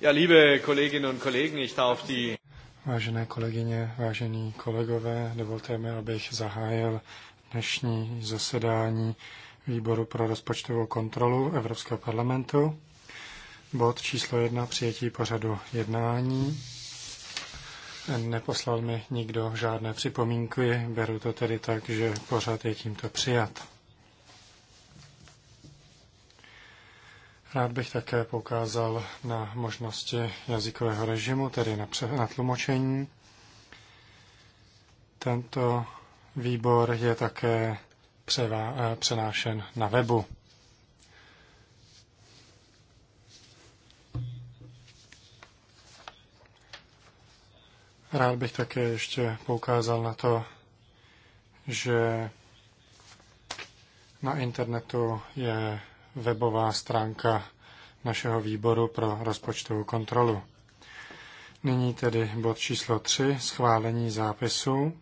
Ja, liebe Kolleginnen und Kollegen, ich darf die Vážené kolegyně, vážení kolegové, dovolte mi, abych zahájil dnešní zasedání Výboru pro rozpočtovou kontrolu Evropského parlamentu. Bod číslo jedna, přijetí pořadu jednání. Neposlal mi nikdo žádné připomínky, beru to tedy tak, že pořad je tímto přijat. Rád bych také poukázal na možnosti jazykového režimu, tedy na, pře- na tlumočení. Tento výbor je také eh, přenášen na webu. Rád bych také ještě poukázal na to, že na internetu je webová stránka našeho výboru pro rozpočtovou kontrolu. Nyní tedy bod číslo 3, schválení zápisu.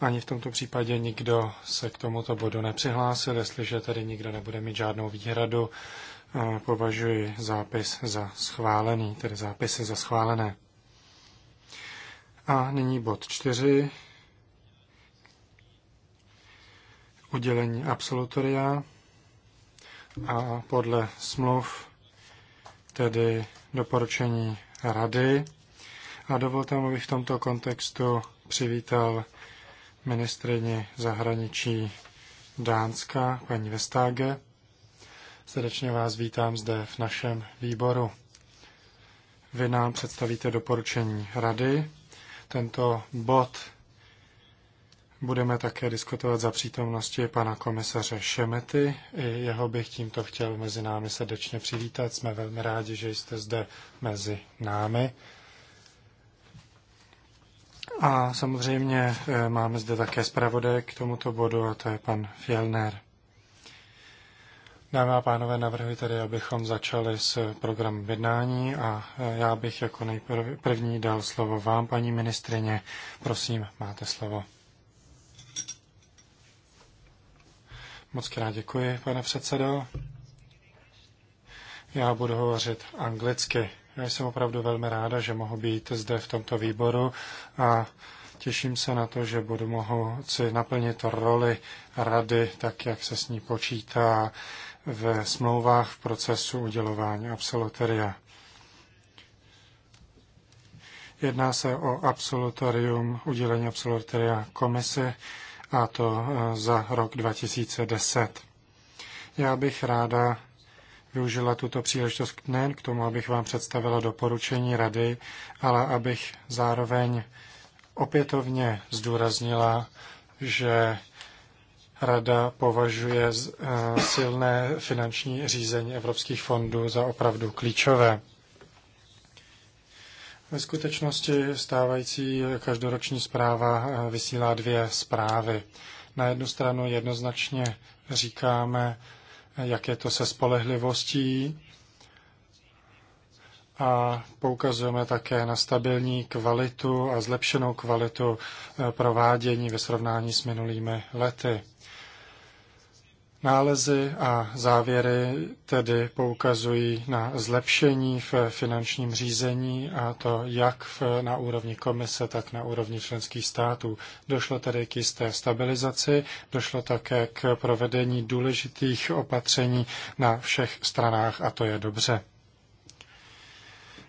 Ani v tomto případě nikdo se k tomuto bodu nepřihlásil, jestliže tedy nikdo nebude mít žádnou výhradu, eh, považuji zápis za schválený, tedy zápisy za schválené. A nyní bod 4, udělení absolutoria a podle smluv tedy doporučení rady. A dovolte mi abych v tomto kontextu přivítal ministrině zahraničí Dánska, paní Vestáge. Srdečně vás vítám zde v našem výboru. Vy nám představíte doporučení rady. Tento bod Budeme také diskutovat za přítomnosti pana komisaře Šemety. I jeho bych tímto chtěl mezi námi srdečně přivítat. Jsme velmi rádi, že jste zde mezi námi. A samozřejmě eh, máme zde také zpravodaj k tomuto bodu, a to je pan Fjellner. Dámy a pánové, navrhuji tedy, abychom začali s programem jednání a eh, já bych jako nejprvní dal slovo vám, paní ministrině. Prosím, máte slovo. Moc krát děkuji, pane předsedo. Já budu hovořit anglicky. Já jsem opravdu velmi ráda, že mohu být zde v tomto výboru a těším se na to, že budu moci naplnit roli rady, tak jak se s ní počítá ve smlouvách v procesu udělování absolutoria. Jedná se o absolutorium, udělení absolutoria komisi a to e, za rok 2010. Já bych ráda využila tuto příležitost nejen k tomu, abych vám představila doporučení rady, ale abych zároveň opětovně zdůraznila, že Rada považuje e, silné finanční řízení evropských fondů za opravdu klíčové. Ve skutečnosti stávající každoroční zpráva eh, vysílá dvě zprávy. Na jednu stranu jednoznačně říkáme, eh, jak je to se spolehlivostí a poukazujeme také na stabilní kvalitu a zlepšenou kvalitu eh, provádění ve srovnání s minulými lety. Nálezy a závěry tedy poukazují na zlepšení v finančním řízení a to jak v, na úrovni komise, tak na úrovni členských států. Došlo tedy k jisté stabilizaci, došlo také k provedení důležitých opatření na všech stranách a to je dobře.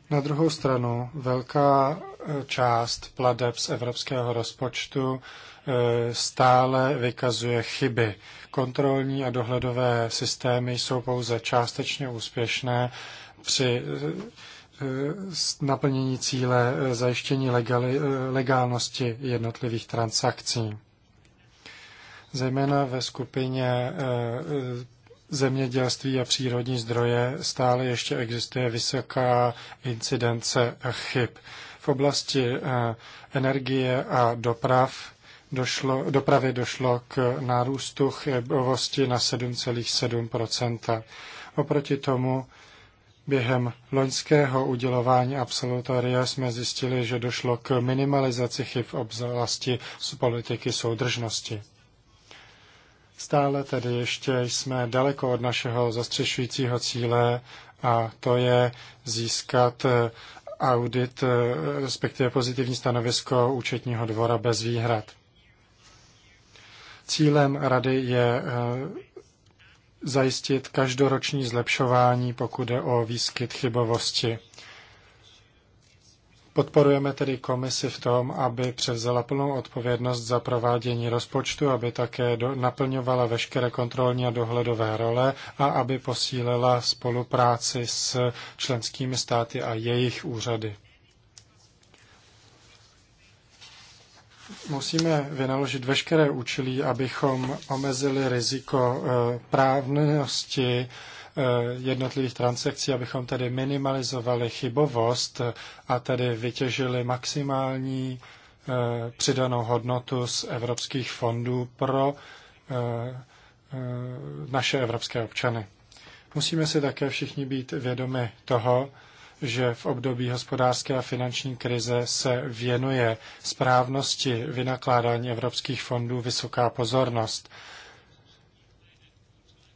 Na druhou stranu velká e, část pladeb z evropského rozpočtu E, stále vykazuje chyby. Kontrolní a dohledové systémy jsou pouze částečně úspěšné při e, e, naplnění cíle zajištění legali, legálnosti jednotlivých transakcí. Zejména ve skupině zemědělství a přírodní zdroje stále ještě existuje vysoká incidence chyb. V oblasti energie a doprav došlo, dopravy došlo k nárůstu chybovosti na 7,7 Oproti tomu během loňského udělování absolutoria jsme zjistili, že došlo k minimalizaci chyb v oblasti z politiky soudržnosti. Stále tedy ještě jsme daleko od našeho zastřešujícího cíle a to je získat eh, audit, eh, respektive pozitivní stanovisko účetního dvora bez výhrad. Cílem rady je eh, zajistit každoroční zlepšování, pokud je o výskyt chybovosti. Podporujeme tedy komisi v tom, aby převzala plnou odpovědnost za provádění rozpočtu, aby také do, naplňovala veškeré kontrolní a dohledové role a aby posílila spolupráci s členskými státy a jejich úřady. musíme vynaložit veškeré účilí, abychom omezili riziko eh, právnosti eh, jednotlivých transakcí, abychom tedy minimalizovali chybovost a tedy vytěžili maximální eh, přidanou hodnotu z evropských fondů pro naše evropské občany. Musíme si také všichni být vědomi toho, že v období hospodářské a finanční krize se věnuje správnosti vynakládání evropských fondů vysoká pozornost.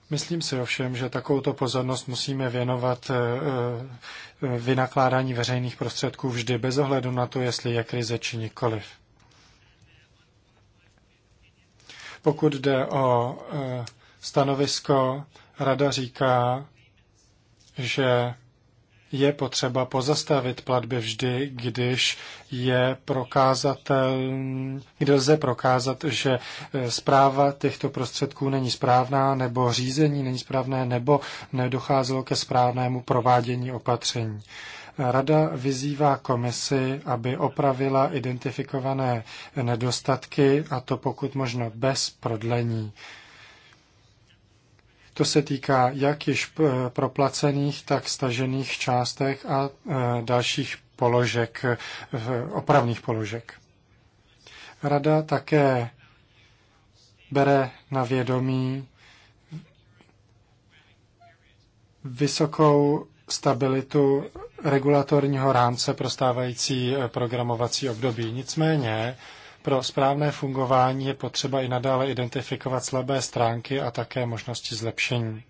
Myslím si ovšem, že takovouto pozornost musíme věnovat eh, eh, vynakládání veřejných prostředků vždy bez ohledu na to, jestli je krize či nikoliv. Pokud jde o eh, stanovisko, rada říká, že je potřeba pozastavit platby vždy, když je prokázatel, kde lze prokázat, že zpráva e, těchto prostředků není správná, nebo řízení není správné, nebo nedocházelo ke správnému provádění opatření. Rada vyzývá komisi, aby opravila identifikované nedostatky, a to pokud možno bez prodlení. To se týká jak již eh, proplacených, tak stažených částek a eh, dalších položek, eh, opravných položek. Rada také bere na vědomí vysokou stabilitu regulatorního rámce pro stávající programovací období. Nicméně pro správné fungování je potřeba i nadále identifikovat slabé stránky a také možnosti zlepšení.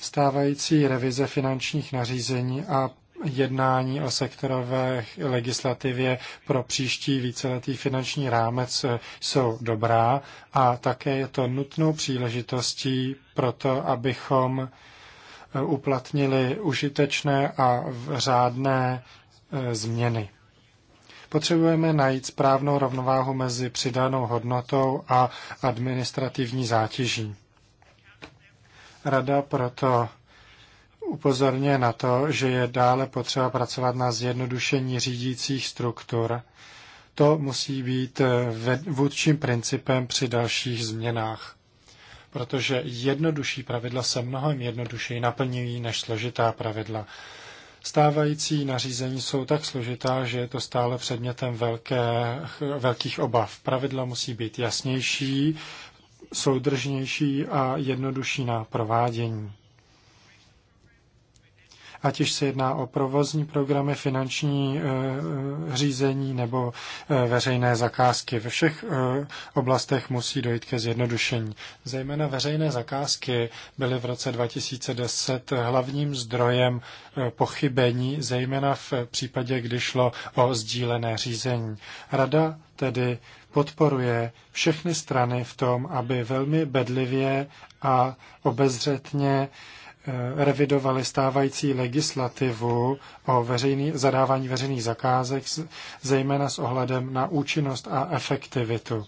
Stávající revize finančních nařízení a jednání o sektorové legislativě pro příští víceletý finanční rámec eh, jsou dobrá a také je to nutnou příležitostí pro to, abychom eh, uplatnili užitečné a řádné eh, změny. Potřebujeme najít správnou rovnováhu mezi přidanou hodnotou a administrativní zátěží. Rada proto upozorňuje na to, že je dále potřeba pracovat na zjednodušení řídících struktur. To musí být vůdčím principem při dalších změnách, protože jednodušší pravidla se mnohem jednodušeji naplňují než složitá pravidla. Stávající nařízení jsou tak složitá, že je to stále předmětem velké, velkých obav. Pravidla musí být jasnější, soudržnější a jednodušší na provádění ať už se jedná o provozní programy, finanční eh, eh, řízení nebo eh, veřejné zakázky. Ve všech oblastech musí dojít ke zjednodušení. Zejména veřejné zakázky byly v roce 2010 hlavním zdrojem pochybení, zejména v případě, kdy šlo o sdílené řízení. Rada tedy podporuje všechny strany v tom, aby velmi bedlivě a obezřetně Eh, revidovali stávající legislativu o veřejný, zadávání veřejných zakázek, zejména s ohledem na účinnost a efektivitu.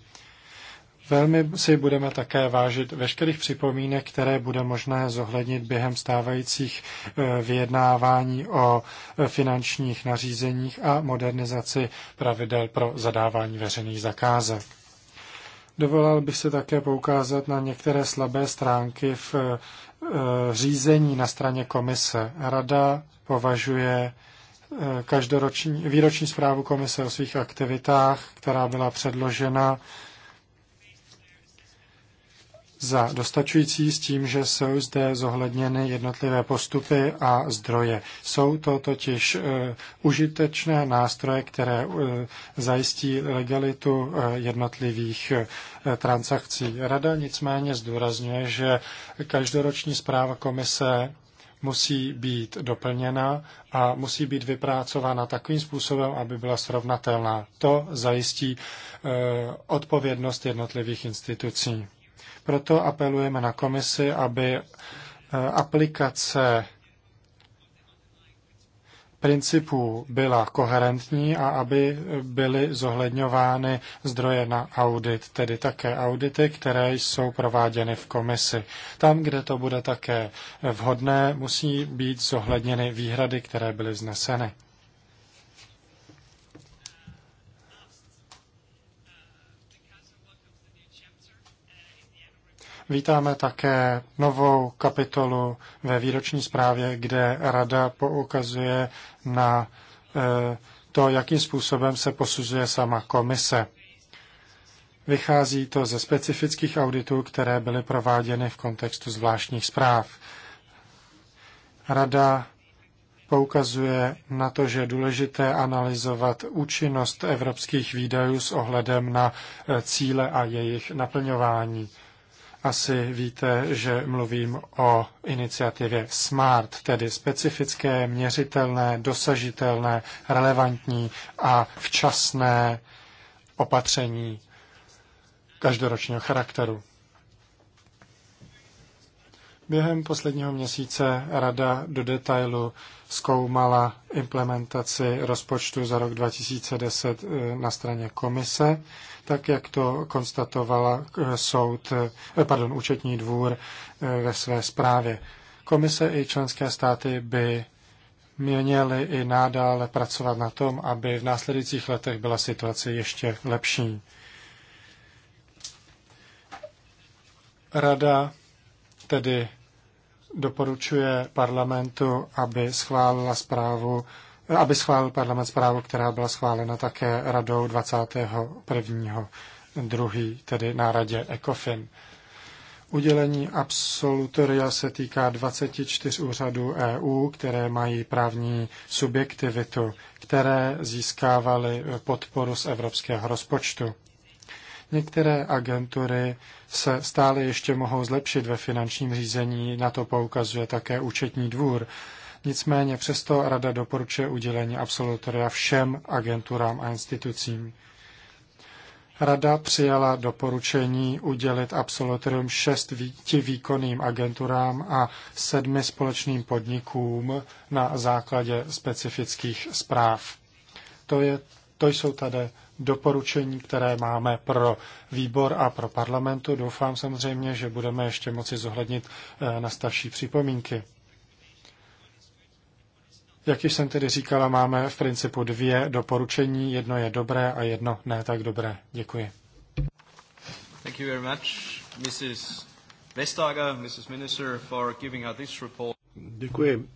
Velmi si budeme také vážit veškerých připomínek, které bude možné zohlednit během stávajících eh, vyjednávání o eh, finančních nařízeních a modernizaci pravidel pro zadávání veřejných zakázek. Dovolal bych se také poukázat na některé slabé stránky v Eh, řízení na straně komise. Rada považuje eh, každoroční výroční zprávu komise o svých aktivitách, která byla předložena za dostačující s tím, že jsou zde zohledněny jednotlivé postupy a zdroje. Jsou to totiž e, užitečné nástroje, které e, zajistí legalitu e, jednotlivých e, transakcí. Rada nicméně zdůrazňuje, že každoroční zpráva komise musí být doplněna a musí být vypracována takovým způsobem, aby byla srovnatelná. To zajistí e, odpovědnost jednotlivých institucí. Proto apelujeme na komisi, aby e, aplikace principů byla koherentní a aby byly zohledňovány zdroje na audit, tedy také audity, které jsou prováděny v komisi. Tam, kde to bude také vhodné, musí být zohledněny výhrady, které byly vzneseny. Vítáme také novou kapitolu ve výroční zprávě, kde Rada poukazuje na eh, to, jakým způsobem se posuzuje sama komise. Vychází to ze specifických auditů, které byly prováděny v kontextu zvláštních zpráv. Rada poukazuje na to, že je důležité analyzovat účinnost evropských výdajů s ohledem na eh, cíle a jejich naplňování. Asi víte, že mluvím o iniciativě SMART, tedy specifické, měřitelné, dosažitelné, relevantní a včasné opatření každoročního charakteru. Během posledního měsíce Rada do detailu zkoumala implementaci rozpočtu za rok 2010 eh, na straně komise tak jak to konstatovala eh, soud, eh, pardon, účetní dvůr eh, ve své zprávě. Komise i členské státy by měly i nadále pracovat na tom, aby v následujících letech byla situace ještě lepší. Rada tedy doporučuje parlamentu, aby schválila zprávu aby schválil parlament zprávu, která byla schválena také radou 21. druhý tedy na radě ECOFIN. Udělení absolutoria se týká 24 úřadů EU, které mají právní subjektivitu, které získávaly podporu z evropského rozpočtu. Některé agentury se stále ještě mohou zlepšit ve finančním řízení, na to poukazuje také účetní dvůr. Nicméně přesto Rada doporučuje udělení absolutoria všem agenturám a institucím. Rada přijala doporučení udělit absolutorium šesti výkonným agenturám a sedmi společným podnikům na základě specifických zpráv. To, je, to jsou tady doporučení, které máme pro výbor a pro parlamentu. Doufám samozřejmě, že budeme ještě moci zohlednit eh, na starší připomínky. Jak již jsem tedy říkala, máme v principu dvě doporučení. Jedno je dobré a jedno ne tak dobré. Děkuji. Thank you very much, Mrs. Vestager, Mrs. Minister, for giving this report. Děkuji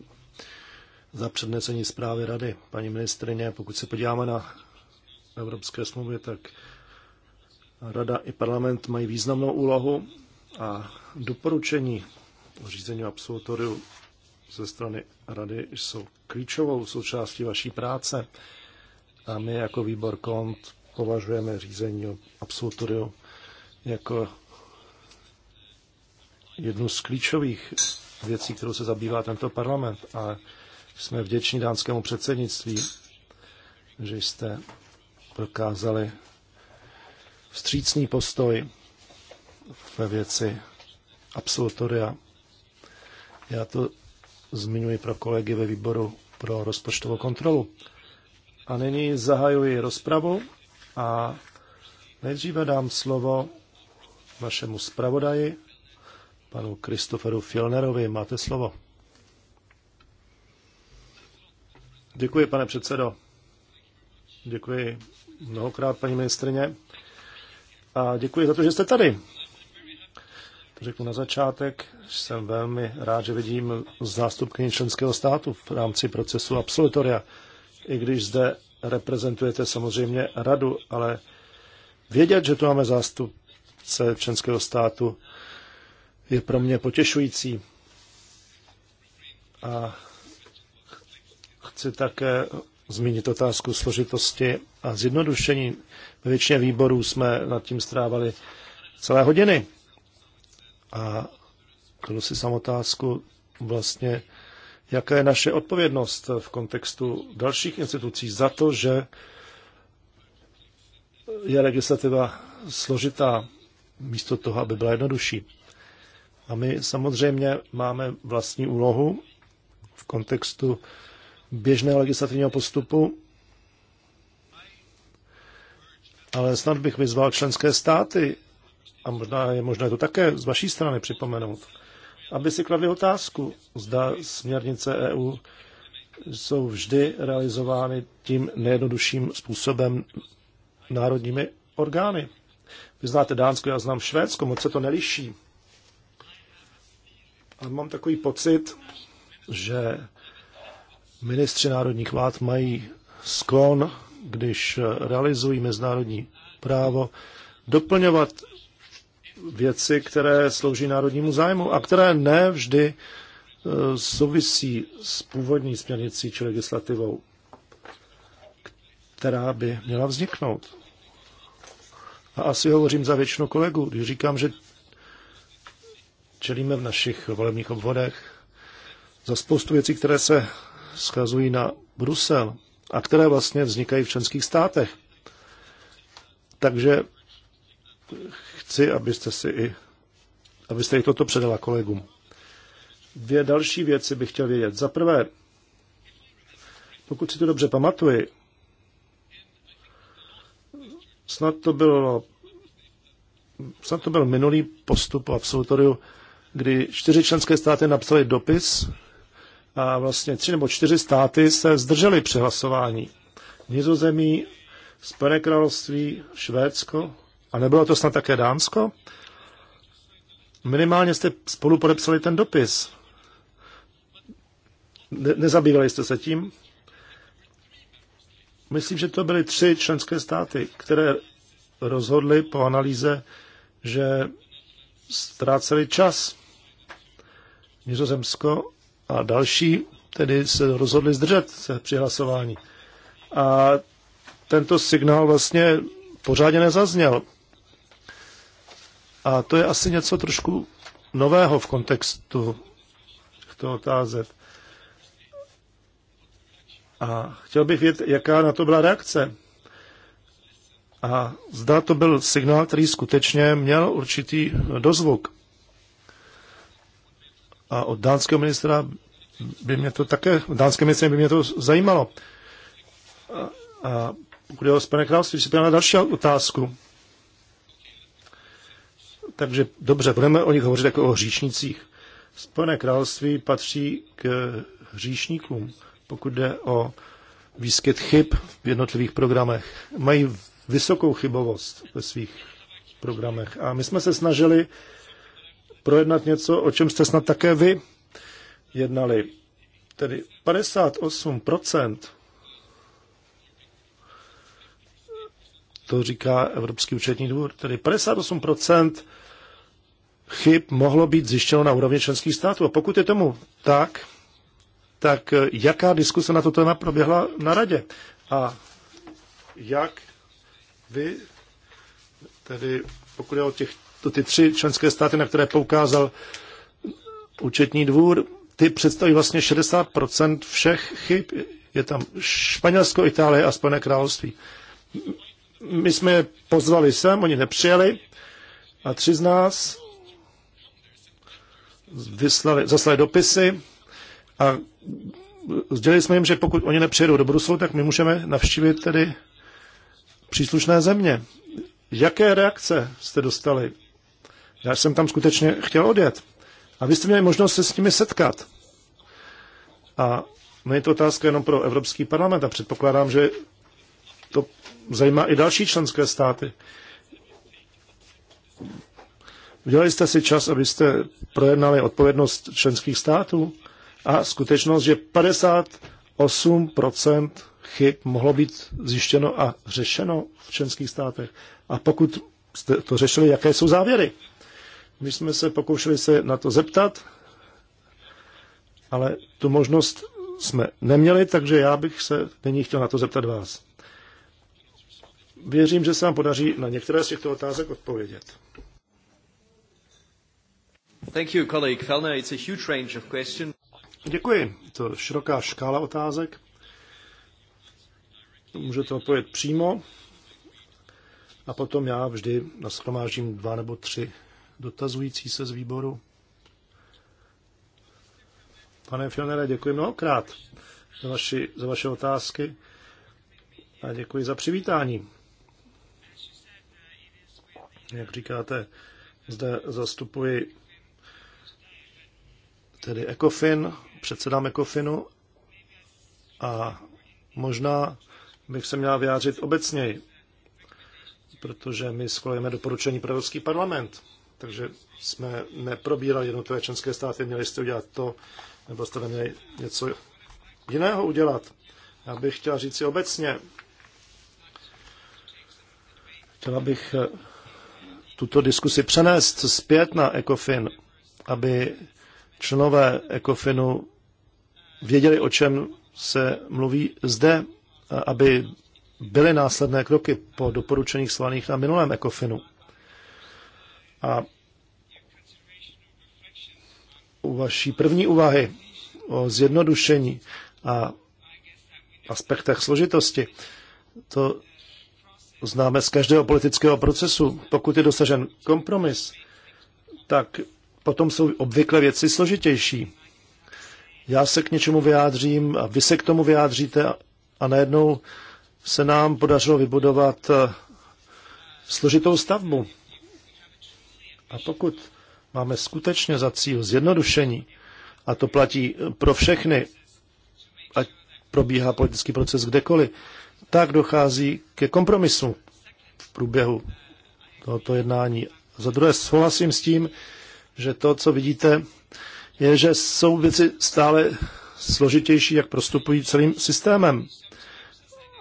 za přednesení zprávy rady, paní ministrině. Pokud se podíváme na evropské smlouvy, tak rada i parlament mají významnou úlohu a doporučení o řízení absolutoriu ze strany rady jsou klíčovou součástí vaší práce a my jako výbor KONT považujeme řízení o absolutoriu jako jednu z klíčových věcí, kterou se zabývá tento parlament a jsme vděční dánskému předsednictví, že jste prokázali vstřícný postoj ve věci absolutoria. Já to zmiňuji pro kolegy ve výboru pro rozpočtovou kontrolu. A nyní zahajuji rozpravu a nejdříve dám slovo vašemu zpravodaji, panu Kristoferu Filnerovi. Máte slovo. Děkuji, pane předsedo. Děkuji mnohokrát, paní ministrině. A děkuji za to, že jste tady řeknu na začátek, jsem velmi rád, že vidím zástupkyni členského státu v rámci procesu absolutoria. I když zde reprezentujete samozřejmě radu, ale vědět, že tu máme zástupce členského státu, je pro mě potěšující. A chci také zmínit otázku složitosti a zjednodušení. Ve většině výborů jsme nad tím strávali celé hodiny a kladu si sam otázku vlastně, jaká je naše odpovědnost v kontextu dalších institucí za to, že je legislativa složitá místo toho, aby byla jednodušší. A my samozřejmě máme vlastní úlohu v kontextu běžného legislativního postupu, ale snad bych vyzval členské státy, a možná je možné to také z vaší strany připomenout, aby si kladli otázku, zda směrnice EU jsou vždy realizovány tím nejjednodušším způsobem národními orgány. Vy znáte Dánsko, já znám Švédsko, moc se to neliší. A mám takový pocit, že ministři národních vlád mají sklon, když realizují mezinárodní právo, doplňovat věci, které slouží národnímu zájmu a které ne vždy e, souvisí s původní směrnicí či legislativou, která by měla vzniknout. A asi hovořím za většinu kolegů, když říkám, že čelíme v našich volebních obvodech za spoustu věcí, které se schazují na Brusel a které vlastně vznikají v členských státech. Takže chci, abyste si i, abyste i toto předala kolegům. Dvě další věci bych chtěl vědět. Za prvé, pokud si to dobře pamatuji, snad to bylo snad to byl minulý postup v absolutoriu, kdy čtyři členské státy napsali dopis a vlastně tři nebo čtyři státy se zdržely při hlasování. Nizozemí, Spojené království, Švédsko a nebylo to snad také Dánsko? Minimálně jste spolu podepsali ten dopis. Ne- nezabývali jste se tím? Myslím, že to byly tři členské státy, které rozhodly po analýze, že ztráceli čas. Nizozemsko a další tedy se rozhodli zdržet se při hlasování. A tento signál vlastně pořádně nezazněl. A to je asi něco trošku nového v kontextu těchto otázek. A chtěl bych vědět, jaká na to byla reakce. A zdá to byl signál, který skutečně měl určitý dozvuk. A od dánského ministra by mě to také, dánské ministra by mě to zajímalo. A, a pokud je o Spojené království, si na další otázku. Takže dobře, budeme o nich hovořit jako o hříšnicích. Spojené království patří k hříšníkům, pokud jde o výskyt chyb v jednotlivých programech. Mají vysokou chybovost ve svých programech. A my jsme se snažili projednat něco, o čem jste snad také vy jednali. Tedy 58% to říká Evropský účetní dvůr, tedy 58% chyb mohlo být zjištěno na úrovni členských států. A pokud je tomu tak, tak eh, jaká diskuse na toto téma proběhla na radě? A jak vy, tedy pokud je o těch, to ty tři členské státy, na které poukázal účetní dvůr, ty představují vlastně 60% všech chyb. Je tam Španělsko, Itálie a Spojené království. My jsme je pozvali sem, oni nepřijeli a tři z nás vyslali, zaslali dopisy a sdělili jsme jim, že pokud oni nepřijedou do Bruselu, tak my můžeme navštívit tedy příslušné země. Jaké reakce jste dostali? Já jsem tam skutečně chtěl odjet. A vy jste měli možnost se s nimi setkat. A není to otázka jenom pro Evropský parlament a předpokládám, že to zajímá i další členské státy. Udělali jste si čas, abyste projednali odpovědnost členských států a skutečnost, že 58% chyb mohlo být zjištěno a řešeno v členských státech. A pokud jste to řešili, jaké jsou závěry? My jsme se pokoušeli se na to zeptat, ale tu možnost jsme neměli, takže já bych se nyní chtěl na to zeptat vás. Věřím, že se vám podaří na některé z těchto otázek odpovědět. Děkuji. To je široká škála otázek. Můžete odpovědět přímo a potom já vždy nashromážím dva nebo tři dotazující se z výboru. Pane Fionere, děkuji mnohokrát za, vaši, za vaše otázky a děkuji za přivítání. Jak říkáte, zde zastupuji tedy ECOFIN, předsedám ECOFINu a možná bych se měl vyjádřit obecněji, protože my schvalujeme doporučení pro Evropský parlament, takže jsme neprobírali jednotlivé členské státy, měli jste udělat to, nebo jste neměli něco jiného udělat. Já bych chtěl říct si obecně, chtěla bych eh, tuto diskusi přenést zpět na ECOFIN, aby členové ECOFINu věděli, o čem se mluví zde, aby byly následné kroky po doporučeních slaných na minulém ECOFINu. A u vaší první úvahy o zjednodušení a aspektech složitosti, to známe z každého politického procesu. Pokud je dosažen kompromis, tak potom jsou obvykle věci složitější. Já se k něčemu vyjádřím a vy se k tomu vyjádříte a najednou se nám podařilo vybudovat eh, složitou stavbu. A pokud máme skutečně za cíl zjednodušení, a to platí pro všechny, ať probíhá politický proces kdekoliv, tak dochází ke kompromisu v průběhu tohoto jednání. Za druhé souhlasím s tím, že to, co vidíte, je, že jsou věci stále složitější, jak prostupují celým systémem.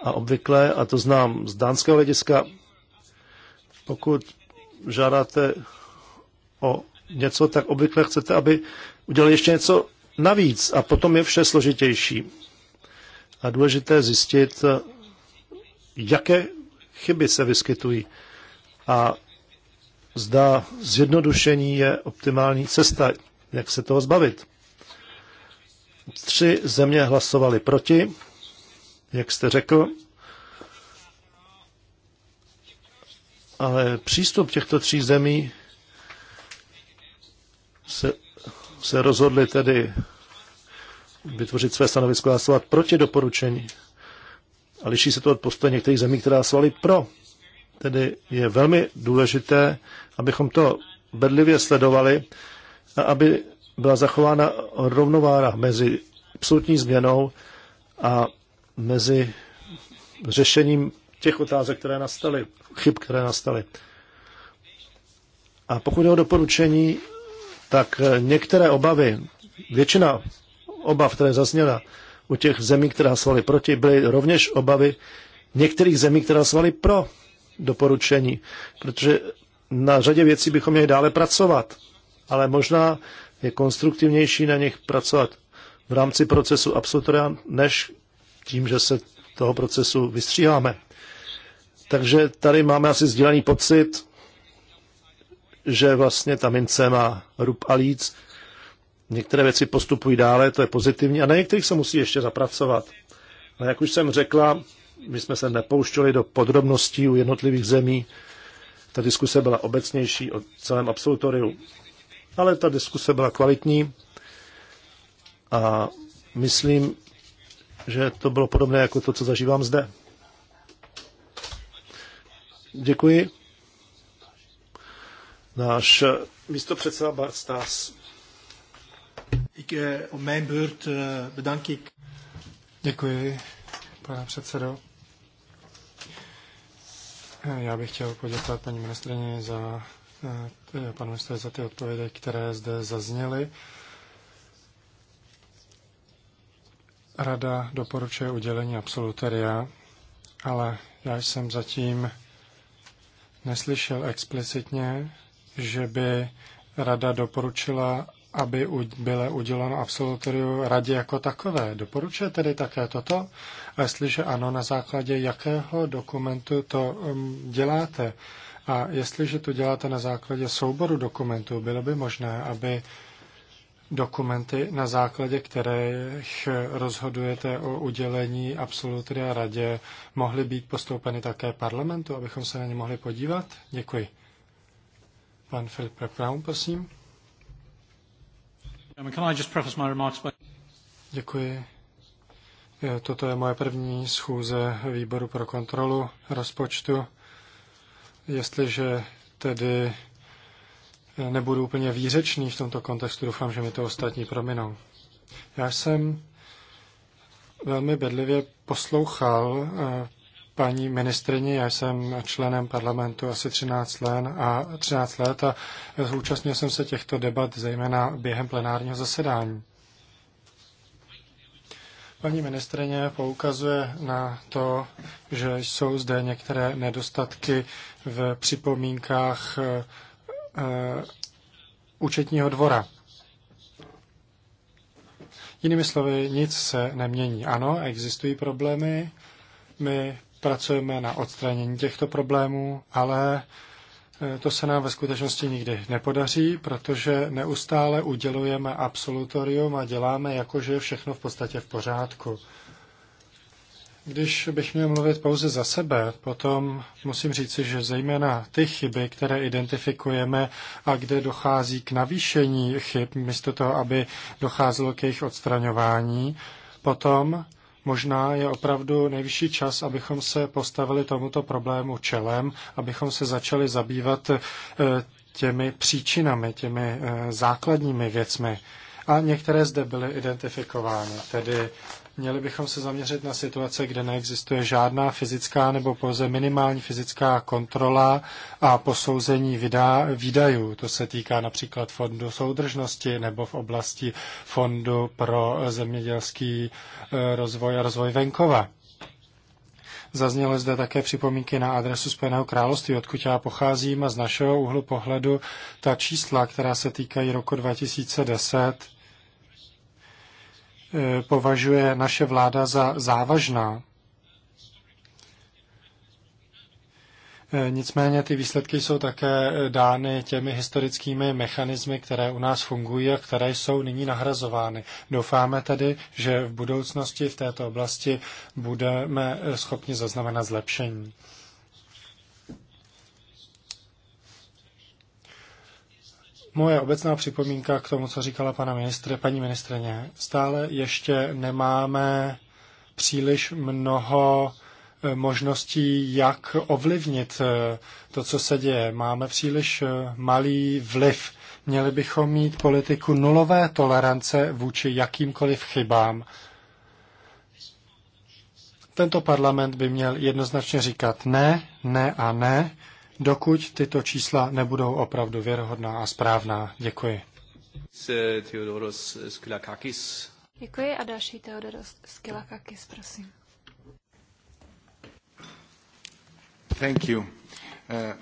A obvykle, a to znám z dánského hlediska, pokud žádáte o něco, tak obvykle chcete, aby udělali ještě něco navíc a potom je vše složitější. A důležité zjistit, jaké chyby se vyskytují a zda zjednodušení je optimální cesta, jak se toho zbavit. Tři země hlasovaly proti, jak jste řekl, ale přístup těchto tří zemí se, se rozhodli tedy vytvořit své stanovisko a hlasovat proti doporučení. A liší se to od postoje některých zemí, která hlasovali pro. Tedy je velmi důležité, abychom to bedlivě sledovali a aby byla zachována rovnováha mezi absolutní změnou a mezi řešením těch otázek, které nastaly, chyb, které nastaly. A pokud je o doporučení, tak některé obavy, většina obav, které zazněla u těch zemí, které hlasovaly proti, byly rovněž obavy některých zemí, které hlasovaly pro doporučení, protože na řadě věcí bychom měli dále pracovat, ale možná je konstruktivnější na nich pracovat v rámci procesu absolutoria, než tím, že se toho procesu vystříháme. Takže tady máme asi sdílený pocit, že vlastně ta mince má rub a líc. Některé věci postupují dále, to je pozitivní, a na některých se musí ještě zapracovat. A jak už jsem řekla, my jsme se nepouštěli do podrobností u jednotlivých zemí. Ta diskuse byla obecnější o celém absolutoriu, ale ta diskuse byla kvalitní a myslím, že to bylo podobné jako to, co zažívám zde. Děkuji. Náš místo předseda Bart eh, eh, Děkuji, pane předsedo. Já bych chtěl poděkovat paní ministrině za eh, panu ministr za ty odpovědi, které zde zazněly. Rada doporučuje udělení absoluteria, ale já jsem zatím neslyšel explicitně, že by rada doporučila aby bylo uděleno absolutoriu radě jako takové. Doporučuje tedy také toto? A jestliže ano, na základě jakého dokumentu to um, děláte? A jestliže to děláte na základě souboru dokumentů, bylo by možné, aby dokumenty, na základě kterých rozhodujete o udělení absolutoria radě, mohly být postoupeny také parlamentu, abychom se na ně mohli podívat? Děkuji. Pan Filip Prepraum, prosím. Děkuji. Toto je moje první schůze výboru pro kontrolu rozpočtu. Jestliže tedy nebudu úplně výřečný v tomto kontextu, doufám, že mi to ostatní prominou. Já jsem velmi bedlivě poslouchal eh, paní ministrině. Já jsem členem parlamentu asi 13 let a, 13 let a zúčastnil jsem se těchto debat zejména během plenárního zasedání. Paní ministrině poukazuje na to, že jsou zde některé nedostatky v připomínkách e, účetního dvora. Jinými slovy, nic se nemění. Ano, existují problémy. My pracujeme na odstranění těchto problémů, ale e, to se nám ve skutečnosti nikdy nepodaří, protože neustále udělujeme absolutorium a děláme jako, že je všechno v podstatě v pořádku. Když bych měl mluvit pouze za sebe, potom musím říci, že zejména ty chyby, které identifikujeme a kde dochází k navýšení chyb, místo toho, aby docházelo k jejich odstraňování, potom Možná je opravdu nejvyšší čas, abychom se postavili tomuto problému čelem, abychom se začali zabývat eh, těmi příčinami, těmi eh, základními věcmi. A některé zde byly identifikovány, tedy měli bychom se zaměřit na situace, kde neexistuje žádná fyzická nebo pouze minimální fyzická kontrola a posouzení vydá, výdajů. To se týká například fondu soudržnosti nebo v oblasti fondu pro zemědělský eh, rozvoj a rozvoj venkova. Zazněly zde také připomínky na adresu Spojeného království, odkud já pocházím a z našeho úhlu pohledu ta čísla, která se týkají roku 2010, eh, považuje naše vláda za závažná. Nicméně ty výsledky jsou také dány těmi historickými mechanismy, které u nás fungují a které jsou nyní nahrazovány. Doufáme tedy, že v budoucnosti v této oblasti budeme schopni zaznamenat zlepšení. Moje obecná připomínka k tomu, co říkala pana ministře, paní ministrině. Stále ještě nemáme příliš mnoho možností, jak ovlivnit eh, to, co se děje. Máme příliš eh, malý vliv. Měli bychom mít politiku nulové tolerance vůči jakýmkoliv chybám. Tento parlament by měl jednoznačně říkat ne, ne a ne, dokud tyto čísla nebudou opravdu věrohodná a správná. Děkuji. Děkuji a další teodoros Skylakakis, prosím. Thank you,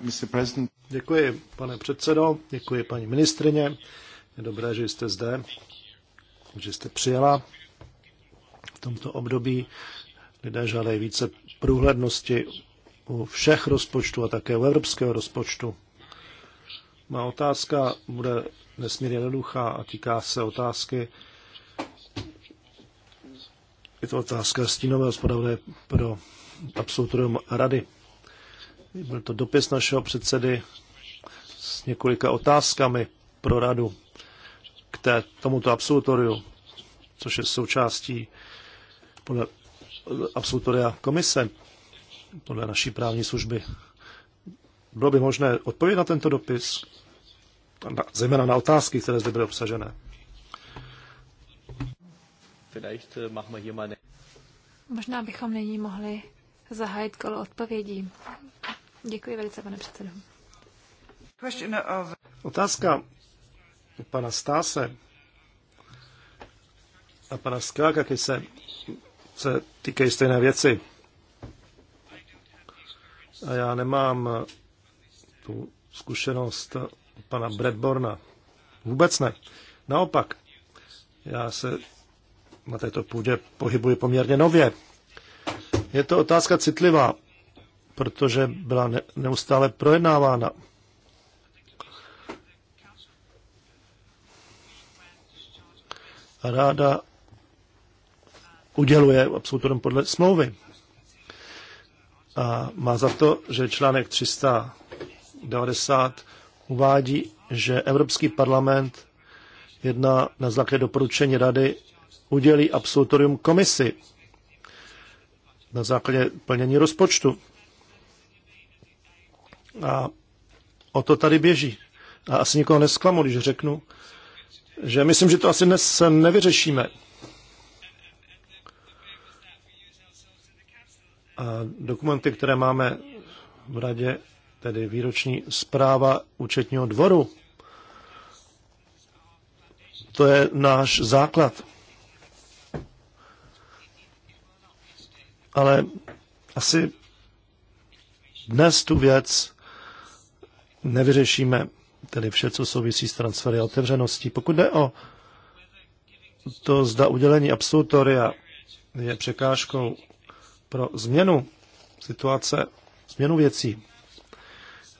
uh, Děkuji, pane předsedo, děkuji, paní ministrině. Je dobré, že jste zde, že jste přijela. V tomto období lidé žádají více průhlednosti u všech rozpočtů a také u evropského rozpočtu. Má otázka bude nesmírně jednoduchá a týká se otázky, je to otázka stínové hospodavné pro absolutorium rady. Byl to dopis našeho předsedy s několika otázkami pro radu k té, tomuto absolutoriu, což je součástí podle absolutoria komise, podle naší právní služby. Bylo by možné odpovědět na tento dopis, na, zejména na otázky, které zde byly obsažené. Eh, Možná bychom nyní mohli zahájit kolo odpovědí. Děkuji velice, pane předsedo. Otázka pana Stáse a pana Skláka, když se, se týkají stejné věci. A já nemám tu zkušenost pana Bradborna. Vůbec ne. Naopak, já se na této půdě pohybuji poměrně nově. Je to otázka citlivá protože byla neustále projednávána. ráda uděluje absolutorem podle smlouvy. A má za to, že článek 390 uvádí, že Evropský parlament jedná na základě doporučení rady udělí absolutorium komisi na základě plnění rozpočtu. A o to tady běží. A asi nikoho nesklamu, když řeknu, že myslím, že to asi dnes nevyřešíme. A dokumenty, které máme v radě, tedy výroční zpráva účetního dvoru, to je náš základ. Ale asi dnes tu věc nevyřešíme tedy vše, co souvisí s transfery a otevřeností. Pokud jde o to, zda udělení absolutoria je překážkou pro změnu situace, změnu věcí.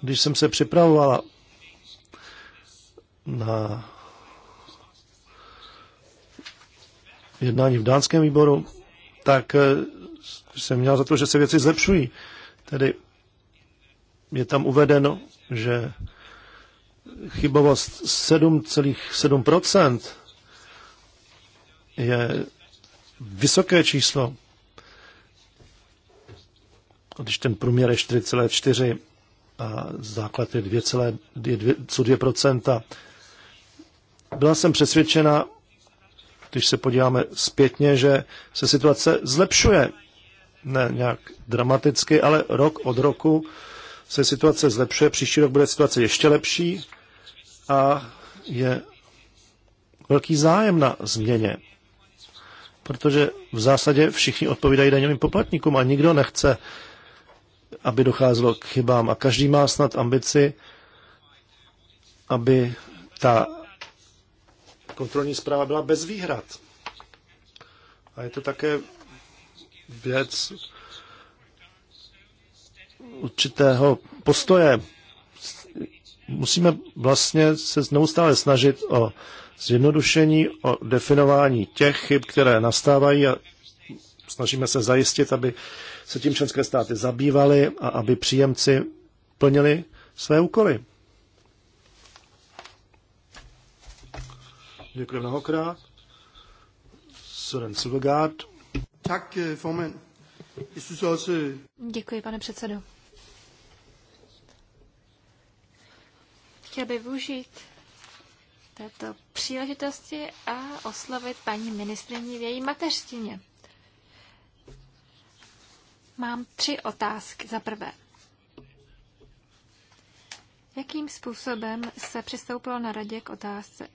Když jsem se připravovala na jednání v dánském výboru, tak eh, jsem měl za to, že se věci zlepšují. Tedy je tam uvedeno, že chybovost 7,7% je vysoké číslo, když ten průměr je 4,4 a základ je 2%. Byla jsem přesvědčena, když se podíváme zpětně, že se situace zlepšuje. Ne nějak dramaticky, ale rok od roku se situace zlepšuje, příští rok bude situace ještě lepší a je velký zájem na změně, protože v zásadě všichni odpovídají daňovým poplatníkům a nikdo nechce, aby docházelo k chybám a každý má snad ambici, aby ta kontrolní zpráva byla bez výhrad. A je to také věc, určitého postoje. Musíme vlastně se neustále snažit o zjednodušení, o definování těch chyb, které nastávají a snažíme se zajistit, aby se tím členské státy zabývaly a aby příjemci plnili své úkoly. Děkuji mnohokrát. Søren Silvergaard. Tak, eh, formen. Děkuji, pane předsedo. Chtěl bych využít této příležitosti a oslovit paní ministrině v její mateřštině. Mám tři otázky. Za prvé, jakým způsobem se přistoupilo na radě k otázce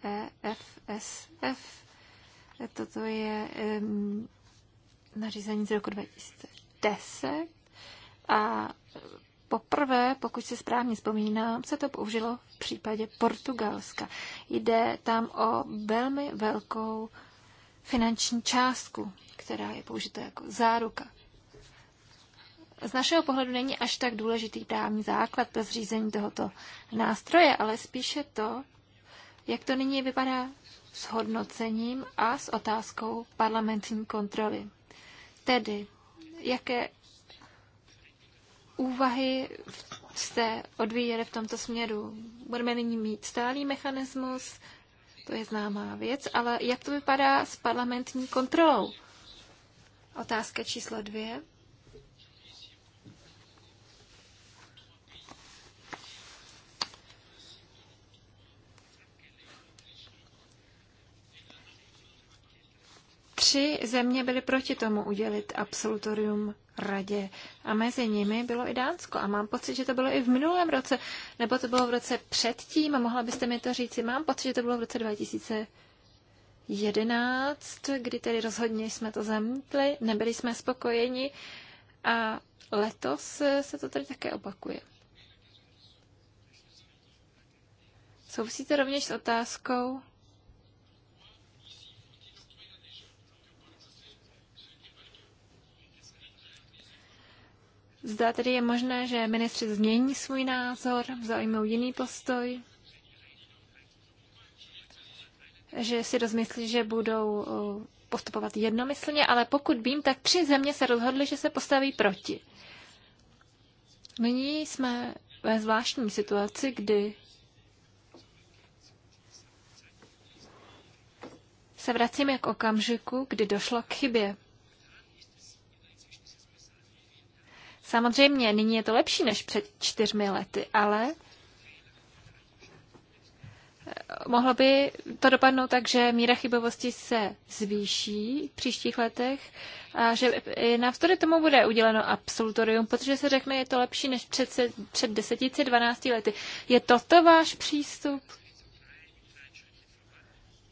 EFSF? Toto je um, nařízení z roku 2010 a Poprvé, pokud si správně vzpomínám, se to použilo v případě Portugalska. Jde tam o velmi velkou finanční částku, která je použita jako záruka. Z našeho pohledu není až tak důležitý právní základ pro zřízení tohoto nástroje, ale spíše to, jak to nyní vypadá s hodnocením a s otázkou parlamentní kontroly. Tedy, jaké úvahy se odvíjeli v tomto směru. Budeme nyní mít stálý mechanismus, to je známá věc, ale jak to vypadá s parlamentní kontrolou? Otázka číslo dvě. Tři země byly proti tomu udělit absolutorium radě. A mezi nimi bylo i Dánsko. A mám pocit, že to bylo i v minulém roce, nebo to bylo v roce předtím, a mohla byste mi to říci. Mám pocit, že to bylo v roce 2011, kdy tedy rozhodně jsme to zamítli, nebyli jsme spokojeni. A letos se to tady také opakuje. Souvisí to rovněž s otázkou, Zda tedy je možné, že ministři změní svůj názor, zaujmou jiný postoj, že si rozmyslí, že budou uh, postupovat jednomyslně, ale pokud vím, tak tři země se rozhodly, že se postaví proti. Nyní jsme ve zvláštní situaci, kdy se vracíme k okamžiku, kdy došlo k chybě. Samozřejmě, nyní je to lepší než před čtyřmi lety, ale eh, mohlo by to dopadnout tak, že míra chybovosti se zvýší v příštích letech a že navzdory tomu bude uděleno absolutorium, protože se řekne, je to lepší než před, před 10-12 lety. Je toto váš přístup?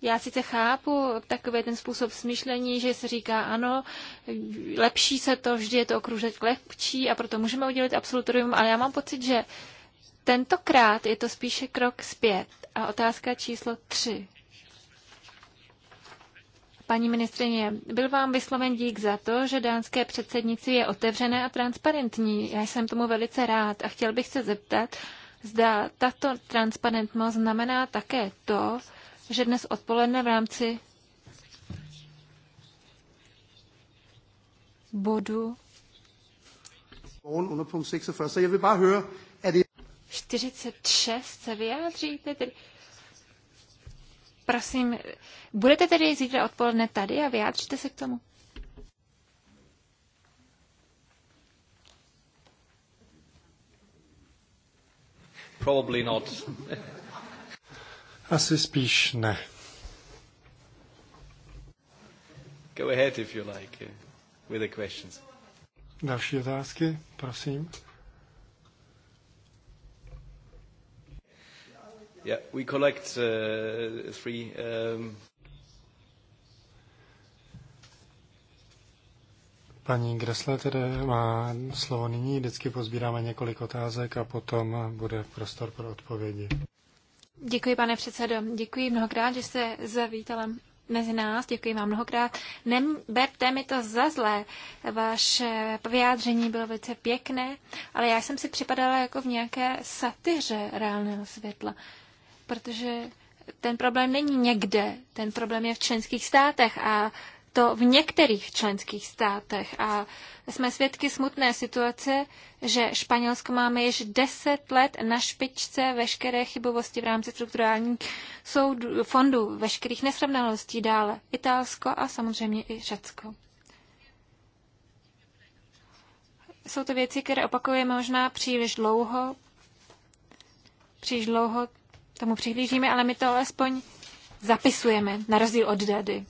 Já sice chápu takový ten způsob smyšlení, že se říká ano, lepší se to, vždy je to okružek lepší a proto můžeme udělat absolutorium, ale já mám pocit, že tentokrát je to spíše krok zpět. A otázka číslo tři. Paní ministrině, byl vám vysloven dík za to, že dánské předsednici je otevřené a transparentní. Já jsem tomu velice rád a chtěl bych se zeptat, zda tato transparentnost znamená také to, že dnes odpoledne v rámci bodu 46 er se vyjádříte tedy. Prosím, budete tedy zítra odpoledne tady a vyjádříte se k tomu? Probably not. Asi spíš ne. Go ahead if you like uh, with the questions. Další otázky, prosím. Yeah, we collect uh, three. Um... Paní Gressler tedy má slovo nyní, vždycky pozbíráme několik otázek a potom bude prostor pro odpovědi. Děkuji, pane předsedo. Děkuji mnohokrát, že jste zavítala mezi nás. Děkuji vám mnohokrát. Neberte mi to za zlé. Vaše vyjádření bylo velice pěkné, ale já jsem si připadala jako v nějaké satyře reálného světla, protože ten problém není někde, ten problém je v členských státech a to v některých členských státech. A jsme svědky smutné situace, že Španělsko máme již deset let na špičce veškeré chybovosti v rámci strukturálních fondů, veškerých nesrovnalostí dále. Itálsko a samozřejmě i Řecko. Jsou to věci, které opakujeme možná příliš dlouho. Příliš dlouho tomu přihlížíme, ale my to alespoň zapisujeme, na rozdíl od dady.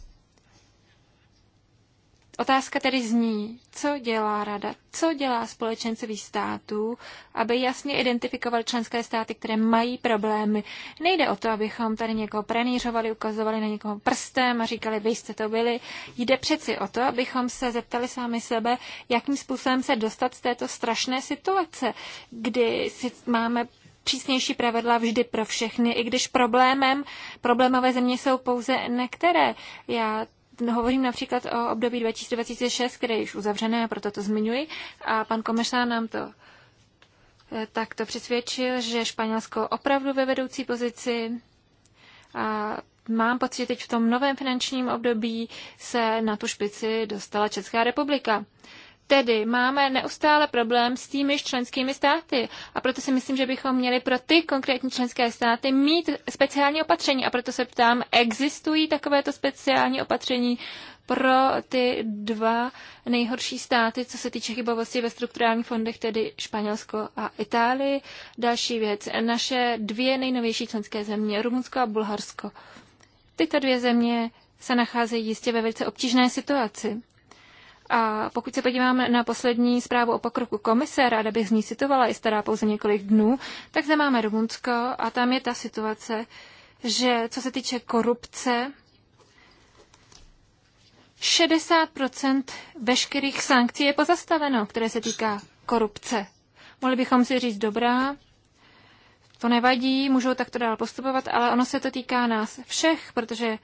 Otázka tedy zní, co dělá rada, co dělá společenství států, aby jasně identifikoval členské státy, které mají problémy. Nejde o to, abychom tady někoho pranířovali, ukazovali na někoho prstem a říkali, vy jste to byli. Jde přeci o to, abychom se zeptali sami sebe, jakým způsobem se dostat z této strašné situace, kdy si máme přísnější pravidla vždy pro všechny, i když problémem, problémové země jsou pouze některé. Já Hovořím například o období 2026, které je již uzavřené, proto to zmiňuji. A pan komisár nám to eh, tak to přesvědčil, že Španělsko opravdu ve vedoucí pozici a mám pocit, že teď v tom novém finančním období se na tu špici dostala Česká republika. Tedy máme neustále problém s tými členskými státy a proto si myslím, že bychom měli pro ty konkrétní členské státy mít speciální opatření a proto se ptám, existují takovéto speciální opatření pro ty dva nejhorší státy, co se týče chybovosti ve strukturálních fondech, tedy Španělsko a Itálii. Další věc, naše dvě nejnovější členské země, Rumunsko a Bulharsko. Tyto dvě země se nacházejí jistě ve velice obtížné situaci. A pokud se podíváme na poslední zprávu o pokroku komise, ráda bych z ní citovala, i stará pouze několik dnů, tak zde máme Rumunsko a tam je ta situace, že co se týče korupce, 60% veškerých sankcí je pozastaveno, které se týká korupce. Mohli bychom si říct dobrá, to nevadí, můžou takto dál postupovat, ale ono se to týká nás všech, protože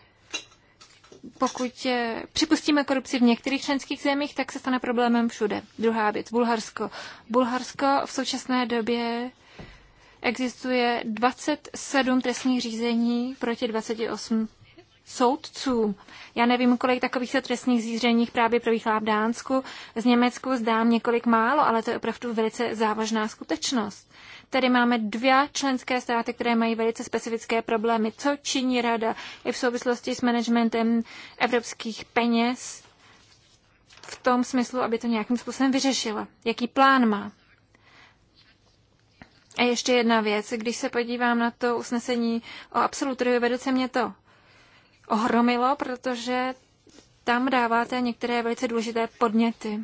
pokud eh, připustíme korupci v některých členských zemích, tak se stane problémem všude. Druhá věc, Bulharsko. Bulharsko v současné době existuje 27 trestních řízení proti 28 soudců. Já nevím, kolik takových trestních zířeních právě probíhá v Dánsku. Z Německu zdám několik málo, ale to je opravdu velice závažná skutečnost. Tady máme dvě členské státy, které mají velice specifické problémy. Co činí rada i v souvislosti s managementem evropských peněz v tom smyslu, aby to nějakým způsobem vyřešila? Jaký plán má? A ještě jedna věc. Když se podívám na to usnesení o absolutoriu, vedoce mě to ohromilo, protože tam dáváte některé velice důležité podněty.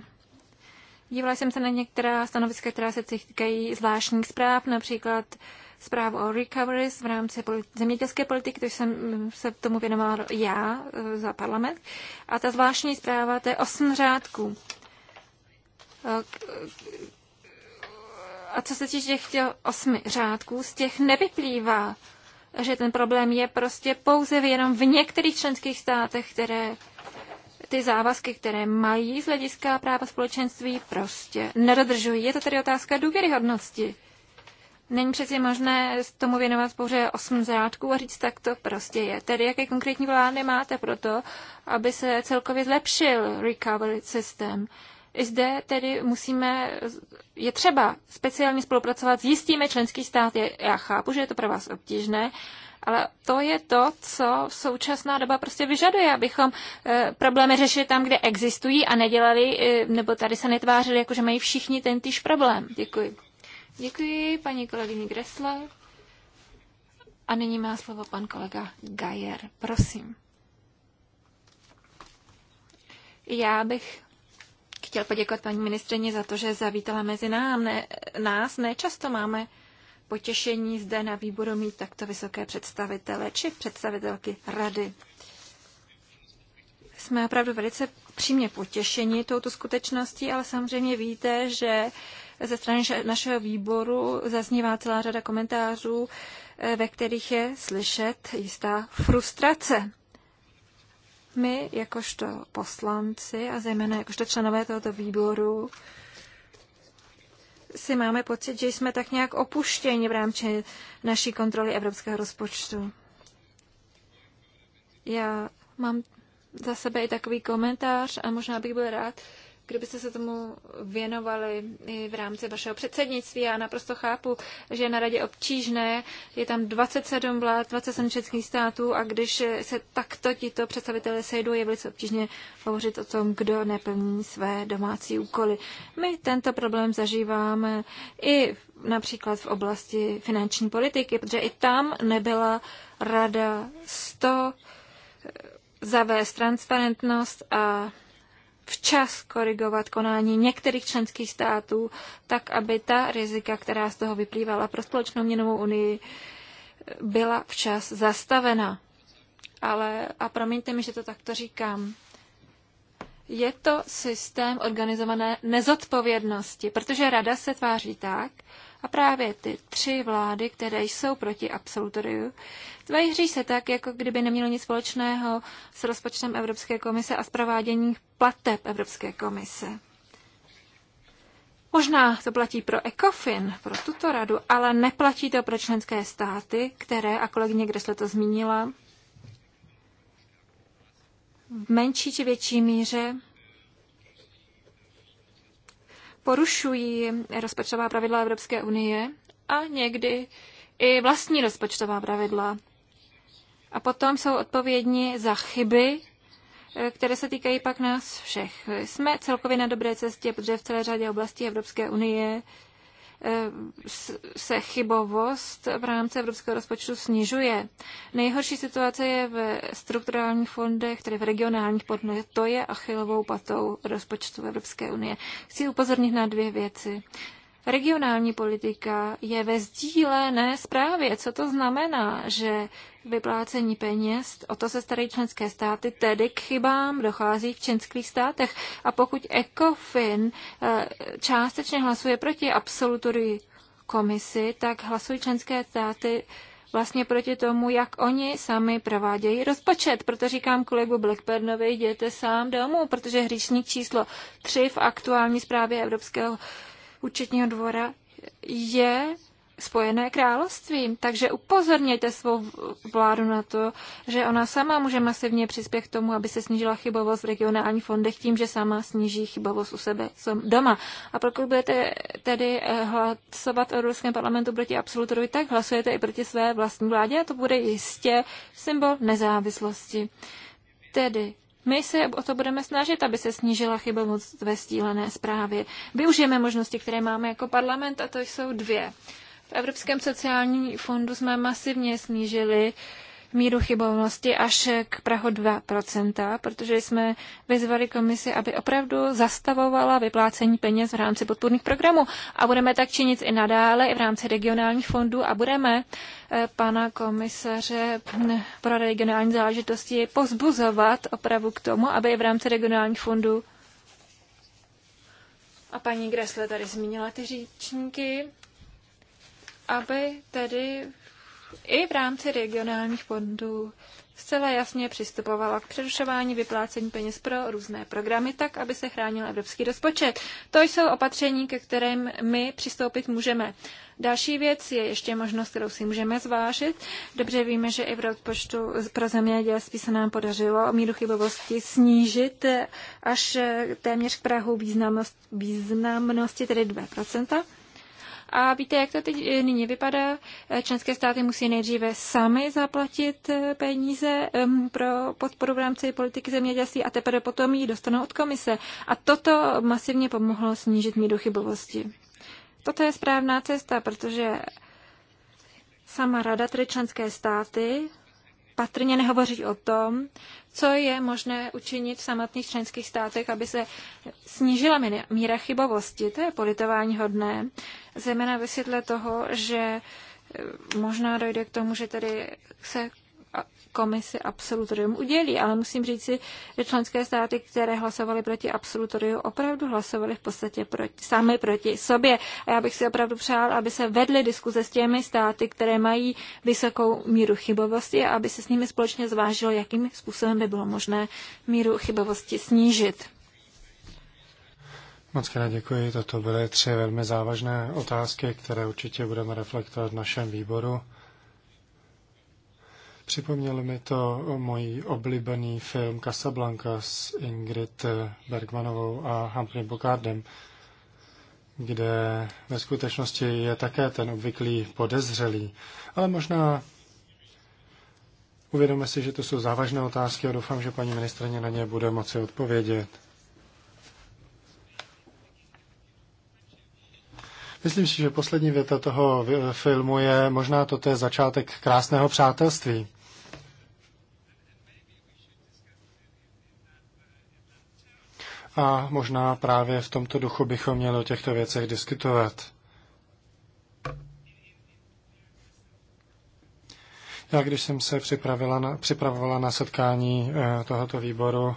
Dívala jsem se na některá stanoviska, která se týkají zvláštních zpráv, například zprávu o recoveries v rámci zemědělské politiky, to jsem mm, se tomu věnovala já e, za parlament. A ta zvláštní zpráva, to je osm řádků. E, e, a co se týče těch osmi řádků, z těch nevyplývá že ten problém je prostě pouze jenom v některých členských státech, které ty závazky, které mají z hlediska práva společenství, prostě nedodržují. Je to tedy otázka důvěryhodnosti. Není přeci možné tomu věnovat pouze osm zrádků a říct, tak to prostě je. Tedy jaké konkrétní plány máte pro to, aby se celkově zlepšil recovery systém? I zde tedy musíme, je třeba speciálně spolupracovat s jistými členský stát. Já chápu, že je to pro vás obtížné, ale to je to, co současná doba prostě vyžaduje, abychom e, problémy řešili tam, kde existují a nedělali, e, nebo tady se netvářili, jako že mají všichni ten týž problém. Děkuji. Děkuji paní kolegyni Gressler. A nyní má slovo pan kolega Gajer. Prosím. Já bych chtěl poděkovat paní ministrině za to, že zavítala mezi nám, ne, nás. Nečasto máme potěšení zde na výboru mít takto vysoké představitele či představitelky rady. Jsme opravdu velice přímě potěšeni touto skutečností, ale samozřejmě víte, že ze strany našeho výboru zaznívá celá řada komentářů, eh, ve kterých je slyšet jistá frustrace. My, jakožto poslanci a zejména jakožto členové tohoto výboru, si máme pocit, že jsme tak nějak opuštěni v rámci naší kontroly evropského rozpočtu. Já mám za sebe i takový komentář a možná bych byl rád, kdybyste se tomu věnovali i v rámci vašeho předsednictví. Já naprosto chápu, že je na radě obtížné, je tam 27 vlád, 27 českých států a když se takto tito představitelé sejdou, je velice obtížně hovořit o tom, kdo neplní své domácí úkoly. My tento problém zažíváme i například v oblasti finanční politiky, protože i tam nebyla rada 100 eh, zavést transparentnost a včas korigovat konání některých členských států, tak aby ta rizika, která z toho vyplývala pro společnou měnovou unii, byla včas zastavena. Ale, a promiňte mi, že to takto říkám, je to systém organizované nezodpovědnosti, protože rada se tváří tak, a právě ty tři vlády, které jsou proti absolutoriu, Tváří se tak, jako kdyby nemělo nic společného s rozpočtem Evropské komise a s prováděním plateb Evropské komise. Možná to platí pro ECOFIN, pro tuto radu, ale neplatí to pro členské státy, které, a kolegyně Gresle to zmínila, v menší či větší míře porušují rozpočtová pravidla Evropské unie a někdy i vlastní rozpočtová pravidla a potom jsou odpovědní za chyby, eh, které se týkají pak nás všech. Jsme celkově na dobré cestě, protože v celé řadě oblastí Evropské unie eh, se chybovost v rámci evropského rozpočtu snižuje. Nejhorší situace je v strukturálních fondech, tedy v regionálních podmínkách. To je achilovou patou rozpočtu Evropské unie. Chci upozornit na dvě věci. Regionální politika je ve sdílené zprávě. Co to znamená, že vyplácení peněz, o to se starají členské státy, tedy k chybám dochází v členských státech. A pokud ECOFIN eh, částečně hlasuje proti absolutory komisi, tak hlasují členské státy vlastně proti tomu, jak oni sami provádějí rozpočet. Proto říkám kolegu Blackburnovi, jděte sám domů, protože hříšník číslo 3 v aktuální zprávě Evropského účetního dvora je Spojené království. Takže upozorněte svou vládu na to, že ona sama může masivně přispět k tomu, aby se snížila chybovost v regionálních fondech tím, že sama sníží chybovost u sebe doma. A pokud budete tedy eh, hlasovat o ruském parlamentu proti absolutorovi, tak hlasujete i proti své vlastní vládě a to bude jistě symbol nezávislosti. Tedy my se o to budeme snažit, aby se snížila chybovost ve stílené zprávě. Využijeme možnosti, které máme jako parlament, a to jsou dvě. V Evropském sociálním fondu jsme masivně snížili uh, míru chybovnosti až k prahu 2%, protože jsme vyzvali komisi, aby opravdu zastavovala vyplácení peněz v rámci podpůrných programů. A budeme tak činit i nadále, i v rámci regionálních fondů a budeme eh, pana komisaře hm, pro regionální záležitosti pozbuzovat opravdu k tomu, aby i v rámci regionálních fondů a paní Gressle tady zmínila ty říčníky, aby tedy i v rámci regionálních fondů zcela jasně přistupovala k přerušování vyplácení peněz pro různé programy tak, aby se chránil evropský rozpočet. To jsou opatření, ke kterým my přistoupit můžeme. Další věc je ještě možnost, kterou si můžeme zvážit. Dobře víme, že i v rozpočtu pro zemědělství se nám podařilo míru chybovosti snížit až téměř k Prahu významnost, významnosti, tedy 2%. A víte, jak to teď eh, nyní vypadá? Eh, členské státy musí nejdříve sami zaplatit eh, peníze pro podporu v rámci politiky zemědělství a teprve potom ji dostanou od komise. A toto masivně pomohlo snížit míru chybovosti. Toto je správná cesta, protože sama rada, tedy členské státy, patrně nehovoří o tom, co je možné učinit v samotných členských státech, aby se snížila míra chybovosti. To je politování hodné zejména ve světle toho, že eh, možná dojde k tomu, že tady se komisi absolutorium udělí, ale musím říci, že členské státy, které hlasovaly proti absolutoriu, opravdu hlasovaly v podstatě proti, sami proti sobě. A já bych si opravdu přál, aby se vedly diskuze s těmi státy, které mají vysokou míru chybovosti a aby se s nimi společně zvážilo, jakým způsobem by bylo možné míru chybovosti snížit. Moc krát děkuji. Toto byly tři velmi závažné otázky, které určitě budeme reflektovat v našem výboru. Připomněl mi to můj oblíbený film Casablanca s Ingrid Bergmanovou a Humphrey Bogardem, kde ve skutečnosti je také ten obvyklý podezřelý. Ale možná uvědomme si, že to jsou závažné otázky a doufám, že paní ministrně na ně bude moci odpovědět. Myslím si, že poslední věta toho filmu je možná toto je začátek krásného přátelství. A možná právě v tomto duchu bychom měli o těchto věcech diskutovat. Já, když jsem se připravila na, připravovala na setkání eh, tohoto výboru,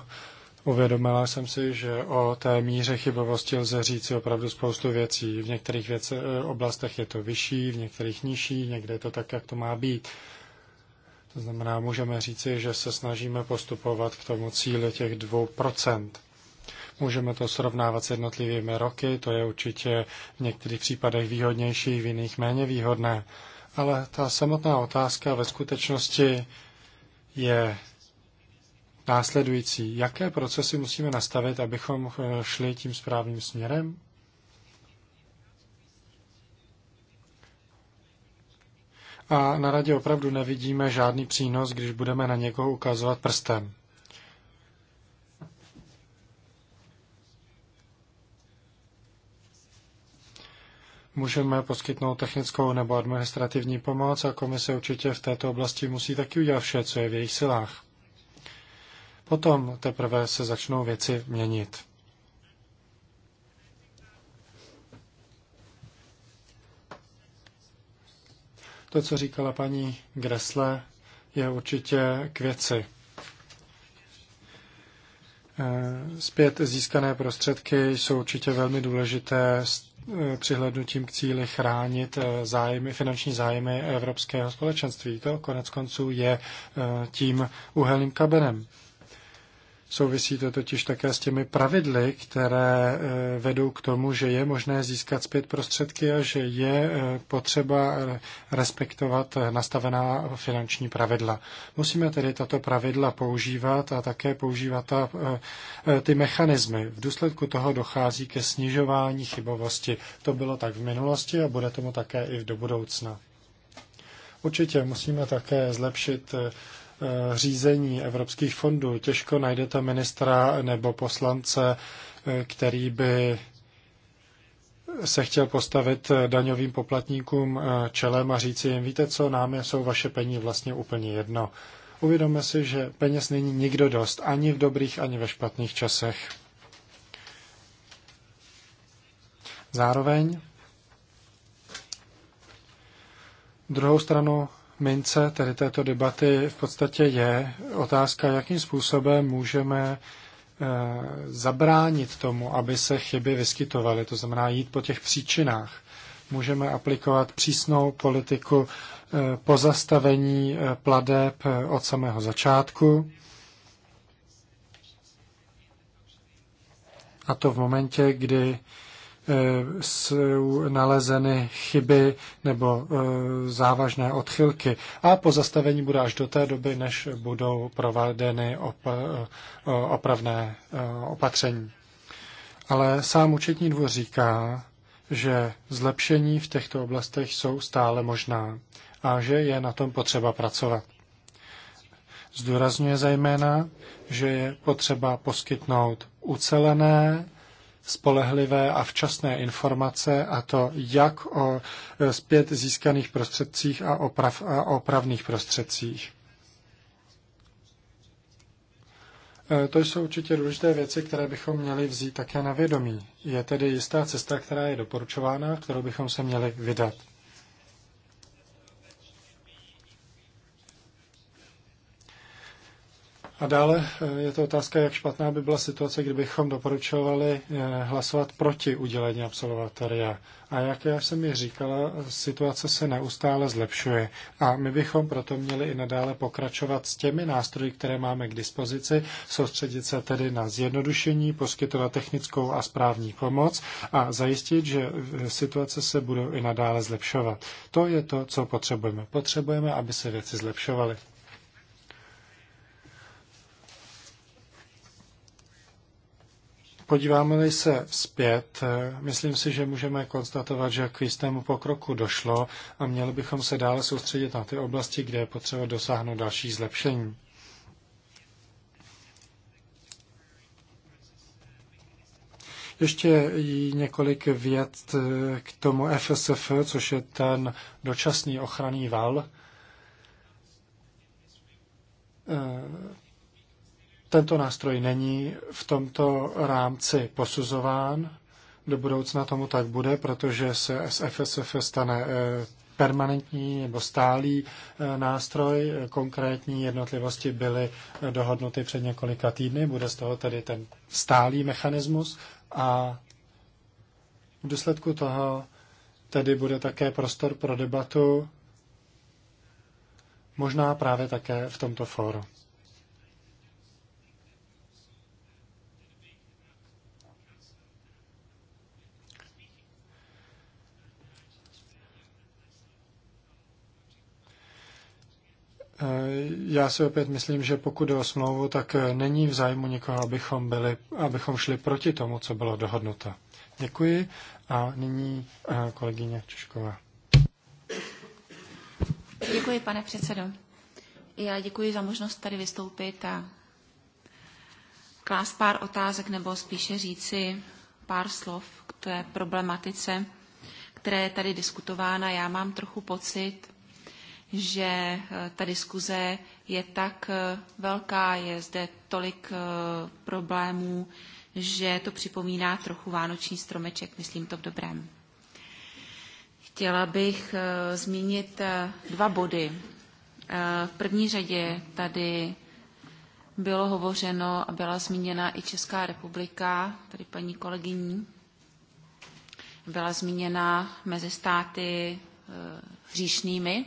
Uvědomila jsem si, že o té míře chybovosti lze říci opravdu spoustu věcí. V některých věce, eh, oblastech je to vyšší, v některých nižší, někde je to tak, jak to má být. To znamená, můžeme říci, že se snažíme postupovat k tomu cíli těch 2%. Můžeme to srovnávat s jednotlivými roky, to je určitě v některých případech výhodnější, v jiných méně výhodné. Ale ta samotná otázka ve skutečnosti je následující. Jaké procesy musíme nastavit, abychom eh, šli tím správným směrem? A na radě opravdu nevidíme žádný přínos, když budeme na někoho ukazovat prstem. můžeme poskytnout technickou nebo administrativní pomoc a komise určitě v této oblasti musí taky udělat vše, co je v jejich silách potom teprve se začnou věci měnit. To, co říkala paní Gresle, je určitě k věci. Eh, zpět získané prostředky jsou určitě velmi důležité s eh, přihlednutím k cíli chránit eh, zájmy, finanční zájmy Evropského společenství. To konec konců je tím uhelným kabenem. Souvisí to totiž také s těmi pravidly, které eh, vedou k tomu, že je možné získat zpět prostředky a že je eh, potřeba respektovat eh, nastavená finanční pravidla. Musíme tedy tato pravidla používat a také používat ta, ty mechanismy. V důsledku toho dochází ke snižování chybovosti. To bylo tak v minulosti a bude tomu také i do budoucna. Určitě musíme také zlepšit Eh, řízení evropských fondů. Těžko najdete ministra nebo poslance, eh, který by se chtěl postavit eh, daňovým poplatníkům čelem a říci jim, víte co, nám jsou vaše peníze vlastně úplně jedno. Uvědomme si, že peněz není nikdo dost, ani v dobrých, ani ve špatných časech. Zároveň druhou stranu mince tedy této debaty v podstatě je otázka, jakým způsobem můžeme eh, zabránit tomu, aby se chyby vyskytovaly, to znamená jít po těch příčinách. Můžeme aplikovat přísnou politiku eh, pozastavení eh, pladeb od samého začátku. A to v momentě, kdy E, jsou nalezeny chyby nebo e, závažné odchylky a pozastavení bude až do té doby, než budou provedeny op- e, opravné opatření. Ale sám účetní dvůr říká, že zlepšení v těchto oblastech jsou stále možná a že je na tom potřeba pracovat. Zdůrazňuje zejména, že je potřeba poskytnout ucelené spolehlivé a včasné informace, a to jak o e, zpět získaných prostředcích a, oprav, a opravných prostředcích. E, to jsou určitě důležité věci, které bychom měli vzít také na vědomí. Je tedy jistá cesta, která je doporučována, kterou bychom se měli vydat. A dále eh, je to otázka, jak špatná by byla situace, kdybychom doporučovali eh, hlasovat proti udělení absolvatoria. A jak já jsem ji říkala, situace se neustále zlepšuje. A my bychom proto měli i nadále pokračovat s těmi nástroji, které máme k dispozici, soustředit se tedy na zjednodušení, poskytovat technickou a správní pomoc a zajistit, že eh, situace se budou i nadále zlepšovat. To je to, co potřebujeme. Potřebujeme, aby se věci zlepšovaly. Podíváme-li se zpět, eh, myslím si, že můžeme konstatovat, že k jistému pokroku došlo a měli bychom se dále soustředit na ty oblasti, kde je potřeba dosáhnout dalších zlepšení. Ještě několik věd eh, k tomu FSF, což je ten dočasný ochranný val eh, tento nástroj není v tomto rámci posuzován. Do budoucna tomu tak bude, protože se SFSF stane eh, permanentní nebo stálý eh, nástroj. Konkrétní jednotlivosti byly eh, dohodnuty před několika týdny. Bude z toho tedy ten stálý mechanismus a v důsledku toho tedy bude také prostor pro debatu, možná právě také v tomto fóru. Eh, já si opět myslím, že pokud jde o smlouvu, tak eh, není v zájmu nikoho, abychom, byli, abychom šli proti tomu, co bylo dohodnuto. Děkuji a nyní eh, kolegyně Češková. Děkuji, pane předsedo. Já děkuji za možnost tady vystoupit a klást pár otázek, nebo spíše říci pár slov k té problematice, která je tady diskutována. Já mám trochu pocit, že eh, ta diskuze je tak eh, velká, je zde tolik eh, problémů, že to připomíná trochu vánoční stromeček, myslím to v dobrém. Chtěla bych zmínit dva body. V první řadě tady bylo hovořeno a byla zmíněna i Česká republika, tady paní kolegyní. Byla zmíněna mezi státy hříšnými,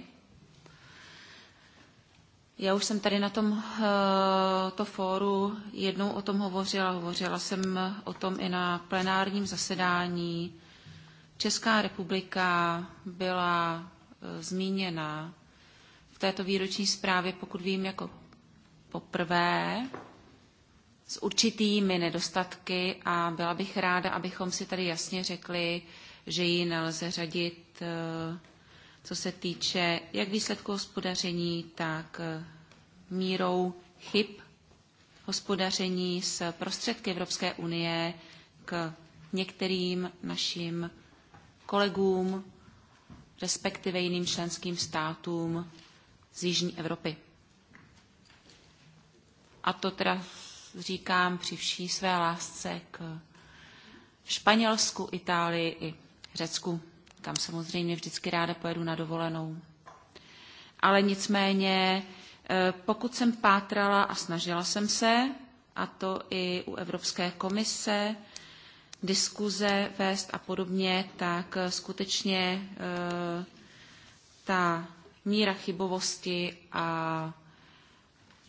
já už jsem tady na tom eh, to fóru jednou o tom hovořila, hovořila jsem o tom i na plenárním zasedání. Česká republika byla eh, zmíněna v této výroční zprávě, pokud vím, jako poprvé s určitými nedostatky a byla bych ráda, abychom si tady jasně řekli, že ji nelze řadit eh, co se týče jak výsledku hospodaření, tak eh, mírou chyb hospodaření s prostředky Evropské unie k některým našim kolegům, respektive jiným členským státům z Jižní Evropy. A to teda říkám při vší své lásce k Španělsku, Itálii i Řecku. Tam samozřejmě vždycky ráda pojedu na dovolenou. Ale nicméně, eh, pokud jsem pátrala a snažila jsem se, a to i u Evropské komise, diskuze vést a podobně, tak eh, skutečně eh, ta míra chybovosti a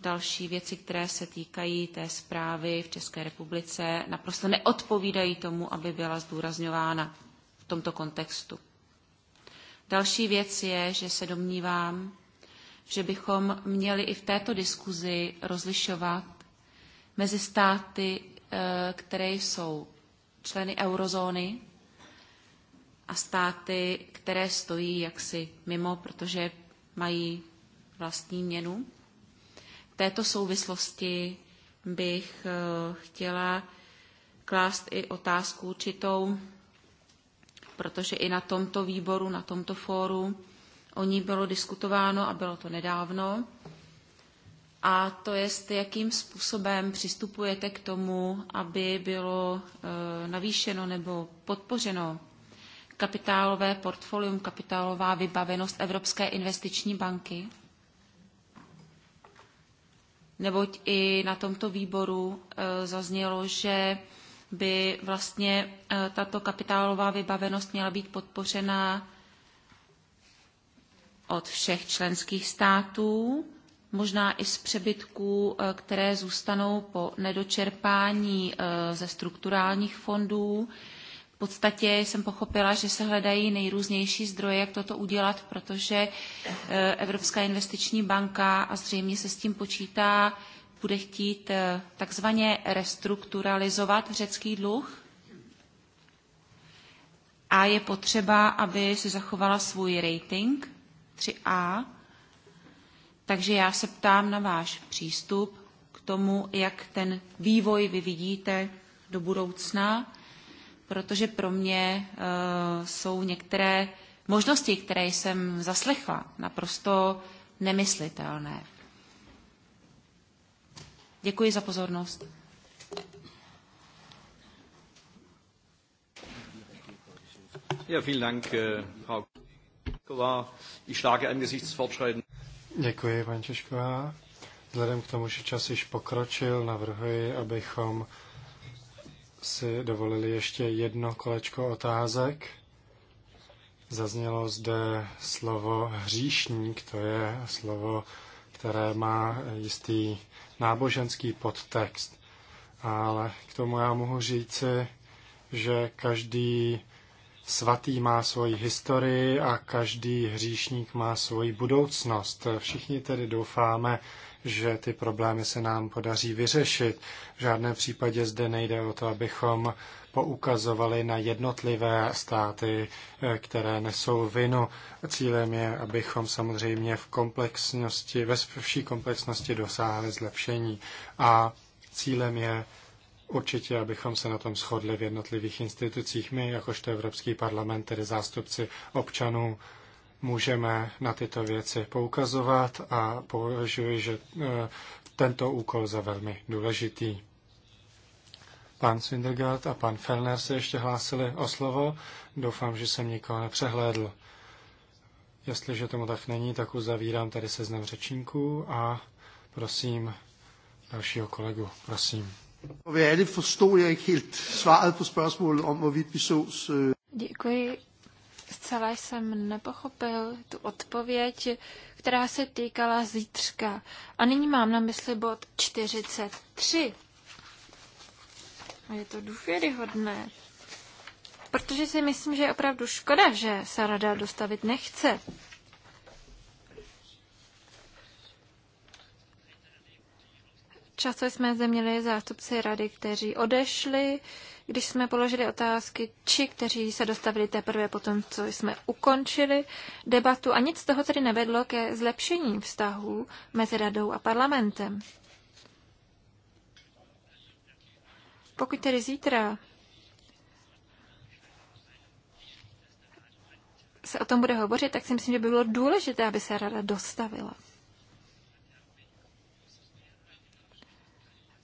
další věci, které se týkají té zprávy v České republice, naprosto neodpovídají tomu, aby byla zdůrazňována v tomto kontextu. Další věc je, že se domnívám, že bychom měli i v této diskuzi rozlišovat mezi státy, eh, které jsou členy eurozóny a státy, které stojí jaksi mimo, protože mají vlastní měnu. V této souvislosti bych eh, chtěla klást i otázku určitou protože i na tomto výboru, na tomto fóru o ní bylo diskutováno a bylo to nedávno. A to je, jakým způsobem přistupujete k tomu, aby bylo e, navýšeno nebo podpořeno kapitálové portfolium, kapitálová vybavenost Evropské investiční banky? Neboť i na tomto výboru e, zaznělo, že by vlastně eh, tato kapitálová vybavenost měla být podpořena od všech členských států, možná i z přebytků, eh, které zůstanou po nedočerpání eh, ze strukturálních fondů. V podstatě jsem pochopila, že se hledají nejrůznější zdroje, jak toto udělat, protože Evropská investiční banka a zřejmě se s tím počítá bude chtít eh, takzvaně restrukturalizovat řecký dluh a je potřeba, aby si zachovala svůj rating 3A. Takže já se ptám na váš přístup k tomu, jak ten vývoj vy vidíte do budoucna, protože pro mě eh, jsou některé možnosti, které jsem zaslechla, naprosto nemyslitelné. Děkuji za pozornost. Ja, vielen Dank, äh, Frau Kova. Ich schlage angesichts Děkuji, paní Češková. Vzhledem k tomu, že čas již pokročil, navrhuji, abychom si dovolili ještě jedno kolečko otázek. Zaznělo zde slovo hříšník, to je slovo, které má jistý náboženský podtext. Ale k tomu já mohu říci, že každý svatý má svoji historii a každý hříšník má svoji budoucnost. Všichni tedy doufáme, že ty problémy se nám podaří vyřešit. V žádném případě zde nejde o to, abychom poukazovali na jednotlivé státy, eh, které nesou vinu. Cílem je, abychom samozřejmě v komplexnosti, ve vší komplexnosti dosáhli zlepšení. A cílem je určitě, abychom se na tom shodli v jednotlivých institucích. My, jakožto Evropský parlament, tedy zástupci občanů, můžeme na tyto věci poukazovat a považuji, že eh, tento úkol za velmi důležitý. Pan Swindelgard a pan Fellner se ještě hlásili o slovo. Doufám, že jsem nikoho nepřehlédl. Jestliže tomu tak není, tak uzavírám tady seznam řečníků a prosím dalšího kolegu. Prosím. Er øh, Děkuji. Zcela jsem nepochopil tu odpověď, která se týkala zítřka. A nyní mám na mysli bod 43. A je to důvěryhodné. Protože si myslím, že je opravdu škoda, že se rada dostavit nechce. Často jsme zde měli zástupci rady, kteří odešli, když jsme položili otázky, či kteří se dostavili teprve po tom, co jsme ukončili debatu. A nic z toho tedy nevedlo ke zlepšení vztahů mezi radou a parlamentem. Pokud tedy zítra se o tom bude hovořit, tak si myslím, že by bylo důležité, aby se rada dostavila.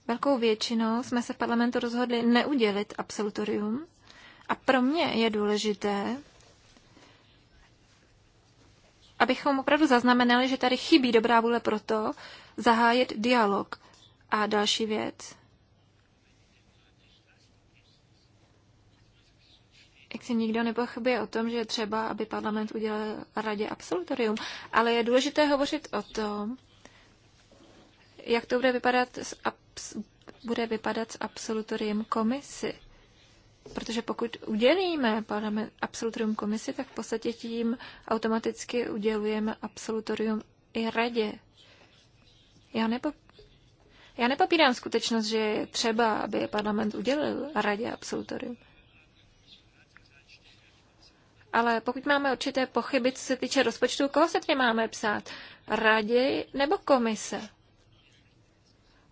Velkou většinou jsme se v parlamentu rozhodli neudělit absolutorium a pro mě je důležité, abychom opravdu zaznamenali, že tady chybí dobrá vůle pro to zahájit dialog. A další věc. jak si nikdo nepochybuje o tom, že je třeba, aby parlament udělal radě absolutorium, ale je důležité hovořit o tom, jak to bude vypadat s, abs, bude vypadat s absolutorium komisy. Protože pokud udělíme Parlament absolutorium komisy, tak v podstatě tím automaticky udělujeme absolutorium i radě. Já, nepo, já nepopírám skutečnost, že je třeba, aby parlament udělil radě absolutorium. Ale pokud máme určité pochyby, co se týče rozpočtu, koho se tě máme psát? Radě nebo komise?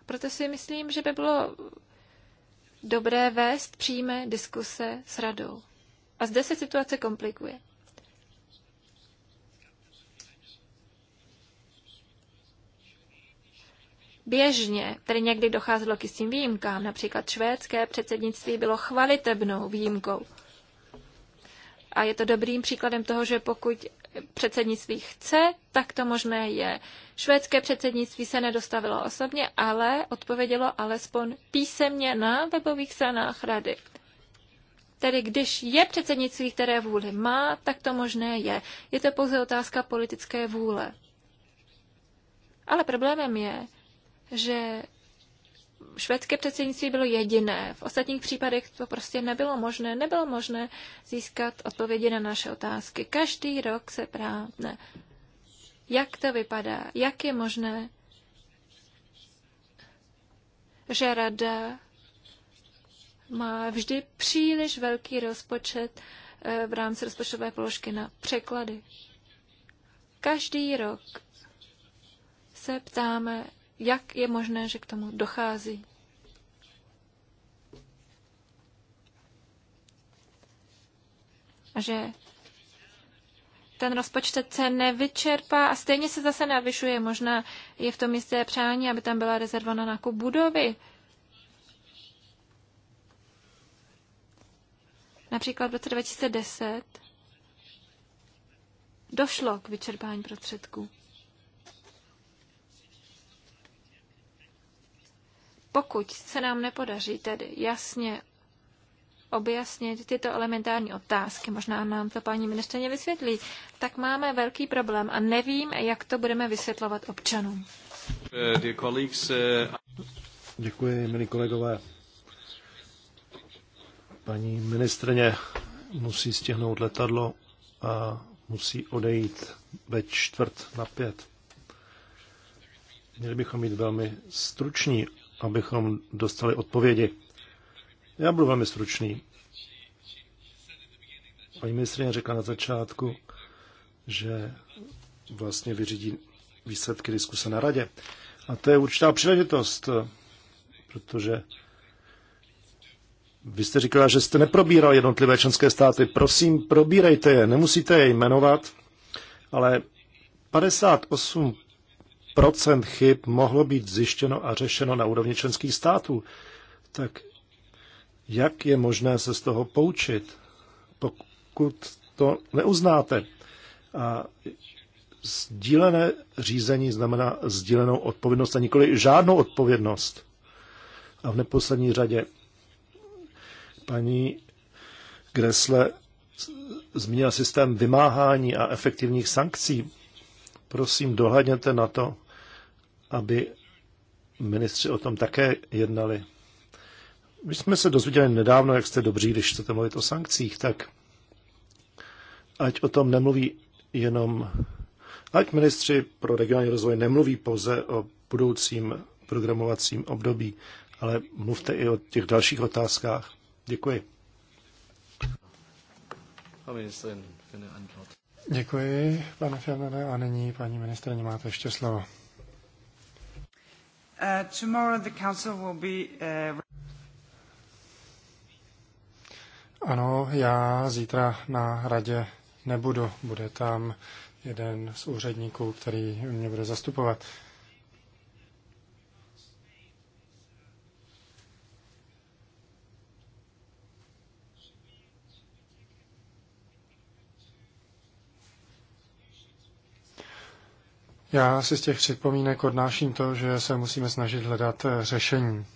Proto si myslím, že by bylo dobré vést přímé diskuse s radou. A zde se situace komplikuje. Běžně, tedy někdy docházelo k jistým výjimkám, například švédské předsednictví bylo chvalitebnou výjimkou. A je to dobrým příkladem toho, že pokud předsednictví chce, tak to možné je. Švédské předsednictví se nedostavilo osobně, ale odpovědělo alespoň písemně na webových stranách rady. Tedy když je předsednictví, které vůli má, tak to možné je. Je to pouze otázka politické vůle. Ale problémem je, že švédské předsednictví bylo jediné. V ostatních případech to prostě nebylo možné. Nebylo možné získat odpovědi na naše otázky. Každý rok se právne. Jak to vypadá? Jak je možné, že rada má vždy příliš velký rozpočet eh, v rámci rozpočtové položky na překlady? Každý rok se ptáme jak je možné, že k tomu dochází. A že ten rozpočet se nevyčerpá a stejně se zase navyšuje. Možná je v tom jisté přání, aby tam byla rezerva na nákup budovy. Například v roce 2010 došlo k vyčerpání prostředků. Pokud se nám nepodaří tedy jasně objasnit tyto elementární otázky, možná nám to paní ministrině vysvětlí, tak máme velký problém a nevím, jak to budeme vysvětlovat občanům. Eh, Děkuji, milí kolegové. Paní ministrně musí stihnout letadlo a musí odejít ve čtvrt na pět. Měli bychom být velmi struční abychom dostali odpovědi. Já budu velmi stručný. Paní ministrině řekla na začátku, že vlastně vyřídí výsledky diskuse na radě. A to je určitá příležitost, protože vy jste říkala, že jste neprobíral jednotlivé členské státy. Prosím, probírejte je, nemusíte je jmenovat, ale 58 Procent chyb mohlo být zjištěno a řešeno na úrovni členských států. Tak jak je možné se z toho poučit, pokud to neuznáte? A sdílené řízení znamená sdílenou odpovědnost a nikoli žádnou odpovědnost. A v neposlední řadě paní Gresle zmínila systém vymáhání a efektivních sankcí. Prosím, dohledněte na to, aby ministři o tom také jednali. My jsme se dozvěděli nedávno, jak jste dobří, když chcete mluvit o sankcích, tak ať o tom nemluví jenom, ať ministři pro regionální rozvoj nemluví pouze o budoucím programovacím období, ale mluvte i o těch dalších otázkách. Děkuji. Děkuji, pane Fjellnere, a nyní paní ministrině máte ještě slovo. Uh, uh, ano, já zítra na radě nebudu. Bude tam jeden z úředníků, který mě bude zastupovat. Já si z těch připomínek odnáším to, že se musíme snažit hledat eh, řešení.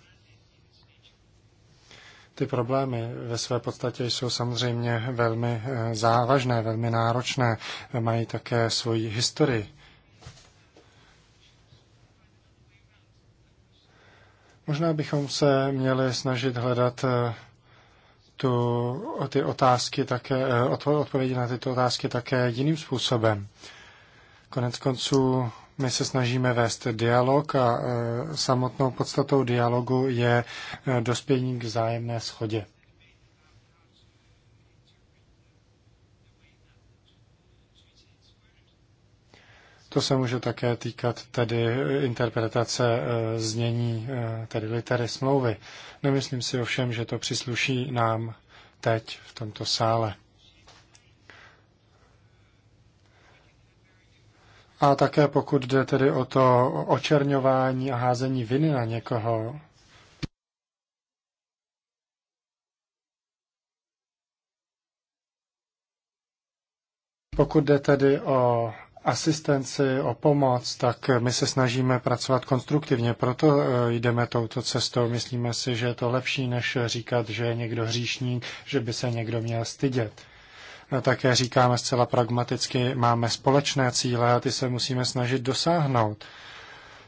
Ty problémy ve své podstatě jsou samozřejmě velmi eh, závažné, velmi náročné, eh, mají také svoji historii. Možná bychom se měli snažit hledat tu, ty otázky také, odpovědi na tyto otázky také jiným způsobem. Konec konců my se snažíme vést dialog a e, samotnou podstatou dialogu je e, dospění k vzájemné schodě. To se může také týkat tedy interpretace e, znění, tedy litery smlouvy. Nemyslím si ovšem, že to přisluší nám teď v tomto sále. A také pokud jde tedy o to očerňování a házení viny na někoho, Pokud jde tedy o asistenci, o pomoc, tak my se snažíme pracovat konstruktivně, proto e, jdeme touto cestou. Myslíme si, že je to lepší, než říkat, že je někdo hříšník, že by se někdo měl stydět. No také říkáme zcela pragmaticky, máme společné cíle a ty se musíme snažit dosáhnout.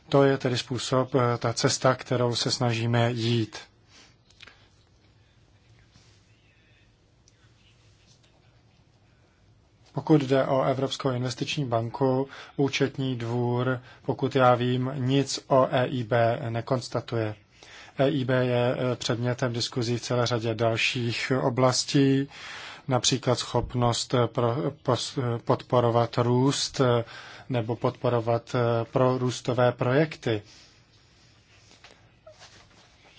To je tedy způsob, eh, ta cesta, kterou se snažíme jít. Pokud jde o Evropskou investiční banku, účetní dvůr, pokud já vím, nic o EIB nekonstatuje. EIB je eh, předmětem diskuzí v celé řadě dalších oblastí například schopnost eh, pro, pos, eh, podporovat růst eh, nebo podporovat pro růstové projekty.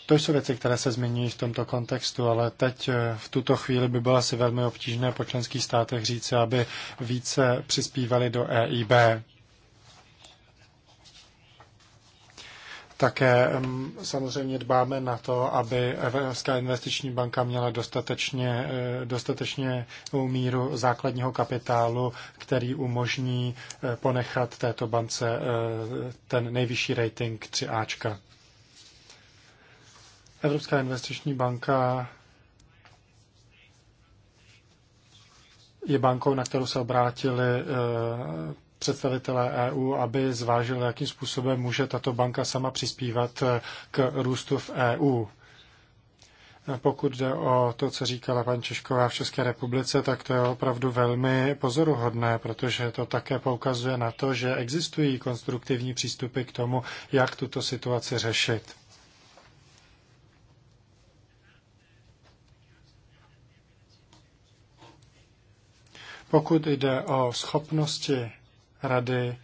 To jsou věci, které se změní v tomto kontextu, ale teď v tuto chvíli by bylo asi velmi obtížné po členských státech říci, aby více přispívali do EIB. Také samozřejmě dbáme na to, aby Evropská investiční banka měla dostatečně, eh, dostatečně míru základního kapitálu, který umožní eh, ponechat této bance eh, ten nejvyšší rating 3Ačka. Evropská investiční banka je bankou, na kterou se obrátili představitelé EU, aby zvážili, jakým způsobem může tato banka sama přispívat eh, k růstu v EU. Pokud jde o to, co říkala paní Češková v České republice, tak to je opravdu velmi pozoruhodné, protože to také poukazuje na to, že existují konstruktivní přístupy k tomu, jak tuto situaci řešit. Pokud jde o schopnosti rady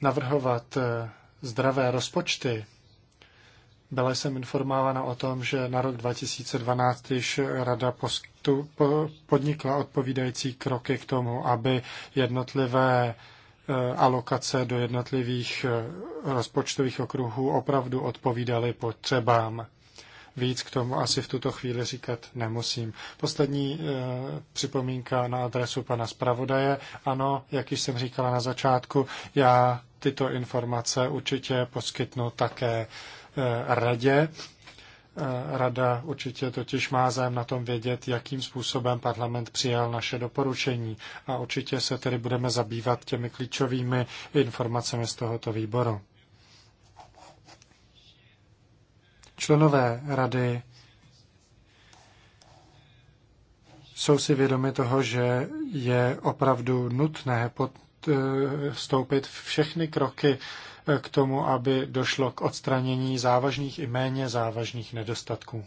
navrhovat eh, zdravé rozpočty, byla jsem informována o tom, že na rok 2012 již Rada podnikla odpovídající kroky k tomu, aby jednotlivé eh, alokace do jednotlivých eh, rozpočtových okruhů opravdu odpovídaly potřebám. Víc k tomu asi v tuto chvíli říkat nemusím. Poslední e, připomínka na adresu pana zpravodaje. Ano, jak již jsem říkala na začátku, já tyto informace určitě poskytnu také e, radě. Eh, rada určitě totiž má zájem na tom vědět, jakým způsobem parlament přijal naše doporučení a určitě se tedy budeme zabývat těmi klíčovými informacemi z tohoto výboru. Členové rady jsou si vědomi toho, že je opravdu nutné podstoupit eh, všechny kroky eh, k tomu, aby došlo k odstranění závažných i méně závažných nedostatků.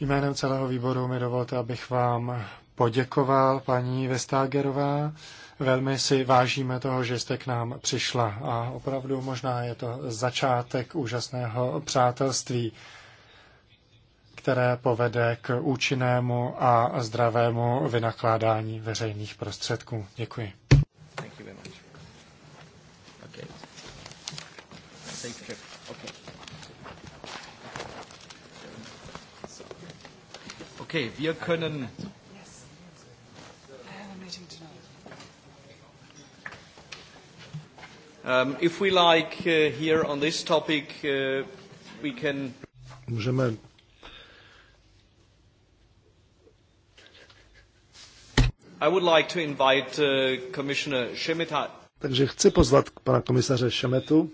Jménem celého výboru mi dovolte, abych vám poděkoval, paní Vestagerová Velmi si vážíme toho, že jste k nám přišla a opravdu možná je to začátek úžasného přátelství, které povede k účinnému a zdravému vynakládání veřejných prostředků. Děkuji. Okay, wir können Můžeme I would like to invite uh, Commissioner Šemeta. Takže chci pozvat pana komisaře Šemetu.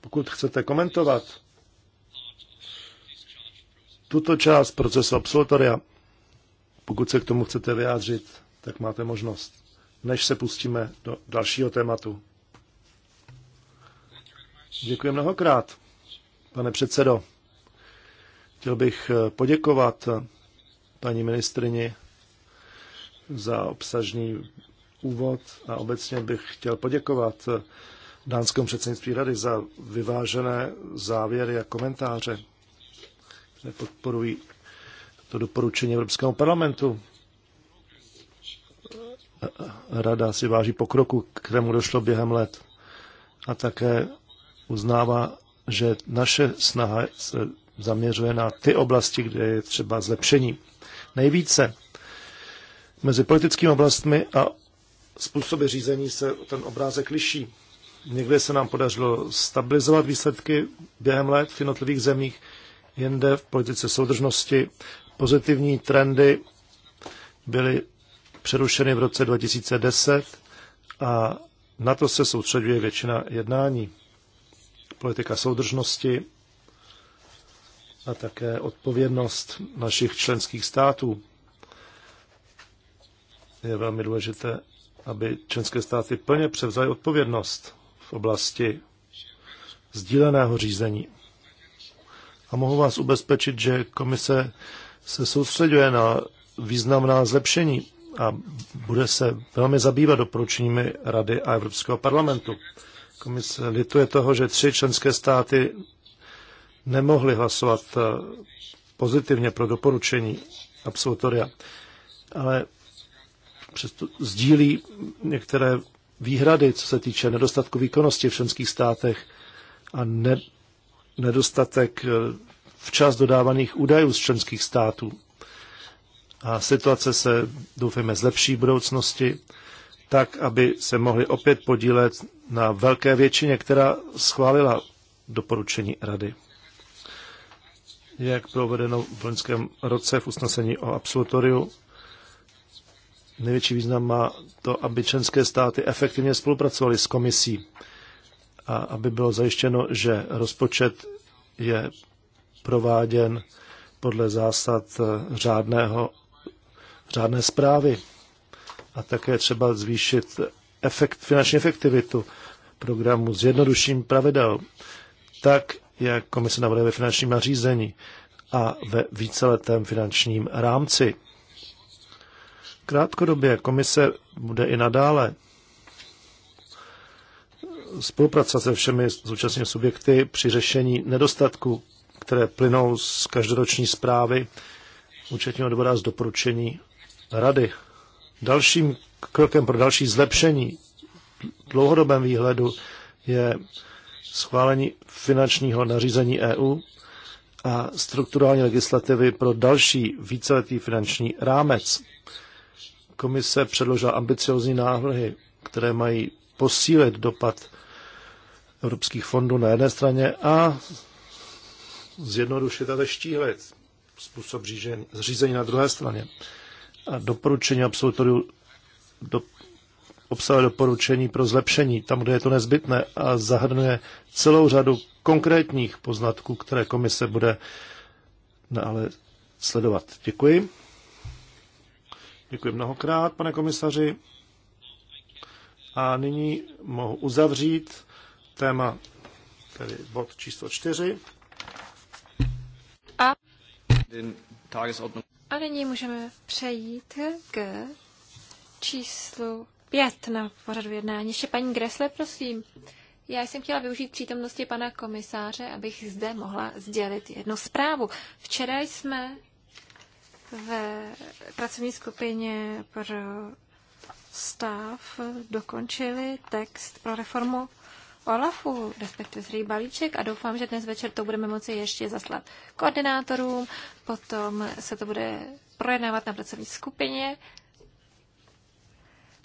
Pokud chcete komentovat tuto část procesu absolutoria, pokud se k tomu chcete vyjádřit, tak máte možnost než se pustíme do dalšího tématu. Děkuji mnohokrát, pane předsedo. Chtěl bych eh, poděkovat eh, paní ministrini za obsažný úvod a obecně bych chtěl poděkovat eh, dánskému předsednictví rady za vyvážené závěry a komentáře, které podporují to doporučení Evropskému parlamentu rada si váží pokroku, kterému došlo během let a také uznává, že naše snaha se zaměřuje na ty oblasti, kde je třeba zlepšení. Nejvíce mezi politickými oblastmi a způsoby řízení se ten obrázek liší. Někde se nám podařilo stabilizovat výsledky během let v jednotlivých zemích, jinde v politice soudržnosti pozitivní trendy byly přerušeny v roce 2010 a na to se soustředuje většina jednání. Politika soudržnosti a také odpovědnost našich členských států. Je velmi důležité, aby členské státy plně převzaly odpovědnost v oblasti sdíleného řízení. A mohu vás ubezpečit, že komise se soustředuje na významná zlepšení a bude se velmi zabývat doporučeními Rady a Evropského parlamentu. Komise lituje toho, že tři členské státy nemohly hlasovat eh, pozitivně pro doporučení absolutoria, ale přesto sdílí některé výhrady, co se týče nedostatku výkonnosti v členských státech a ne, nedostatek eh, včas dodávaných údajů z členských států a situace se, doufejme, zlepší v budoucnosti, tak, aby se mohli opět podílet na velké většině, která schválila doporučení Rady. Jak provedeno v loňském roce v usnesení o absolutoriu, největší význam má to, aby členské státy efektivně spolupracovaly s komisí a aby bylo zajištěno, že rozpočet je prováděn podle zásad eh, řádného řádné zprávy a také třeba zvýšit efekt, finanční efektivitu programu s jednodušším pravidel, tak, jak komise navrhuje ve finančním nařízení a ve víceletém finančním rámci. Krátkodobě komise bude i nadále spolupracovat se všemi zúčastněnými subjekty při řešení nedostatků, které plynou z každoroční zprávy účetního dvora z doporučení rady. Dalším krokem pro další zlepšení v dlouhodobém výhledu je schválení finančního nařízení EU a strukturální legislativy pro další víceletý finanční rámec. Komise předložila ambiciozní návrhy, které mají posílit dopad evropských fondů na jedné straně a zjednodušit a zeštíhlit způsob řízení na druhé straně. A doporučení absolutoriu do, obsahuje doporučení pro zlepšení tam, kde je to nezbytné a zahrnuje celou řadu konkrétních poznatků, které komise bude ale sledovat. Děkuji. Děkuji mnohokrát, pane komisaři. A nyní mohu uzavřít téma, tedy bod číslo čtyři. A a nyní můžeme přejít k číslu pět na pořadu jednání. Ještě paní Gresle, prosím. Já jsem chtěla využít přítomnosti pana komisáře, abych zde mohla sdělit jednu zprávu. Včera jsme v pracovní skupině pro stav dokončili text pro reformu Olafu, respektive zřejmě balíček a doufám, že dnes večer to budeme moci ještě zaslat koordinátorům, potom se to bude projednávat na pracovní skupině.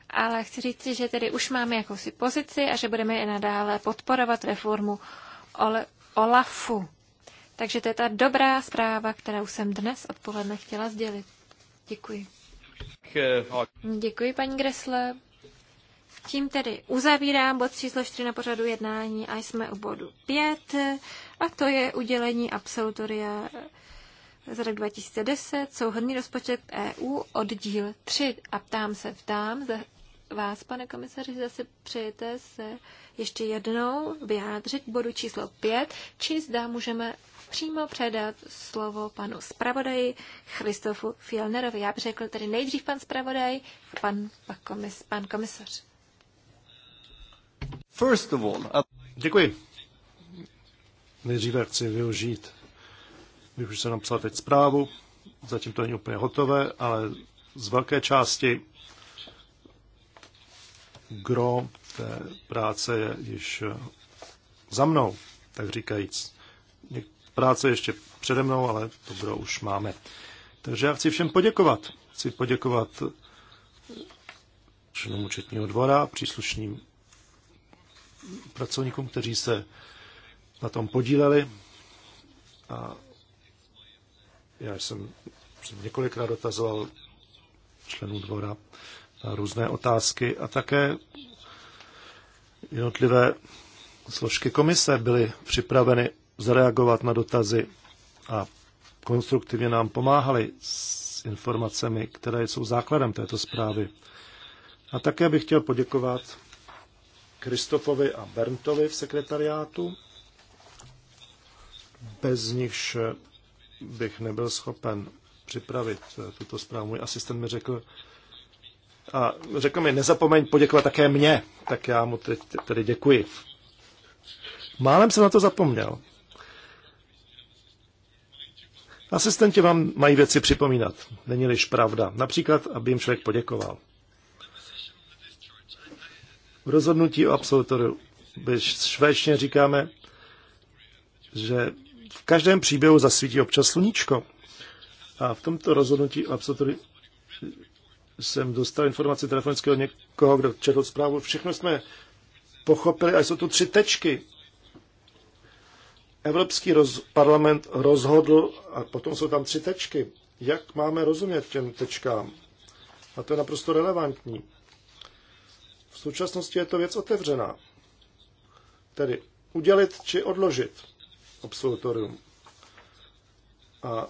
Ale chci říct, že tedy už máme jakousi pozici a že budeme i nadále podporovat reformu Olafu. Takže to je ta dobrá zpráva, kterou jsem dnes odpoledne chtěla sdělit. Děkuji. Eh, Děkuji, paní Gresle. Tím tedy uzavírám bod číslo 4 na pořadu jednání a jsme u bodu 5 a to je udělení absolutoria za rok 2010, souhrný rozpočet EU oddíl 3 a ptám se, ptám vás, pane komisaři, zase přejete se ještě jednou vyjádřit bodu číslo 5, či zda můžeme přímo předat slovo panu zpravodaji Christofu Fielnerovi. Já bych řekl tedy nejdřív pan zpravodaj a pan, pan, komis, pan komisař. Uh, Děkuji. Nejdříve chci využít, když jsem napsal teď zprávu, zatím to není úplně hotové, ale z velké části gro té práce je již eh, za mnou, tak říkajíc. Práce ještě přede mnou, ale to gro už máme. Takže já chci všem poděkovat. Chci poděkovat eh, členům účetního dvora, příslušným pracovníkům, kteří se na tom podíleli. A já jsem, jsem několikrát dotazoval členů dvora na různé otázky a také jednotlivé složky komise byly připraveny zareagovat na dotazy a konstruktivně nám pomáhali s informacemi, které jsou základem této zprávy. A také bych chtěl poděkovat Kristofovi a Berntovi v sekretariátu. Bez nichž bych nebyl schopen připravit tuto zprávu. Můj asistent mi řekl, a řekl mi, nezapomeň poděkovat také mně, tak já mu tedy, tedy děkuji. Málem jsem na to zapomněl. Asistenti vám mají věci připomínat, není-liž pravda. Například, aby jim člověk poděkoval rozhodnutí o absolutoru. Ve švédštině říkáme, že v každém příběhu zasvítí občas sluníčko. A v tomto rozhodnutí o absolutoru jsem dostal informaci telefonického někoho, kdo četl zprávu. Všechno jsme pochopili, a jsou tu tři tečky. Evropský roz, parlament rozhodl a potom jsou tam tři tečky. Jak máme rozumět těm tečkám? A to je naprosto relevantní. V současnosti je to věc otevřená. Tedy udělit či odložit absolutorium. A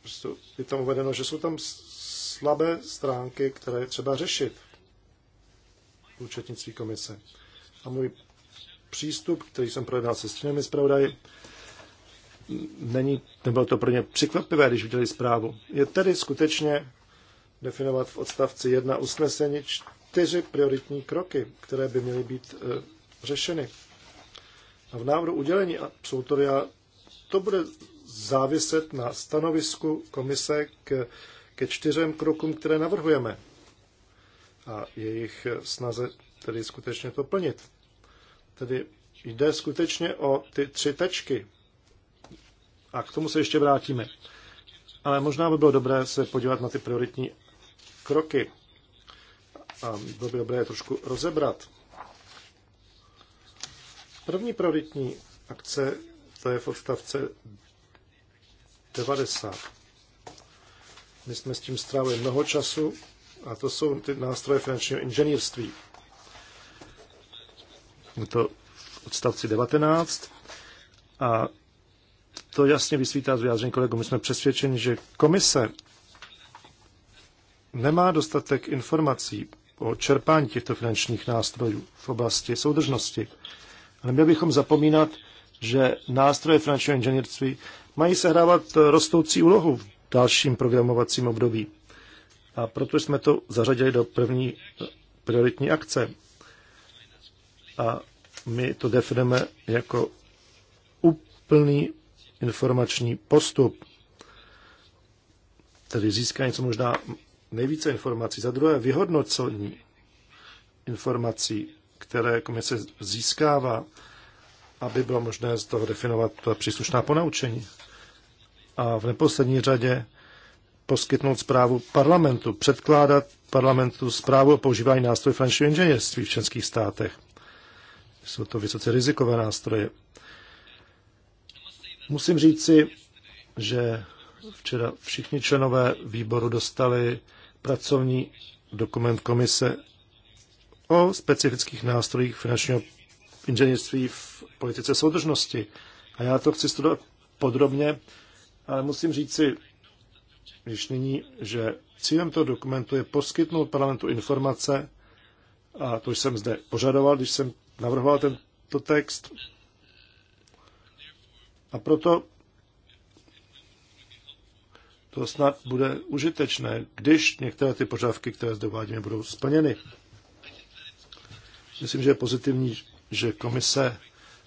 prostě je tam uvedeno, že jsou tam slabé stránky, které je třeba řešit v účetnictví komise. A můj přístup, který jsem projednal se stěnými zpravodaji, není, nebylo to pro ně překvapivé, když viděli zprávu. Je tedy skutečně definovat v odstavci 1 usnesení čtyři prioritní kroky, které by měly být eh, řešeny. A v návrhu udělení absolutoria to bude záviset na stanovisku komise k, ke čtyřem krokům, které navrhujeme a jejich snaze tedy skutečně to plnit. Tedy jde skutečně o ty tři tečky. A k tomu se ještě vrátíme. Ale možná by bylo dobré se podívat na ty prioritní kroky a bylo by dobré je trošku rozebrat. První prioritní akce, to je v odstavce 90. My jsme s tím strávili mnoho času a to jsou ty nástroje finančního inženýrství. Je to v odstavci 19 a to jasně vysvítá z vyjádření kolegů. My jsme přesvědčeni, že komise nemá dostatek informací o čerpání těchto finančních nástrojů v oblasti soudržnosti. Ale měli bychom zapomínat, že nástroje finančního inženýrství mají sehrávat rostoucí úlohu v dalším programovacím období. A proto jsme to zařadili do první eh, prioritní akce. A my to definujeme jako úplný informační postup, tedy získá co možná nejvíce informací. Za druhé vyhodnocení informací, které komise získává, aby bylo možné z toho definovat příslušná ponaučení. A v neposlední řadě poskytnout zprávu parlamentu, předkládat parlamentu zprávu o používání nástrojů finančního inženýrství v českých státech. Jsou to vysoce rizikové nástroje. Musím říci, že včera všichni členové výboru dostali pracovní dokument komise o specifických nástrojích finančního inženýrství v politice soudržnosti. A já to chci studovat podrobně, ale musím říct si když nyní, že cílem toho dokumentu je poskytnout parlamentu informace, a to jsem zde požadoval, když jsem navrhoval tento text. A proto to snad bude užitečné, když některé ty požadavky, které zde uvádíme, budou splněny. Myslím, že je pozitivní, že komise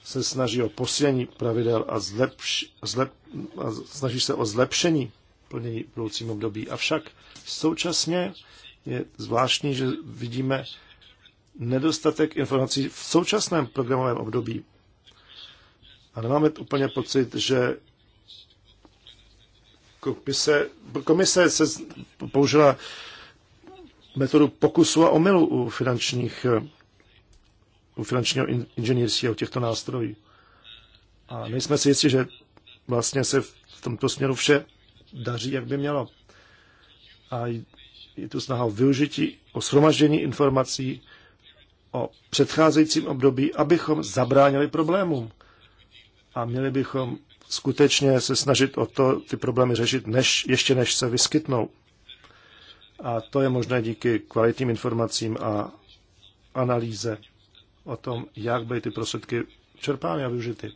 se snaží o posílení pravidel a, zlepš, zlep, a snaží se o zlepšení plnění v budoucím období. Avšak současně je zvláštní, že vidíme nedostatek informací v současném programovém období. A nemáme úplně pocit, že komise, komise se použila metodu pokusu a omylu u, finančních, u finančního inženýrství a u těchto nástrojů. A nejsme si jistí, že vlastně se v tomto směru vše daří, jak by mělo. A je tu snaha o využití, o shromaždění informací o předcházejícím období, abychom zabránili problémům. A měli bychom skutečně se snažit o to ty problémy řešit, než, ještě než se vyskytnou. A to je možné díky kvalitním informacím a analýze o tom, jak byly ty prostředky čerpány a využity.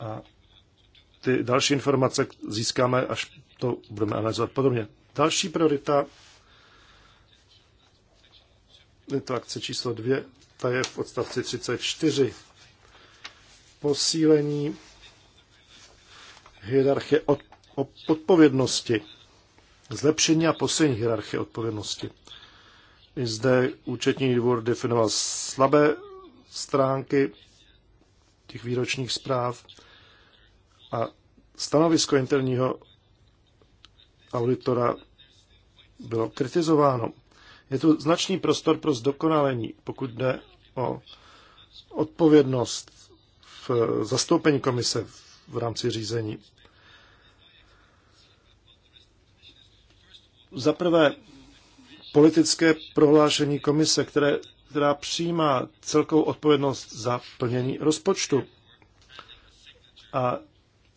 A ty další informace získáme, až to budeme analyzovat podobně. Další priorita je to akce číslo dvě, ta je v odstavci 34. Posílení hierarchie od, od, odpovědnosti, zlepšení a posílení hierarchie odpovědnosti. I zde účetní dvůr definoval slabé stránky těch výročních zpráv a stanovisko interního auditora bylo kritizováno. Je tu značný prostor pro zdokonalení, pokud jde o odpovědnost v zastoupení komise v rámci řízení. Za prvé, politické prohlášení komise, které, která přijímá celkovou odpovědnost za plnění rozpočtu. A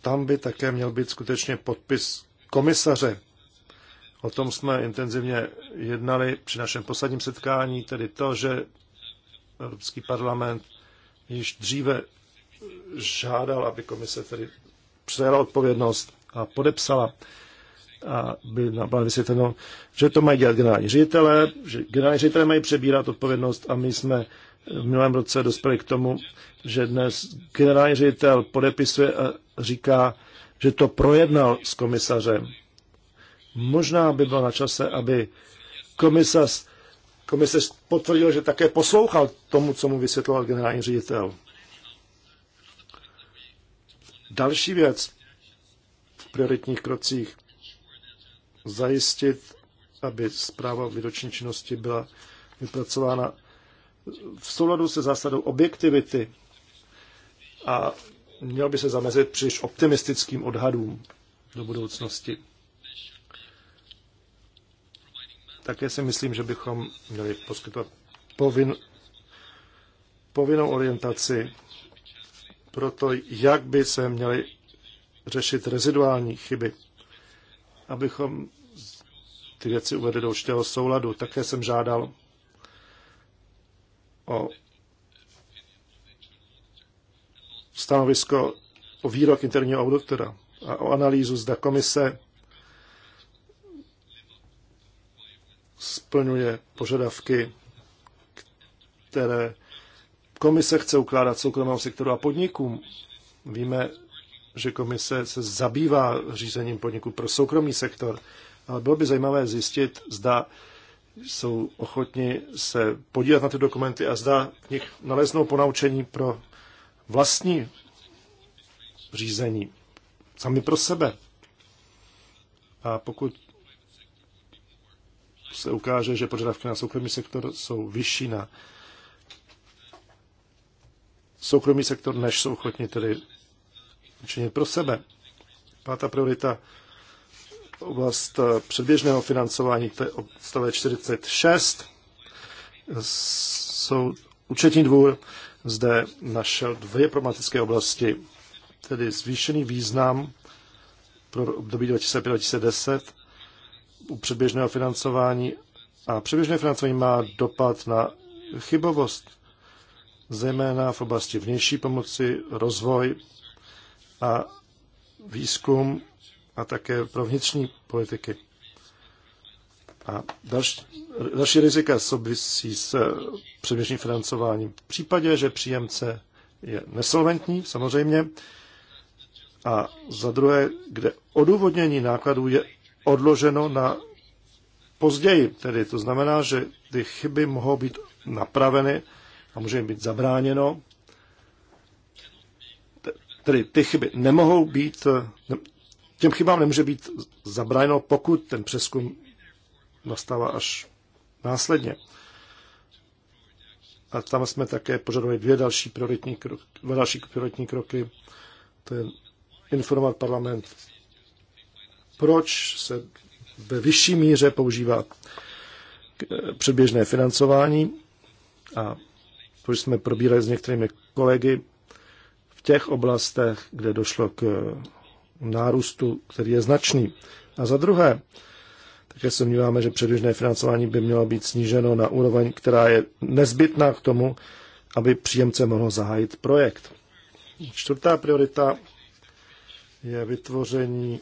tam by také měl být skutečně podpis komisaře. O tom jsme intenzivně jednali při našem posledním setkání, tedy to, že Evropský parlament již dříve žádal, aby komise tedy přijala odpovědnost a podepsala a by nám bylo vysvětleno, že to mají dělat generální ředitele, že generální ředitele mají přebírat odpovědnost a my jsme v minulém roce dospěli k tomu, že dnes generální ředitel podepisuje a říká, že to projednal s komisařem. Možná by bylo na čase, aby komisař, komisař potvrdil, že také poslouchal tomu, co mu vysvětloval generální ředitel. Další věc v prioritních krocích zajistit, aby zpráva o výroční činnosti byla vypracována v souladu se zásadou objektivity a měl by se zamezit příliš optimistickým odhadům do budoucnosti. Také si myslím, že bychom měli poskytovat povin, povinnou orientaci pro to, jak by se měly řešit reziduální chyby, abychom ty věci uvedli do určitého souladu. Také jsem žádal o stanovisko o výrok interního auditora a o analýzu, zda komise splňuje požadavky, které komise chce ukládat soukromého sektoru a podnikům. Víme, že komise se zabývá řízením podniků pro soukromý sektor, ale bylo by zajímavé zjistit, zda jsou ochotni se podívat na ty dokumenty a zda v nich naleznou ponaučení pro vlastní řízení sami pro sebe. A pokud se ukáže, že požadavky na soukromý sektor jsou vyšší na soukromý sektor, než jsou ochotni tedy učinit pro sebe. Pátá priorita oblast eh, předběžného financování, to je odstavec 46. Jsou účetní dvůr zde našel dvě problematické oblasti, tedy zvýšený význam pro období 2005-2010 u předběžného financování a předběžné financování má dopad na chybovost zejména v oblasti vnější pomoci, rozvoj a výzkum a také pro vnitřní politiky. A další, další rizika souvisí s předměřným financováním. V případě, že příjemce je nesolventní, samozřejmě, a za druhé, kde odůvodnění nákladů je odloženo na později. Tedy to znamená, že ty chyby mohou být napraveny a může jim být zabráněno. Tedy ty chyby nemohou být, těm chybám nemůže být zabráněno, pokud ten přeskum nastává až následně. A tam jsme také požadovali dvě další prioritní kroky, dva další prioritní kroky. To je informovat parlament, proč se ve vyšší míře používá předběžné financování a což jsme probírali s některými kolegy, v těch oblastech, kde došlo k nárůstu, který je značný. A za druhé, také se domníváme, že předběžné financování by mělo být sníženo na úroveň, která je nezbytná k tomu, aby příjemce mohl zahájit projekt. Čtvrtá priorita je vytvoření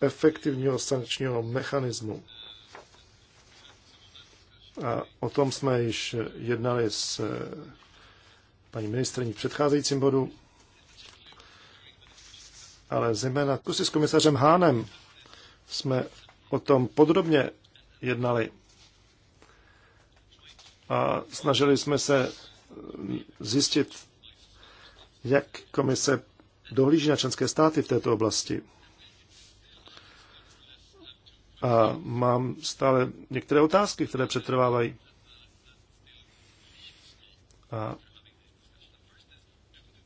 efektivního sankčního mechanismu. A o tom jsme již jednali s eh, paní ministrní v předcházejícím bodu, ale zejména prostě s komisařem Hánem jsme o tom podrobně jednali. A snažili jsme se mm, zjistit, jak komise dohlíží na členské státy v této oblasti. A mám stále některé otázky, které přetrvávají. A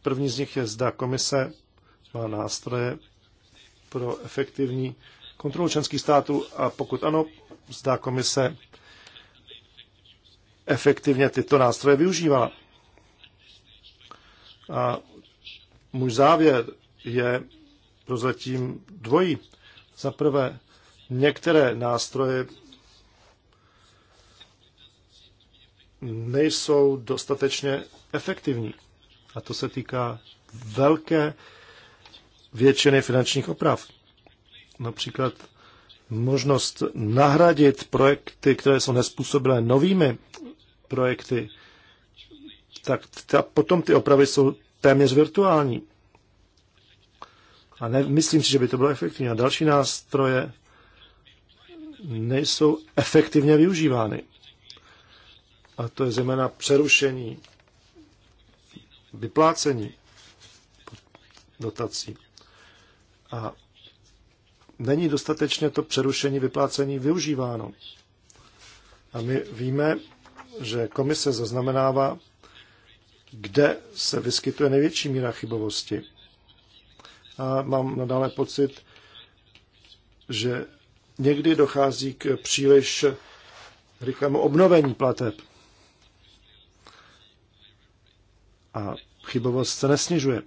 první z nich je, zda komise má nástroje pro efektivní kontrolu členských států a pokud ano, zda komise efektivně tyto nástroje využívala. A můj závěr je prozatím dvojí. Za prvé, Některé nástroje nejsou dostatečně efektivní. A to se týká velké většiny finančních oprav. Například možnost nahradit projekty, které jsou nespůsobilé novými projekty, tak ta, potom ty opravy jsou téměř virtuální. A ne, myslím si, že by to bylo efektivní. A další nástroje nejsou efektivně využívány. A to je zejména přerušení vyplácení dotací. A není dostatečně to přerušení vyplácení využíváno. A my víme, že komise zaznamenává, kde se vyskytuje největší míra chybovosti. A mám nadále pocit, že někdy dochází k příliš rychlému obnovení plateb. A chybovost se nesnižuje.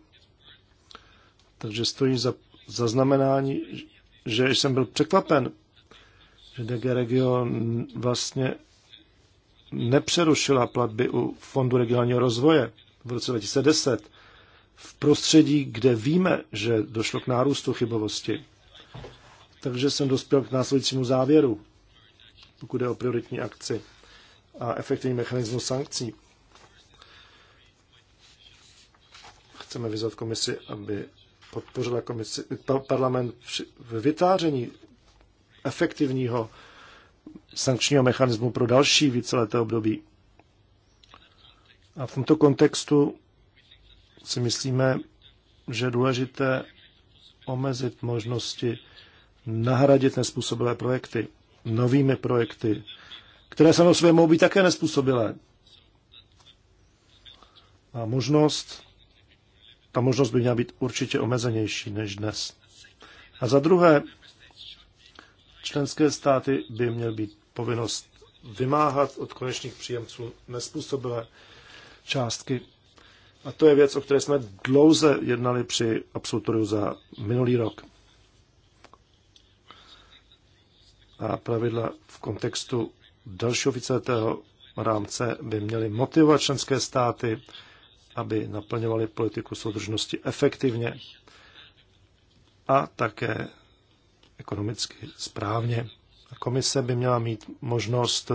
Takže stojí za zaznamenání, že jsem byl překvapen, že DG Region vlastně nepřerušila platby u Fondu regionálního rozvoje v roce 2010 v prostředí, kde víme, že došlo k nárůstu chybovosti. Takže jsem dospěl k následujícímu závěru, pokud je o prioritní akci a efektivní mechanismus sankcí. Chceme vyzvat komisi, aby podpořila komisi, parlament v vytváření efektivního sankčního mechanismu pro další víceleté období. A v tomto kontextu si myslíme, že je důležité omezit možnosti nahradit nespůsobilé projekty novými projekty, které samo své mohou být také nespůsobilé. A možnost, ta možnost by měla být určitě omezenější než dnes. A za druhé, členské státy by měl být povinnost vymáhat od konečných příjemců nespůsobilé částky. A to je věc, o které jsme dlouze jednali při absolutoriu za minulý rok. a pravidla v kontextu dalšího víceletého rámce by měly motivovat členské státy, aby naplňovaly politiku soudržnosti efektivně a také ekonomicky správně. Komise by měla mít možnost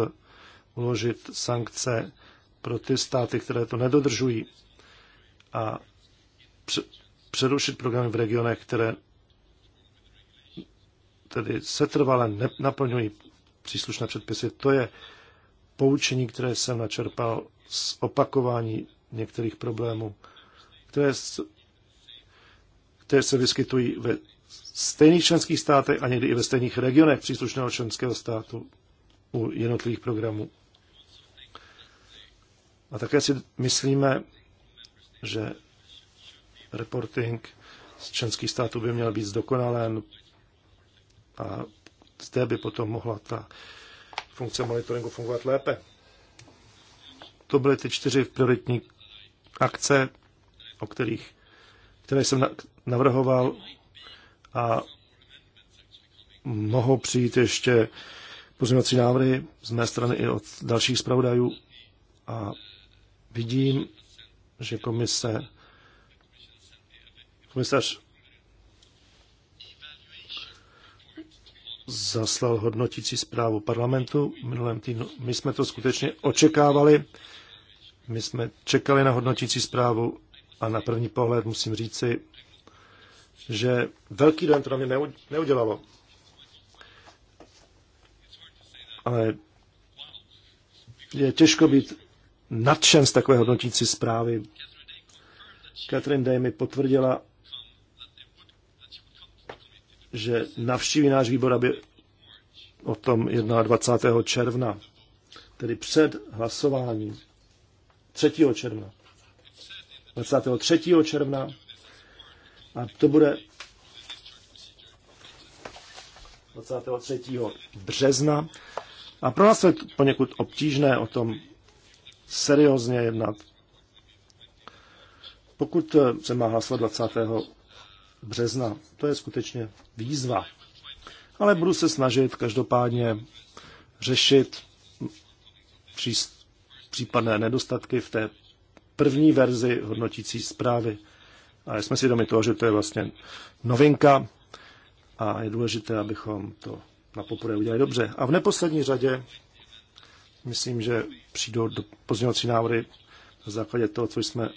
uložit sankce pro ty státy, které to nedodržují a přerušit programy v regionech, které tedy setrvale naplňují příslušné předpisy. To je poučení, které jsem načerpal z opakování některých problémů, které, které se vyskytují ve stejných členských státech a někdy i ve stejných regionech příslušného členského státu u jednotlivých programů. A také si myslíme, že reporting z členských států by měl být zdokonalen a zde by potom mohla ta funkce monitoringu fungovat lépe. To byly ty čtyři prioritní akce, o kterých, které jsem navrhoval a mohou přijít ještě pozměňovací návrhy z mé strany i od dalších zpravodajů a vidím, že komise komisař zaslal hodnotící zprávu parlamentu minulém týdnu. My jsme to skutečně očekávali. My jsme čekali na hodnotící zprávu a na první pohled musím říci, že velký dojem to na mě neudělalo. Ale je těžko být nadšen z takové hodnotící zprávy. Catherine Day mi potvrdila, že navštíví náš výbor, aby o tom 21. června, tedy před hlasováním 3. června. 23. června. A to bude 23. března. A pro nás je poněkud obtížné o tom seriózně jednat. Pokud se má hlasovat 20 března. To je skutečně výzva. Ale budu se snažit každopádně řešit případné nedostatky v té první verzi hodnotící zprávy. A jsme si domy toho, že to je vlastně novinka a je důležité, abychom to na poprvé udělali dobře. A v neposlední řadě myslím, že přijdou do pozdějovací návrhy na základě toho, co jsme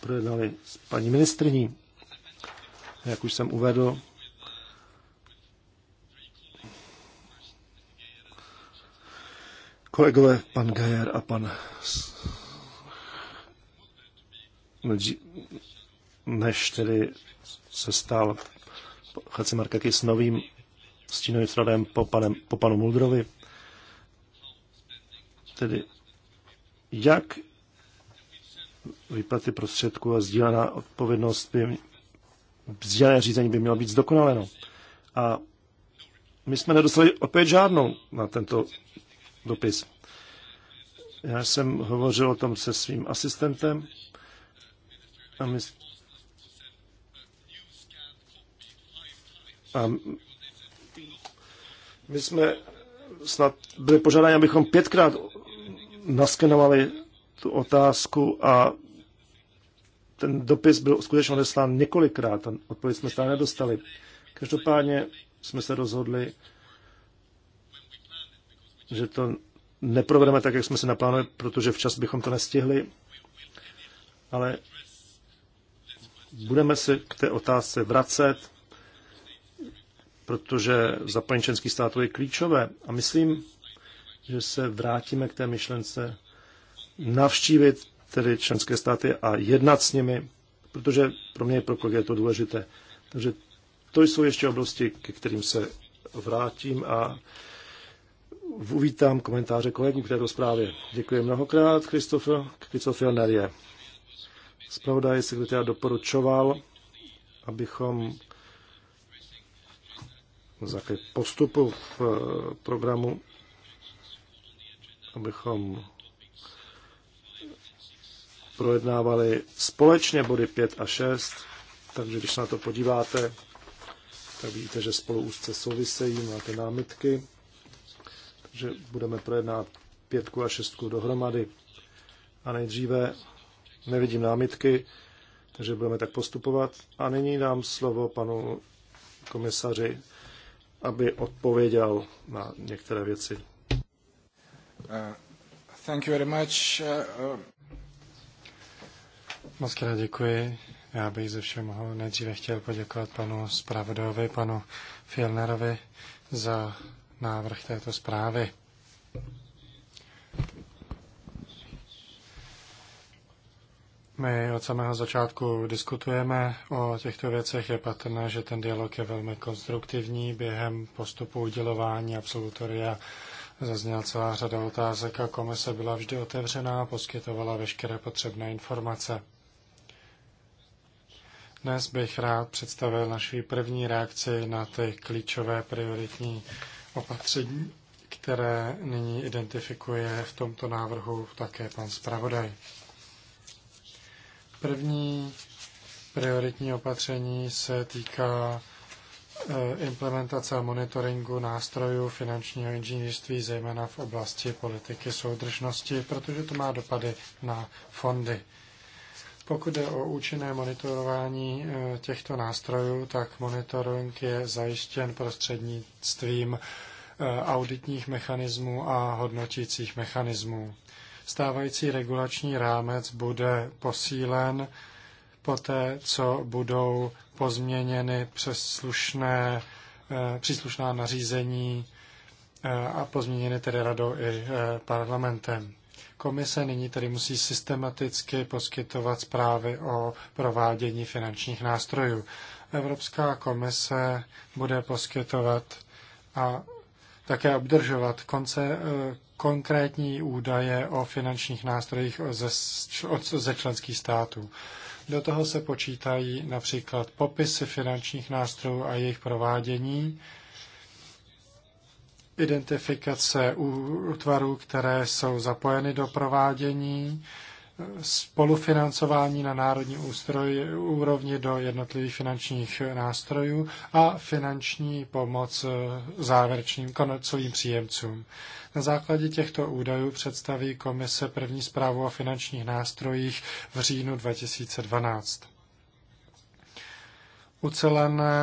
projednali s paní ministriní jak už jsem uvedl, kolegové pan Gajer a pan než tedy se stal Chaci Markaky s novým stínovým stradem po, panem, po panu Muldrovi. Tedy jak výplaty prostředků a sdílená odpovědnost by vzdělené řízení by mělo být zdokonaleno. A my jsme nedostali opět žádnou na tento dopis. Já jsem hovořil o tom se svým asistentem a my A my jsme snad byli požádáni, abychom pětkrát naskenovali tu otázku a ten dopis byl skutečně odeslán několikrát a odpověď jsme stále nedostali. Každopádně jsme se rozhodli, že to neprovedeme tak, jak jsme si naplánovali, protože včas bychom to nestihli, ale budeme se k té otázce vracet, protože zapojení členských států je klíčové a myslím, že se vrátíme k té myšlence navštívit tedy členské státy a jednat s nimi, protože pro mě i pro kolegy je to důležité. Takže to jsou ještě oblasti, ke kterým se vrátím a uvítám komentáře kolegů k této zprávě. Děkuji mnohokrát, Kristofil, Kristofil Nerie. Spravodaj sekretář doporučoval, abychom základě postupu v eh, programu, abychom projednávali společně body 5 a 6, takže když na to podíváte, tak vidíte, že spolu úzce souvisejí, máte námitky, takže budeme projednávat pětku a šestku dohromady. A nejdříve nevidím námitky, takže budeme tak postupovat. A nyní dám slovo panu komisaři, aby odpověděl na některé věci. Uh, thank you very much. Uh, uh Moc krát děkuji. Já bych ze všem mohl nejdříve chtěl poděkovat panu Spravodovi, panu Filnerovi za návrh této zprávy. My od samého začátku diskutujeme o těchto věcech. Je patrné, že ten dialog je velmi konstruktivní. Během postupu udělování absolutoria zazněla celá řada otázek a komise byla vždy otevřená a poskytovala veškeré potřebné informace. Dnes bych rád představil naši první reakci na ty klíčové prioritní opatření, které nyní identifikuje v tomto návrhu také pan zpravodaj. První prioritní opatření se týká eh, implementace a monitoringu nástrojů finančního inženýrství, zejména v oblasti politiky soudržnosti, protože to má dopady na fondy. Pokud jde o účinné monitorování eh, těchto nástrojů, tak monitoring je zajištěn prostřednictvím eh, auditních mechanismů a hodnotících mechanismů. Stávající regulační rámec bude posílen poté, co budou pozměněny přeslušné, eh, příslušná nařízení a pozměněny tedy radou i parlamentem. Komise nyní tedy musí systematicky poskytovat zprávy o provádění finančních nástrojů. Evropská komise bude poskytovat a také obdržovat konce, eh, konkrétní údaje o finančních nástrojích ze, od, ze členských států. Do toho se počítají například popisy finančních nástrojů a jejich provádění, identifikace útvarů, které jsou zapojeny do provádění, spolufinancování na národní ústroj, úrovni do jednotlivých finančních nástrojů a finanční pomoc eh, závěrečným koncovým příjemcům. Na základě těchto údajů představí komise první zprávu o finančních nástrojích v říjnu 2012. Ucelené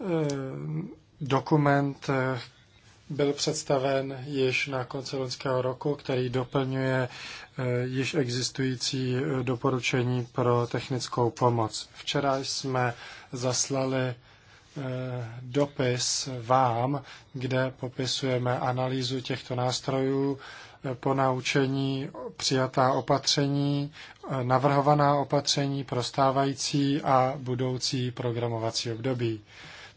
eh, Dokument eh, byl představen již na konci loňského roku, který doplňuje eh, již existující eh, doporučení pro technickou pomoc. Včera jsme zaslali dopis vám, kde popisujeme analýzu těchto nástrojů, po naučení přijatá opatření, navrhovaná opatření pro stávající a budoucí programovací období.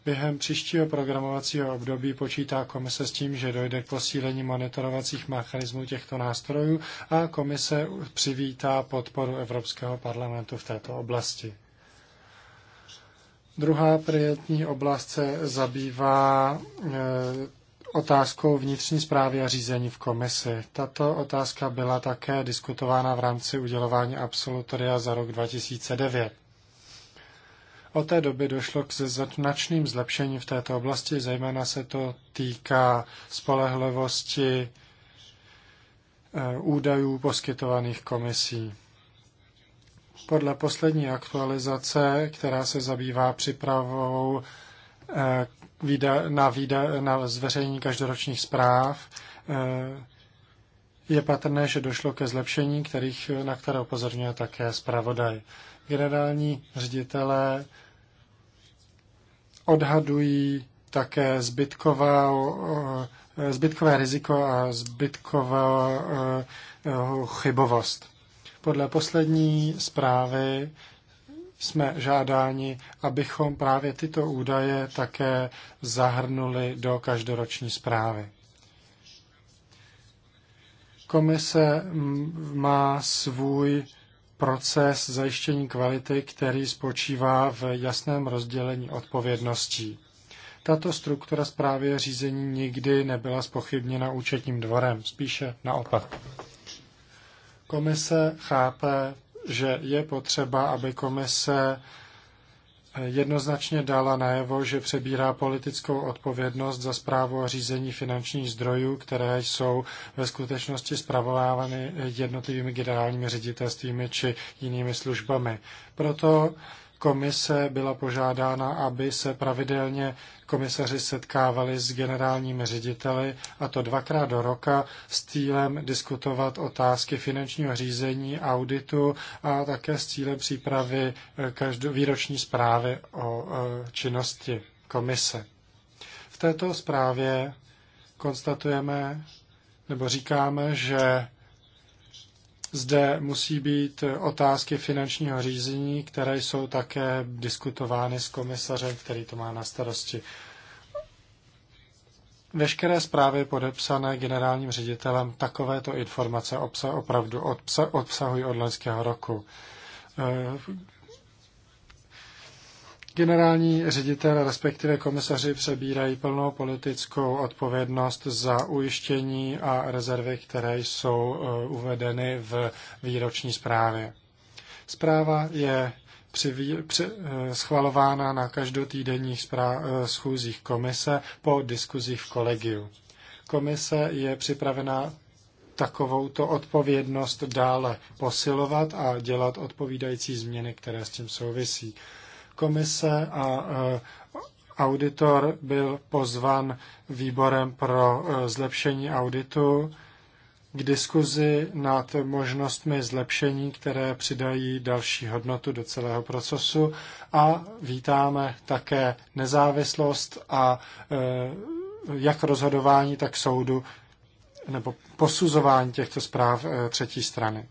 Během příštího programovacího období počítá komise s tím, že dojde k posílení monitorovacích mechanismů těchto nástrojů a komise přivítá podporu Evropského parlamentu v této oblasti. Druhá prioritní oblast se zabývá e, otázkou vnitřní zprávy a řízení v komisi. Tato otázka byla také diskutována v rámci udělování absolutoria za rok 2009. Od té doby došlo k značným zlepšením v této oblasti, zejména se to týká spolehlivosti eh, údajů poskytovaných komisí. Podle poslední aktualizace, která se zabývá přípravou eh, na, na zveřejnění každoročních zpráv, eh, je patrné, že došlo ke zlepšení, kterých, na které upozorňuje také zpravodaj generální ředitelé odhadují také zbytková, eh, zbytkové riziko a zbytková chybovost. Podle poslední zprávy jsme žádáni, abychom právě tyto údaje také zahrnuli do každoroční zprávy. Komise má svůj proces zajištění kvality, který spočívá v jasném rozdělení odpovědností. Tato struktura zprávy řízení nikdy nebyla spochybněna účetním dvorem, spíše naopak. Komise chápe, že je potřeba, aby komise jednoznačně dala najevo, že přebírá politickou odpovědnost za zprávu a řízení finančních zdrojů, které jsou ve skutečnosti zpravovávány jednotlivými generálními ředitelstvími či jinými službami. Proto Komise byla požádána, aby se pravidelně komisaři setkávali s generálními řediteli, a to dvakrát do roka, s cílem diskutovat otázky finančního řízení, auditu a také s cílem přípravy eh, každou výroční zprávy o eh, činnosti komise. V této zprávě konstatujeme nebo říkáme, že zde musí být otázky finančního řízení, které jsou také diskutovány s komisařem, který to má na starosti. Veškeré zprávy podepsané generálním ředitelem takovéto informace obsa, opravdu obsa, obsahují od loňského roku. Generální ředitel, respektive komisaři přebírají plnou politickou odpovědnost za ujištění a rezervy, které jsou eh, uvedeny v výroční zprávě. Zpráva je při, při, eh, schvalována na každotýdenních eh, schůzích komise po diskuzích v kolegiu. Komise je připravena takovouto odpovědnost dále posilovat a dělat odpovídající změny, které s tím souvisí komise a eh, auditor byl pozvan výborem pro eh, zlepšení auditu k diskuzi nad možnostmi zlepšení, které přidají další hodnotu do celého procesu a vítáme také nezávislost a eh, jak rozhodování, tak soudu nebo posuzování těchto zpráv třetí strany.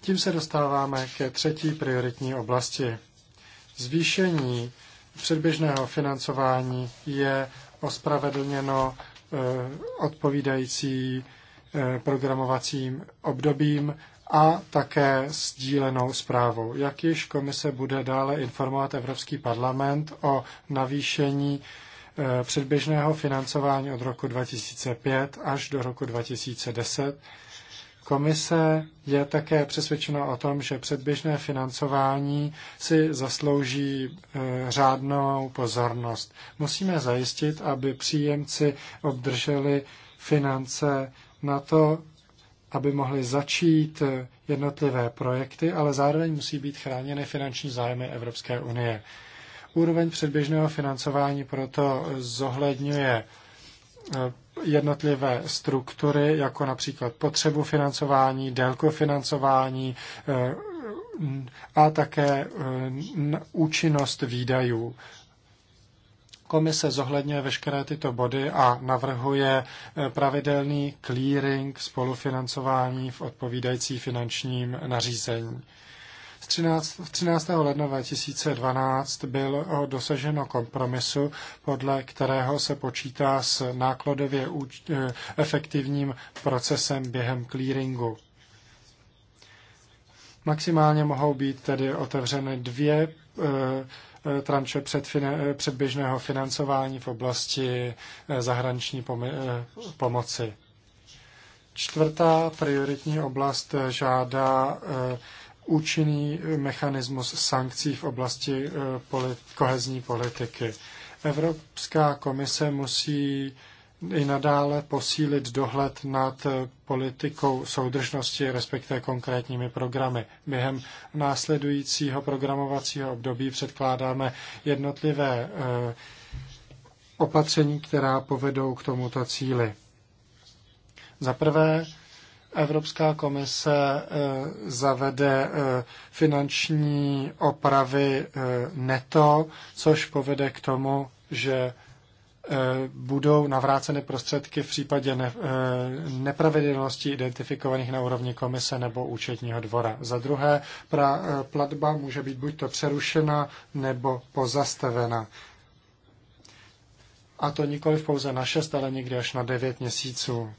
Tím se dostáváme ke třetí prioritní oblasti zvýšení předběžného financování je ospravedlněno eh, odpovídající eh, programovacím obdobím a také sdílenou zprávou. Jak již komise bude dále informovat Evropský parlament o navýšení eh, předběžného financování od roku 2005 až do roku 2010 Komise je také přesvědčena o tom, že předběžné financování si zaslouží e, řádnou pozornost. Musíme zajistit, aby příjemci obdrželi finance na to, aby mohli začít e, jednotlivé projekty, ale zároveň musí být chráněny finanční zájmy Evropské unie. Úroveň předběžného financování proto zohledňuje e, jednotlivé struktury, jako například potřebu financování, délku financování eh, a také eh, účinnost výdajů. Komise zohledňuje veškeré tyto body a navrhuje eh, pravidelný clearing spolufinancování v odpovídající finančním nařízení. 13. 13. ledna 2012 bylo eh, dosaženo kompromisu, podle kterého se počítá s nákladově eh, efektivním procesem během clearingu. Maximálně mohou být tedy otevřeny dvě eh, tranče předběžného financování v oblasti zahraniční pomoci. Čtvrtá prioritní oblast žádá účinný mechanismus sankcí v oblasti eh, polit, kohezní politiky. Evropská komise musí i nadále posílit dohled nad eh, politikou soudržnosti, respektive konkrétními programy. Během následujícího programovacího období předkládáme jednotlivé eh, opatření, která povedou k tomuto cíli. Za prvé Evropská komise eh, zavede eh, finanční opravy eh, neto, což povede k tomu, že budou navráceny prostředky v případě nepravidelností identifikovaných na úrovni komise nebo účetního dvora. Za druhé, platba může být buď to přerušena nebo pozastavena. A to nikoli pouze na 6, ale někdy až na 9 měsíců.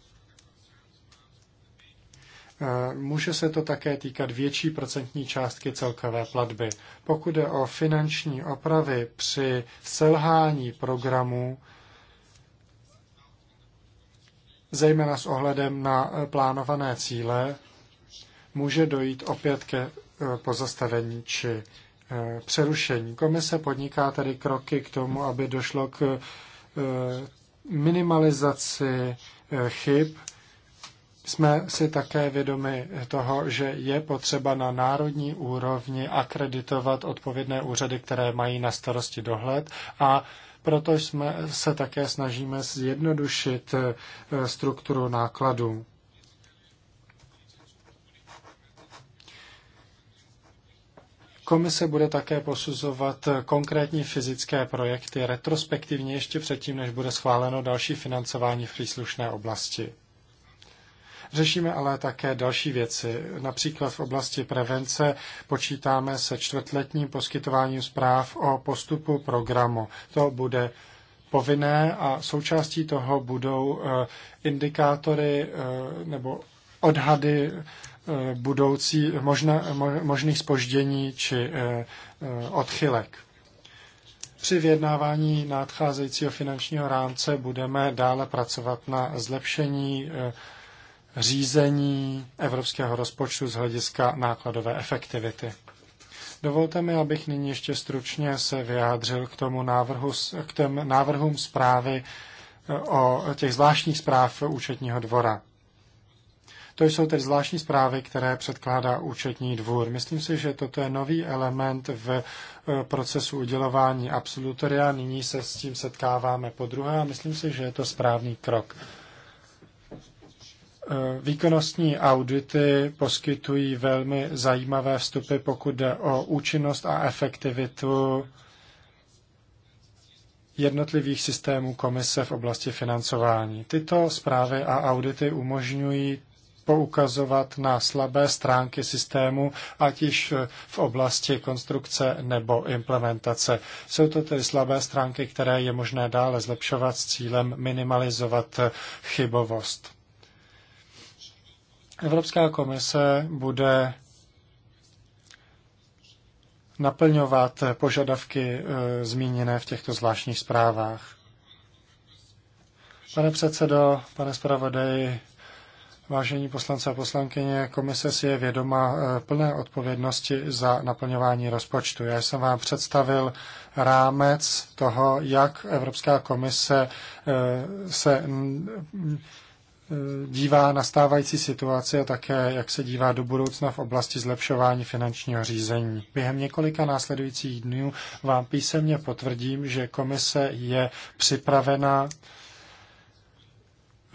Eh, může se to také týkat větší procentní částky celkové platby. Pokud je o finanční opravy při selhání programů, zejména s ohledem na eh, plánované cíle, může dojít opět ke eh, pozastavení či přerušení. Komise podniká tedy kroky k tomu, aby došlo k minimalizaci chyb jsme si také vědomi toho, že je potřeba na národní úrovni akreditovat odpovědné úřady, které mají na starosti dohled a proto jsme se také snažíme zjednodušit eh, strukturu nákladů. Komise bude také posuzovat konkrétní fyzické projekty retrospektivně ještě předtím, než bude schváleno další financování v příslušné oblasti. Řešíme ale také další věci. Například v oblasti prevence počítáme se čtvrtletním poskytováním zpráv o postupu programu. To bude povinné a součástí toho budou eh, indikátory eh, nebo odhady eh, budoucí možná, možných spoždění či odchylek. Při vyjednávání nadcházejícího finančního rámce budeme dále pracovat na zlepšení řízení evropského rozpočtu z hlediska nákladové efektivity. Dovolte mi, abych nyní ještě stručně se vyjádřil k tomu návrhu, k těm návrhům zprávy eh, o těch zvláštních zpráv účetního dvora. To jsou tedy zvláštní zprávy, které předkládá účetní dvůr. Myslím si, že toto je nový element v eh, procesu udělování absolutoria. Nyní se s tím setkáváme po druhé a myslím si, že je to správný krok. Výkonnostní audity poskytují velmi zajímavé vstupy, pokud jde o účinnost a efektivitu jednotlivých systémů komise v oblasti financování. Tyto zprávy a audity umožňují poukazovat na slabé stránky systému, ať již v oblasti konstrukce nebo implementace. Jsou to tedy slabé stránky, které je možné dále zlepšovat s cílem minimalizovat chybovost. Evropská komise bude naplňovat požadavky eh, zmíněné v těchto zvláštních zprávách. Pane předsedo, pane zpravodaji, vážení poslance a poslankyně, komise si je vědoma eh, plné odpovědnosti za naplňování rozpočtu. Já jsem vám představil rámec toho, jak Evropská komise eh, se dívá na stávající situaci a také jak se dívá do budoucna v oblasti zlepšování finančního řízení. Během několika následujících dnů vám písemně potvrdím, že komise je připravena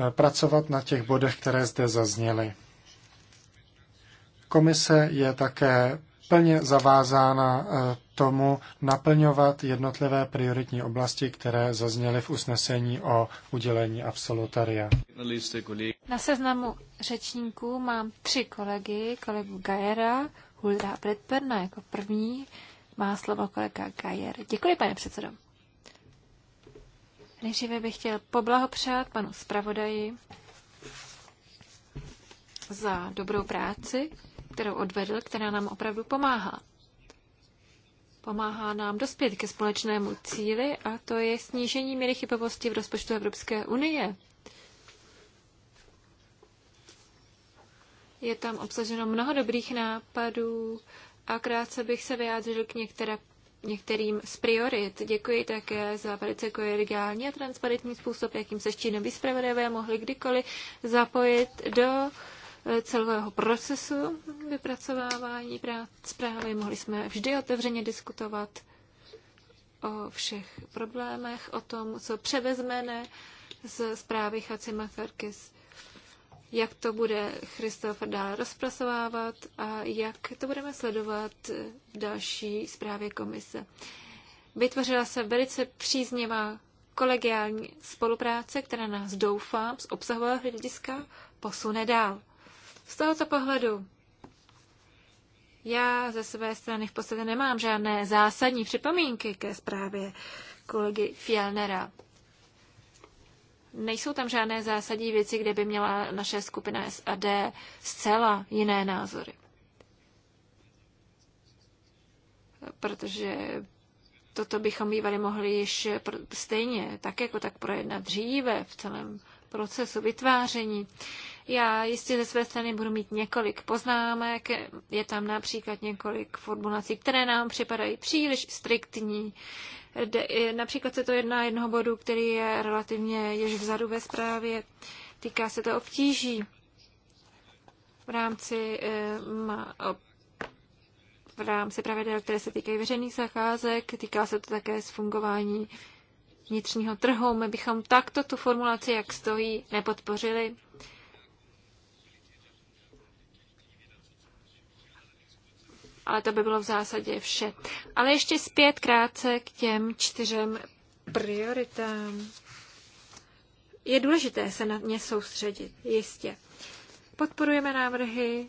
eh, pracovat na těch bodech, které zde zazněly. Komise je také plně zavázána eh, tomu naplňovat jednotlivé prioritní oblasti, které zazněly v usnesení o udělení absolutaria. Na seznamu řečníků mám tři kolegy, kolegu Gajera, Huldra Bredperna jako první. Má slovo kolega Gajer. Děkuji, pane předsedo. Nejdříve bych chtěl poblahopřát panu zpravodaji za dobrou práci, kterou odvedl, která nám opravdu pomáhá pomáhá nám dospět ke společnému cíli a to je snížení míry chybovosti v rozpočtu Evropské unie. Je tam obsaženo mnoho dobrých nápadů a krátce bych se vyjádřil k některé, některým z priorit. Děkuji také za velice kolegiální a transparentní způsob, jakým se štínoví zpravodajové mohli kdykoliv zapojit do uh, Eh, celého procesu vypracovávání zprávy. Mohli jsme vždy otevřeně diskutovat o všech problémech, o tom, co převezmeme z zprávy Ferkis, jak to bude Christopher dál rozpracovávat a jak to budeme sledovat v další zprávě komise. Vytvořila se velice příznivá kolegiální spolupráce, která nás doufám z obsahového hlediska posune dál. Z tohoto pohledu já ze své strany v podstatě nemám žádné zásadní připomínky ke zprávě kolegy Fjellnera. Nejsou tam žádné zásadní věci, kde by měla naše skupina SAD zcela jiné názory. Protože toto bychom bývali mohli již stejně, tak jako tak projednat dříve v celém procesu vytváření já jistě ze své strany budu mít několik poznámek. Je tam například několik formulací, které nám připadají příliš striktní. Například se to jedná jednoho bodu, který je relativně jež vzadu ve zprávě. Týká se to obtíží v rámci eh, v rámci pravidel, které se týkají veřejných zakázek, týká se to také z fungování vnitřního trhu. My bychom takto tu formulaci, jak stojí, nepodpořili. ale to by bylo v zásadě vše. Ale ještě zpět krátce k těm čtyřem prioritám. Je důležité se na ně soustředit, jistě. Podporujeme návrhy,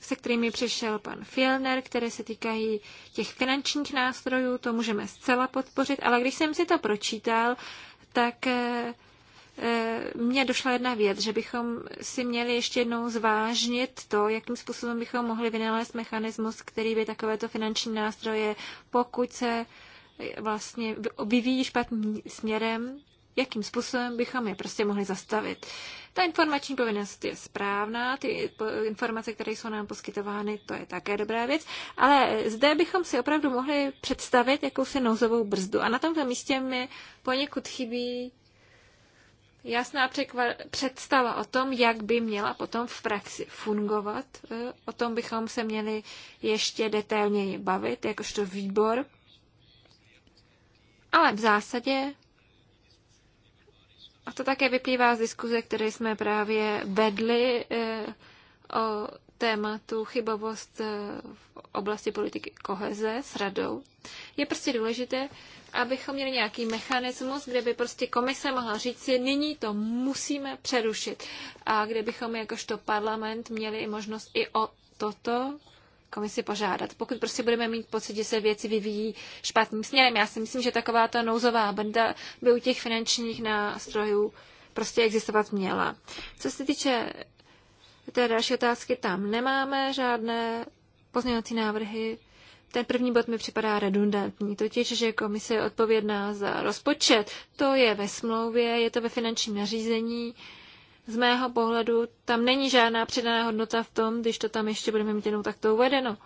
se kterými přišel pan Fielner, které se týkají těch finančních nástrojů, to můžeme zcela podpořit, ale když jsem si to pročítal, tak eh, Eh, mně došla jedna věc, že bychom si měli ještě jednou zvážnit to, jakým způsobem bychom mohli vynalézt mechanismus, který by takovéto finanční nástroje, pokud se eh, vlastně vyvíjí špatným směrem, jakým způsobem bychom je prostě mohli zastavit. Ta informační povinnost je správná, ty informace, které jsou nám poskytovány, to je také dobrá věc, ale zde bychom si opravdu mohli představit jakousi nouzovou brzdu. A na tomto místě mi poněkud chybí jasná představa o tom, jak by měla potom v praxi fungovat. E, o tom bychom se měli ještě detailněji bavit, jakožto výbor. Ale v zásadě, a to také vyplývá z diskuze, které jsme právě vedli e, o tématu chybovost eh, v oblasti politiky koheze s radou, je prostě důležité, abychom měli nějaký mechanismus, kde by prostě komise mohla říct si, nyní to musíme přerušit. A kde bychom jakožto parlament měli i možnost i o toto komisi požádat. Pokud prostě budeme mít pocit, že se věci vyvíjí špatným směrem, já si myslím, že taková ta nouzová benda by u těch finančních nástrojů prostě existovat měla. Co se týče Té další otázky tam nemáme, žádné pozměňovací návrhy. Ten první bod mi připadá redundantní, totiž, že komise je odpovědná za rozpočet. To je ve smlouvě, je to ve finančním nařízení. Z mého pohledu tam není žádná přidaná hodnota v tom, když to tam ještě budeme mít jenom takto uvedeno.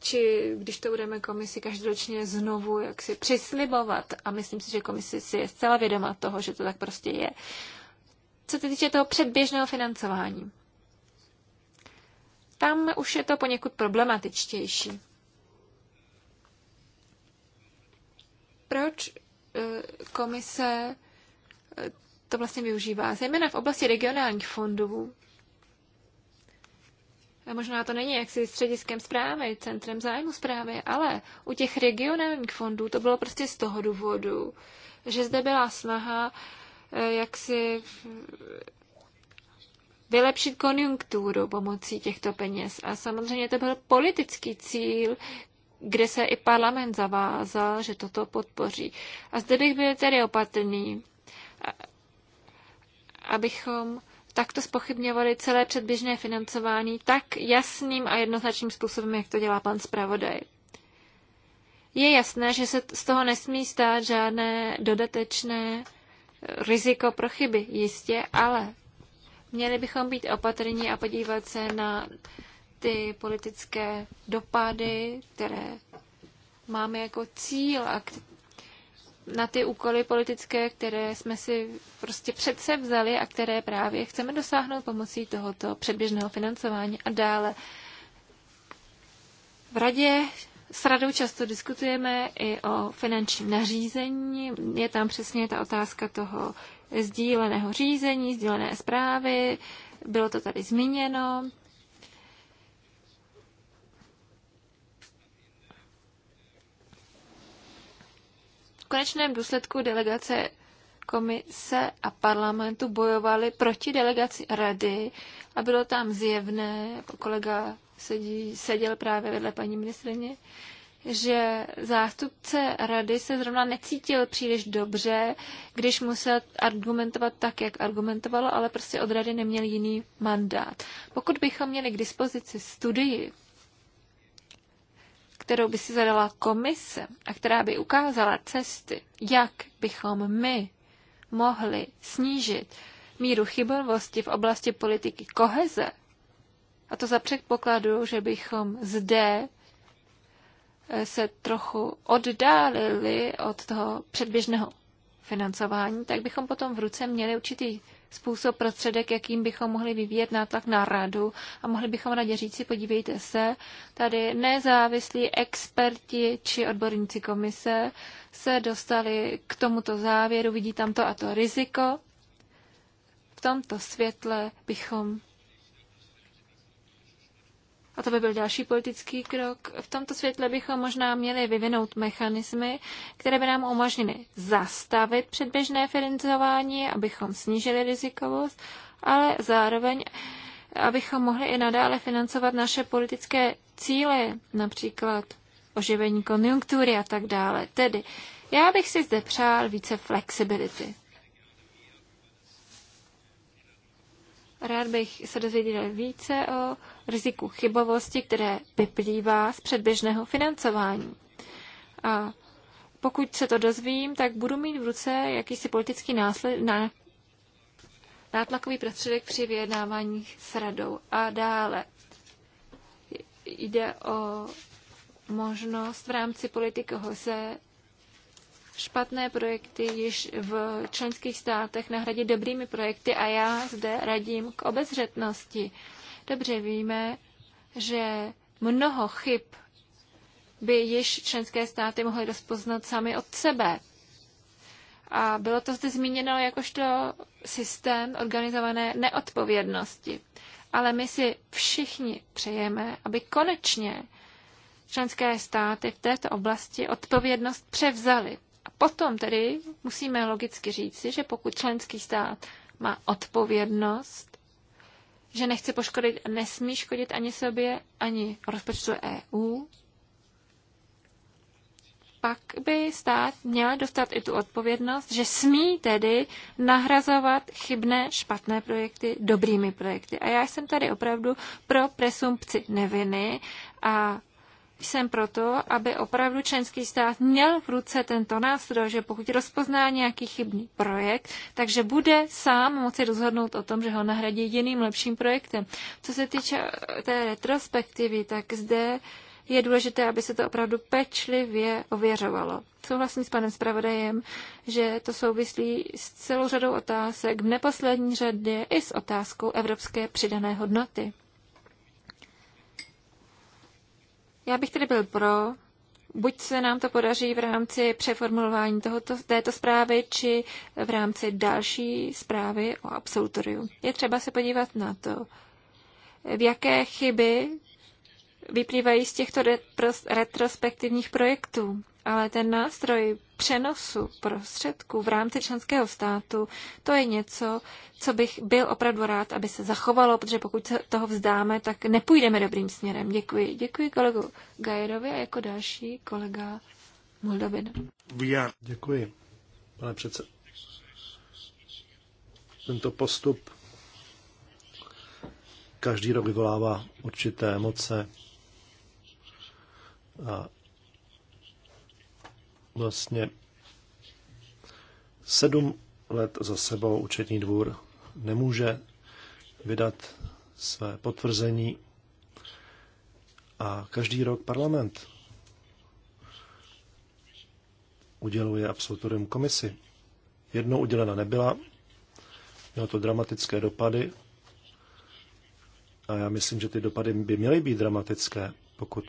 Či když to budeme komisi každoročně znovu jaksi přislibovat. A myslím si, že komisi si je zcela vědoma toho, že to tak prostě je co se týče toho předběžného financování. Tam už je to poněkud problematičtější. Proč eh, komise eh, to vlastně využívá? Zejména v oblasti regionálních fondů. A možná to není jaksi střediskem zprávy, centrem zájmu zprávy, ale u těch regionálních fondů to bylo prostě z toho důvodu, že zde byla snaha uh, Eh, jak si vylepšit konjunkturu pomocí těchto peněz. A samozřejmě to byl politický cíl, kde se i parlament zavázal, že toto podpoří. A zde bych byl tedy opatrný, abychom takto spochybňovali celé předběžné financování tak jasným a jednoznačným způsobem, jak to dělá pan zpravodaj. Je jasné, že se z toho nesmí stát žádné dodatečné riziko pro chyby, jistě, ale měli bychom být opatrní a podívat se na ty politické dopady, které máme jako cíl a na ty úkoly politické, které jsme si prostě přece vzali a které právě chceme dosáhnout pomocí tohoto předběžného financování a dále. V radě s radou často diskutujeme i o finančním nařízení. Je tam přesně ta otázka toho sdíleného řízení, sdílené zprávy. Bylo to tady zmíněno. V konečném důsledku delegace komise a parlamentu bojovali proti delegaci rady a bylo tam zjevné, jako kolega sedí, seděl právě vedle paní ministrině, že zástupce rady se zrovna necítil příliš dobře, když musel argumentovat tak, jak argumentovalo, ale prostě od rady neměl jiný mandát. Pokud bychom měli k dispozici studii, kterou by si zadala komise a která by ukázala cesty, jak bychom my mohli snížit míru chybovosti v oblasti politiky koheze, a to za předpokladu, že bychom zde eh, se trochu oddálili od toho předběžného financování, tak bychom potom v ruce měli určitý způsob, prostředek, jakým bychom mohli vyvíjet nátlak na radu a mohli bychom radě říci, podívejte se, tady nezávislí experti či odborníci komise se dostali k tomuto závěru, vidí tam to a to riziko. V tomto světle bychom a to by byl další politický krok. V tomto světle bychom možná měli vyvinout mechanismy, které by nám umožnily zastavit předběžné financování, abychom snížili rizikovost, ale zároveň abychom mohli i nadále financovat naše politické cíle, například oživení konjunktury a tak dále. Tedy já bych si zde přál více flexibility. Rád bych se dozvěděl více o riziku chybovosti, které vyplývá z předběžného financování. A pokud se to dozvím, tak budu mít v ruce jakýsi politický násled, ná, nátlakový prostředek při vyjednávání s radou. A dále jde o možnost v rámci politiky se špatné projekty již v členských státech nahradit dobrými projekty a já zde radím k obezřetnosti. Dobře víme, že mnoho chyb by již členské státy mohly rozpoznat sami od sebe. A bylo to zde zmíněno jakožto systém organizované neodpovědnosti. Ale my si všichni přejeme, aby konečně členské státy v této oblasti odpovědnost převzaly. A potom tedy musíme logicky říci, že pokud členský stát má odpovědnost, že nechce poškodit, nesmí škodit ani sobě, ani rozpočtu EU, pak by stát měl dostat i tu odpovědnost, že smí tedy nahrazovat chybné, špatné projekty dobrými projekty. A já jsem tady opravdu pro presumpci neviny a jsem proto, aby opravdu členský stát měl v ruce tento nástroj, že pokud rozpozná nějaký chybný projekt, takže bude sám moci rozhodnout o tom, že ho nahradí jiným lepším projektem. Co se týče eh, té retrospektivy, tak zde je důležité, aby se to opravdu pečlivě ověřovalo. Souhlasím s panem zpravodajem, že to souvislí s celou řadou otázek, v neposlední řadě i s otázkou evropské přidané hodnoty. Já bych tedy byl pro, buď se nám to podaří v rámci přeformulování tohoto, této zprávy, či v rámci další zprávy o absolutoriu. Je třeba se podívat na to, v jaké chyby vyplývají z těchto retrospektivních projektů ale ten nástroj přenosu prostředků v rámci členského státu, to je něco, co bych byl opravdu rád, aby se zachovalo, protože pokud se toho vzdáme, tak nepůjdeme dobrým směrem. Děkuji. Děkuji kolegu Gajerovi a jako další kolega Moldovin. Děkuji, pane předsed. Tento postup každý rok vyvolává určité emoce a vlastně sedm let za sebou účetní dvůr nemůže vydat své potvrzení a každý rok parlament uděluje absolutorium komisi. Jednou udělena nebyla, mělo to dramatické dopady a já myslím, že ty dopady by měly být dramatické, pokud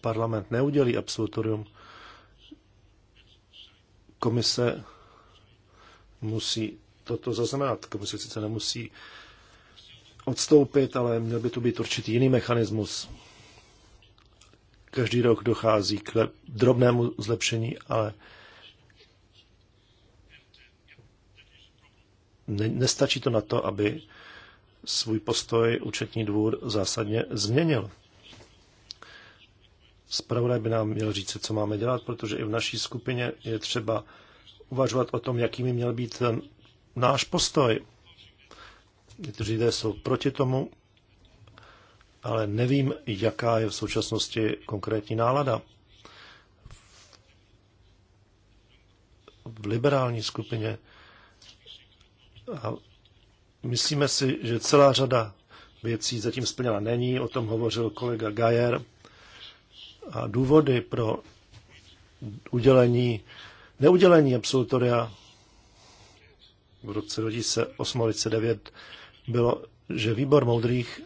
parlament neudělí absolutorium, Komise musí toto zaznamenat. Komise sice nemusí odstoupit, ale měl by tu být určitý jiný mechanismus. Každý rok dochází k drobnému zlepšení, ale nestačí to na to, aby svůj postoj účetní dvůr zásadně změnil zpravodaj by nám měl říct, co máme dělat, protože i v naší skupině je třeba uvažovat o tom, jaký by měl být ten náš postoj. Někteří lidé jsou proti tomu, ale nevím, jaká je v současnosti konkrétní nálada. V liberální skupině a myslíme si, že celá řada věcí zatím splněna není, o tom hovořil kolega Gajer, a důvody pro udělení, neudělení absolutoria v roce 2008 2009 bylo, že výbor moudrých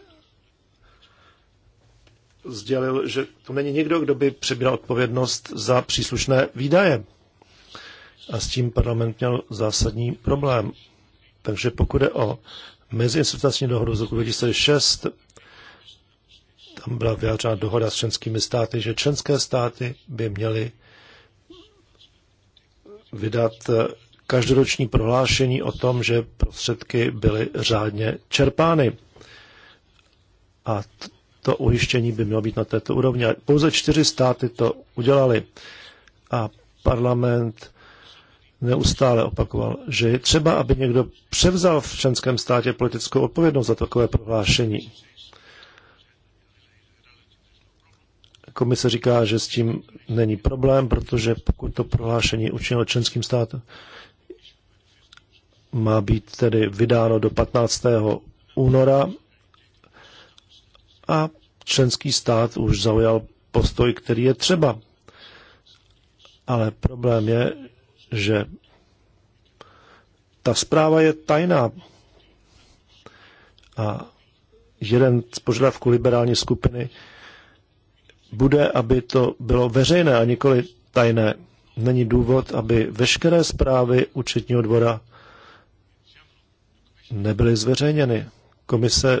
sdělil, že tu není někdo, kdo by přebíral odpovědnost za příslušné výdaje. A s tím parlament měl zásadní problém. Takže pokud je o meziinstitucionální dohodu z roku 2006, byla vyjádřena dohoda s členskými státy, že členské státy by měly vydat eh, každoroční prohlášení o tom, že prostředky byly řádně čerpány. A to ujištění by mělo být na této úrovni. A pouze čtyři státy to udělali. A parlament neustále opakoval, že je třeba, aby někdo převzal v členském státě politickou odpovědnost za takové prohlášení. Komise říká, že s tím není problém, protože pokud to prohlášení učinilo členským státem, má být tedy vydáno do 15. února a členský stát už zaujal postoj, který je třeba. Ale problém je, že ta zpráva je tajná. A jeden z požadavků liberální skupiny bude, aby to bylo veřejné a nikoli tajné. Není důvod, aby veškeré zprávy účetního dvora nebyly zveřejněny. Komise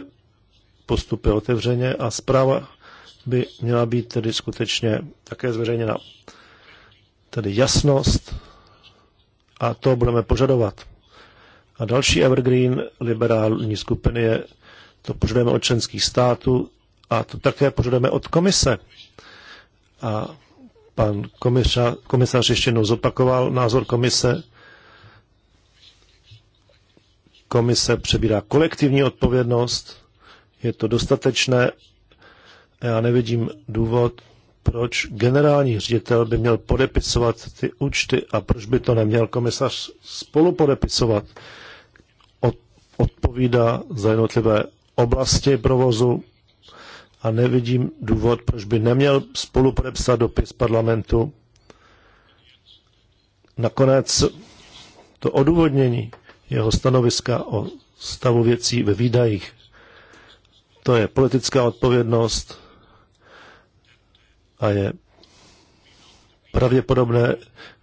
postupy otevřeně a zpráva by měla být tedy skutečně také zveřejněna. Tedy jasnost a to budeme požadovat. A další evergreen liberální skupiny je, to požadujeme od členských států, a to také požadujeme od komise. A pan komisař, komisař ještě jednou zopakoval názor komise. Komise přebírá kolektivní odpovědnost, je to dostatečné. Já nevidím důvod, proč generální ředitel by měl podepisovat ty účty a proč by to neměl komisař spolu podepisovat. Odpovídá za jednotlivé oblasti provozu, a nevidím důvod, proč by neměl spolu podepsat dopis parlamentu. Nakonec to odůvodnění jeho stanoviska o stavu věcí ve výdajích, to je politická odpovědnost a je pravděpodobné,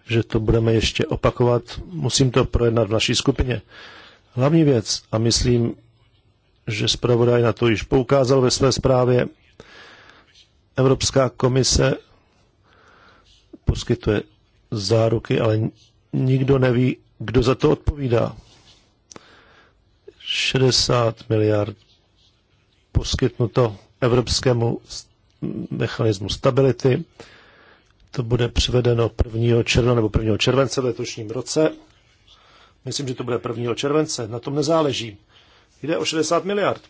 že to budeme ještě opakovat. Musím to projednat v naší skupině. Hlavní věc, a myslím, že zpravodaj na to již poukázal ve své zprávě. Evropská komise poskytuje záruky, ale nikdo neví, kdo za to odpovídá. 60 miliard poskytnuto Evropskému mechanismu stability. To bude přivedeno 1. června nebo 1. července v letošním roce. Myslím, že to bude 1. července. Na tom nezáleží. Jde o 60 miliard.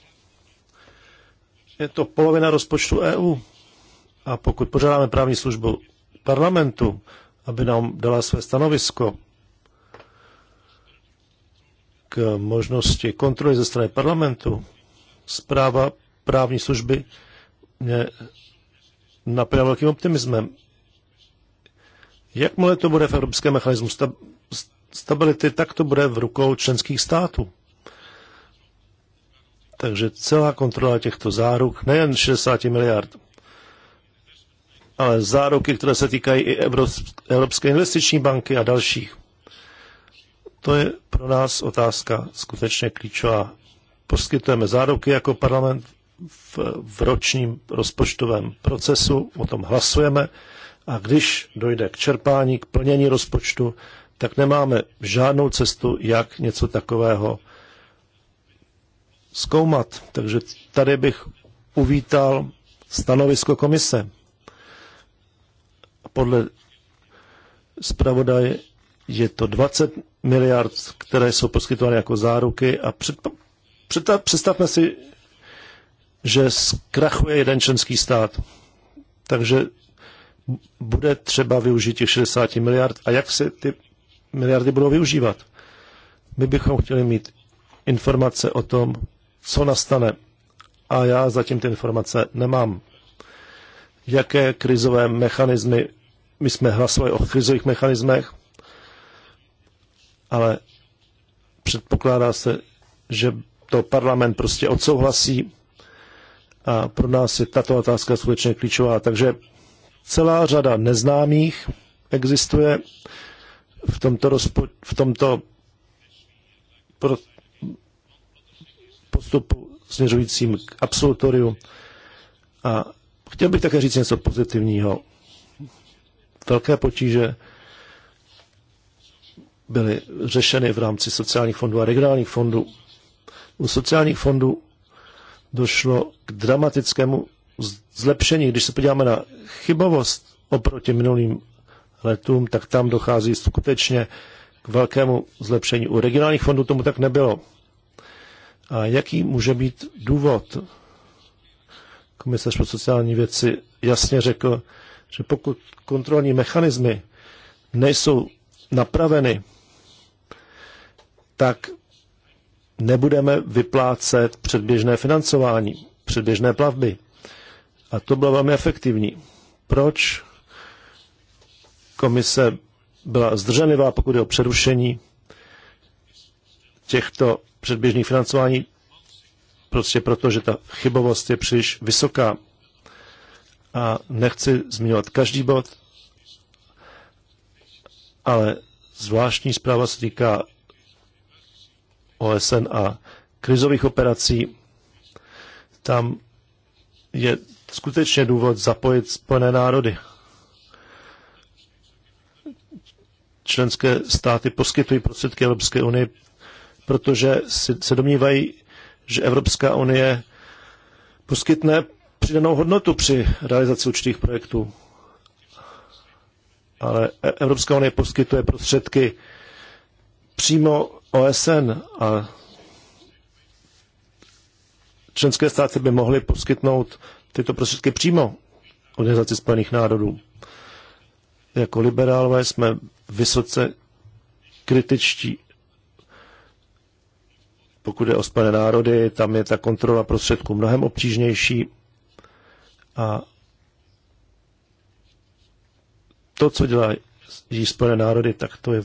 Je to polovina rozpočtu EU. A pokud požádáme právní službu parlamentu, aby nám dala své stanovisko k možnosti kontroly ze strany parlamentu, zpráva právní služby mě napěla velkým optimismem. Jakmile to bude v evropském mechanismu stability, tak to bude v rukou členských států. Takže celá kontrola těchto záruk, nejen 60 miliard, ale záruky, které se týkají i Evropské investiční banky a dalších. To je pro nás otázka skutečně klíčová. Poskytujeme záruky jako parlament v, v ročním rozpočtovém procesu, o tom hlasujeme a když dojde k čerpání, k plnění rozpočtu, tak nemáme žádnou cestu, jak něco takového zkoumat. Takže tady bych uvítal stanovisko komise. Podle zpravodaje je to 20 miliard, které jsou poskytovány jako záruky a představme si, že zkrachuje jeden členský stát. Takže bude třeba využít těch 60 miliard a jak se ty miliardy budou využívat. My bychom chtěli mít informace o tom, co nastane. A já zatím ty informace nemám. Jaké krizové mechanismy, my jsme hlasovali o krizových mechanismech, ale předpokládá se, že to parlament prostě odsouhlasí a pro nás je tato otázka skutečně klíčová. Takže celá řada neznámých existuje v tomto, rozpo- v tomto pro- postupu směřujícím k absolutoriu. A chtěl bych také říct něco pozitivního. Velké potíže byly řešeny v rámci sociálních fondů a regionálních fondů. U sociálních fondů došlo k dramatickému zlepšení. Když se podíváme na chybovost oproti minulým letům, tak tam dochází skutečně k velkému zlepšení. U regionálních fondů tomu tak nebylo. A jaký může být důvod? Komisař pro sociální věci jasně řekl, že pokud kontrolní mechanismy nejsou napraveny, tak nebudeme vyplácet předběžné financování, předběžné plavby. A to bylo velmi efektivní. Proč komise byla zdrženlivá, pokud je o přerušení těchto Předběžný financování, prostě proto, že ta chybovost je příliš vysoká. A nechci zmiňovat každý bod, ale zvláštní zpráva se týká OSN a krizových operací. Tam je skutečně důvod zapojit Spojené národy. Členské státy poskytují prostředky Evropské unie protože se domnívají, že Evropská unie poskytne přidanou hodnotu při realizaci určitých projektů. Ale e- Evropská unie poskytuje prostředky přímo OSN a členské státy by mohly poskytnout tyto prostředky přímo Organizaci spojených národů. Jako liberálové jsme vysoce kritičtí pokud je o Spojené národy, tam je ta kontrola prostředků mnohem obtížnější a to, co dělá Spojené národy, tak to je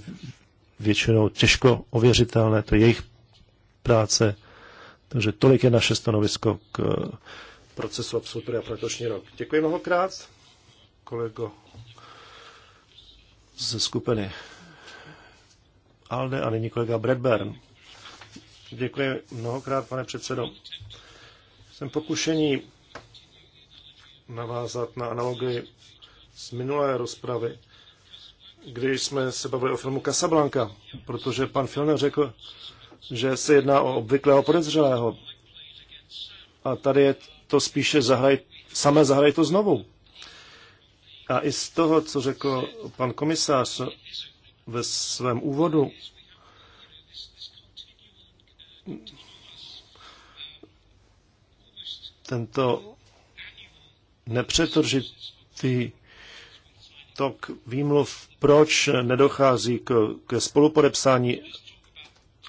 většinou těžko ověřitelné, to je jejich práce. Takže tolik je naše stanovisko k eh, procesu absolutory a letošní rok. Děkuji mnohokrát, kolego ze skupiny ALDE a nyní kolega Bradburn. Děkuji mnohokrát, pane předsedo. Jsem pokušení navázat na analogii z minulé rozpravy, kdy jsme se bavili o filmu Casablanca, protože pan Filner řekl, že se jedná o obvyklého podezřelého. A tady je to spíše zahraj, samé zahraj to znovu. A i z toho, co řekl pan komisář ve svém úvodu, tento nepřetržitý tok výmluv, proč nedochází k, k spolupodepsání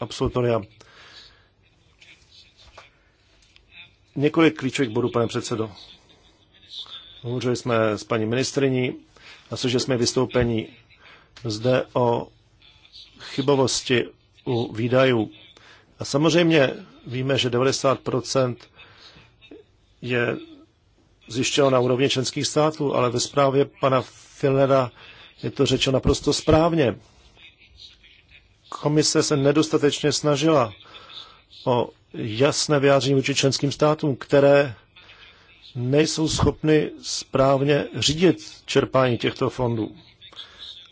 absolutoria. Několik klíčových bodů, pane předsedo. Hovořili jsme s paní ministriní a že jsme vystoupení zde o chybovosti u výdajů a samozřejmě víme, že 90% je zjištěno na úrovni členských států, ale ve zprávě pana Filnera je to řečeno naprosto správně. Komise se nedostatečně snažila o jasné vyjádření vůči členským státům, které nejsou schopny správně řídit čerpání těchto fondů.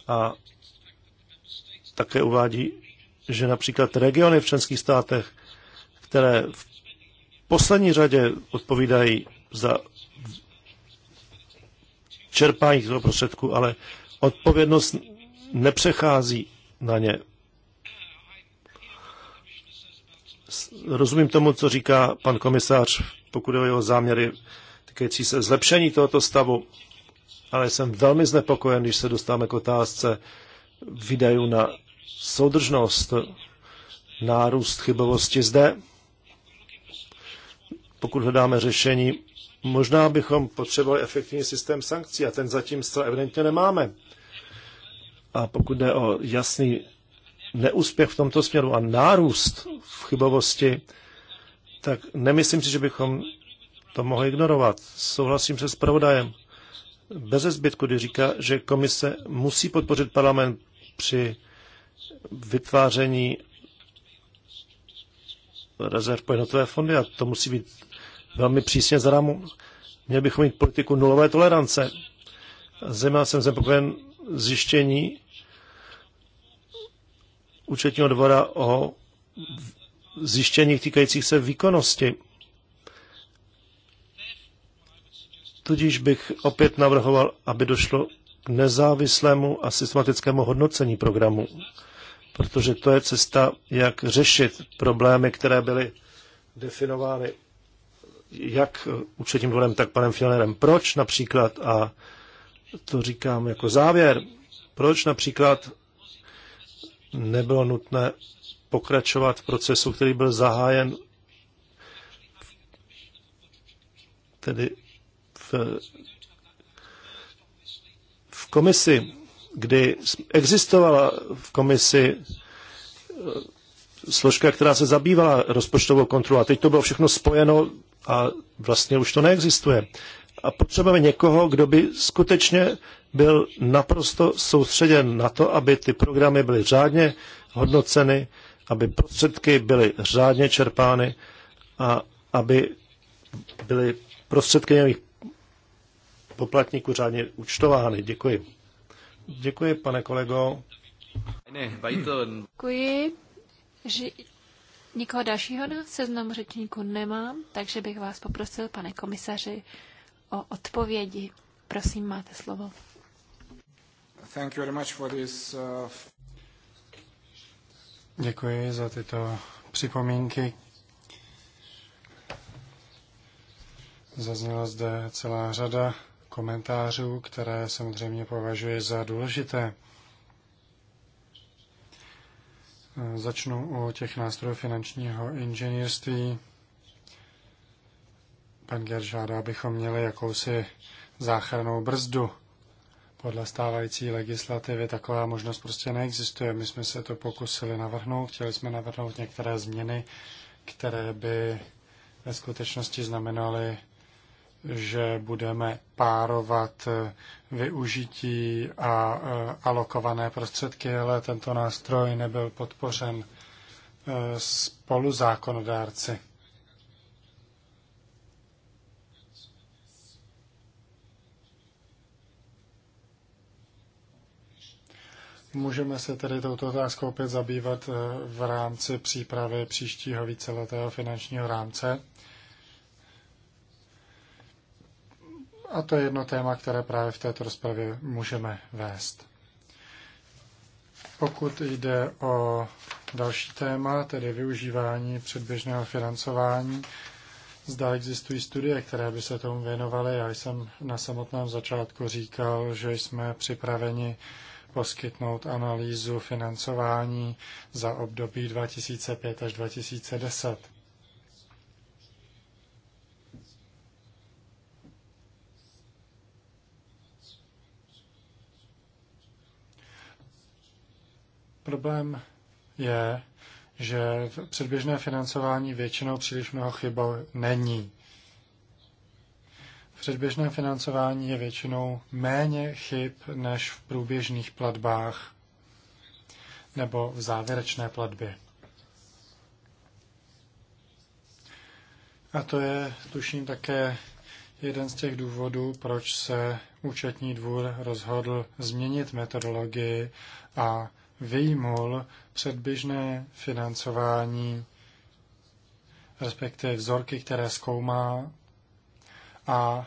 A také uvádí, že například regiony v členských státech, které v poslední řadě odpovídají za čerpání toho prostředku, ale odpovědnost nepřechází na ně. Rozumím tomu, co říká pan komisář, pokud je o jeho záměry týkající se zlepšení tohoto stavu, ale jsem velmi znepokojen, když se dostáváme k otázce výdajů na soudržnost, nárůst chybovosti zde. Pokud hledáme řešení, možná bychom potřebovali efektivní systém sankcí a ten zatím zcela evidentně nemáme. A pokud jde o jasný neúspěch v tomto směru a nárůst v chybovosti, tak nemyslím si, že bychom to mohli ignorovat. Souhlasím se s pravodajem. Bez zbytku, kdy říká, že komise musí podpořit parlament při vytváření rezerv pro jednotlivé fondy a to musí být velmi přísně rámu. Měli bychom mít politiku nulové tolerance. Zejména jsem znepokojen zjištění účetního dvora o zjištěních týkajících se výkonnosti. Tudíž bych opět navrhoval, aby došlo k nezávislému a systematickému hodnocení programu protože to je cesta, jak řešit problémy, které byly definovány jak účetním dvorem, tak panem Fjellnerem. Proč například, a to říkám jako závěr, proč například nebylo nutné pokračovat v procesu, který byl zahájen tedy v, v komisi kdy existovala v komisi eh, složka, která se zabývala rozpočtovou kontrolou. A teď to bylo všechno spojeno a vlastně už to neexistuje. A potřebujeme někoho, kdo by skutečně byl naprosto soustředěn na to, aby ty programy byly řádně hodnoceny, aby prostředky byly řádně čerpány a aby byly prostředky nějakých poplatníků řádně účtovány. Děkuji. Děkuji, pane kolego. Děkuji. Že nikoho dalšího na seznam řečníků nemám, takže bych vás poprosil, pane komisaři, o odpovědi. Prosím, máte slovo. Thank you very much for this, uh... Děkuji za tyto připomínky. Zazněla zde celá řada komentářů, které samozřejmě považuji za důležité. Začnu u těch nástrojů finančního inženýrství. Pan Ger žádá, abychom měli jakousi záchrannou brzdu. Podle stávající legislativy taková možnost prostě neexistuje. My jsme se to pokusili navrhnout, chtěli jsme navrhnout některé změny, které by ve skutečnosti znamenaly že budeme párovat využití a alokované prostředky, ale tento nástroj nebyl podpořen e, spoluzákonodárci. Můžeme se tedy touto otázkou opět zabývat e, v rámci přípravy příštího víceletého finančního rámce. A to je jedno téma, které právě v této rozpravě můžeme vést. Pokud jde o další téma, tedy využívání předběžného financování, zda existují studie, které by se tomu věnovaly. Já jsem na samotném začátku říkal, že jsme připraveni poskytnout analýzu financování za období 2005 až 2010. Problém je, že v předběžné financování většinou příliš mnoho chybou není. V předběžném financování je většinou méně chyb než v průběžných platbách nebo v závěrečné platbě. A to je, tuším, také jeden z těch důvodů, proč se účetní dvůr rozhodl změnit metodologii a vyjmul předběžné financování, respektive vzorky, které zkoumá a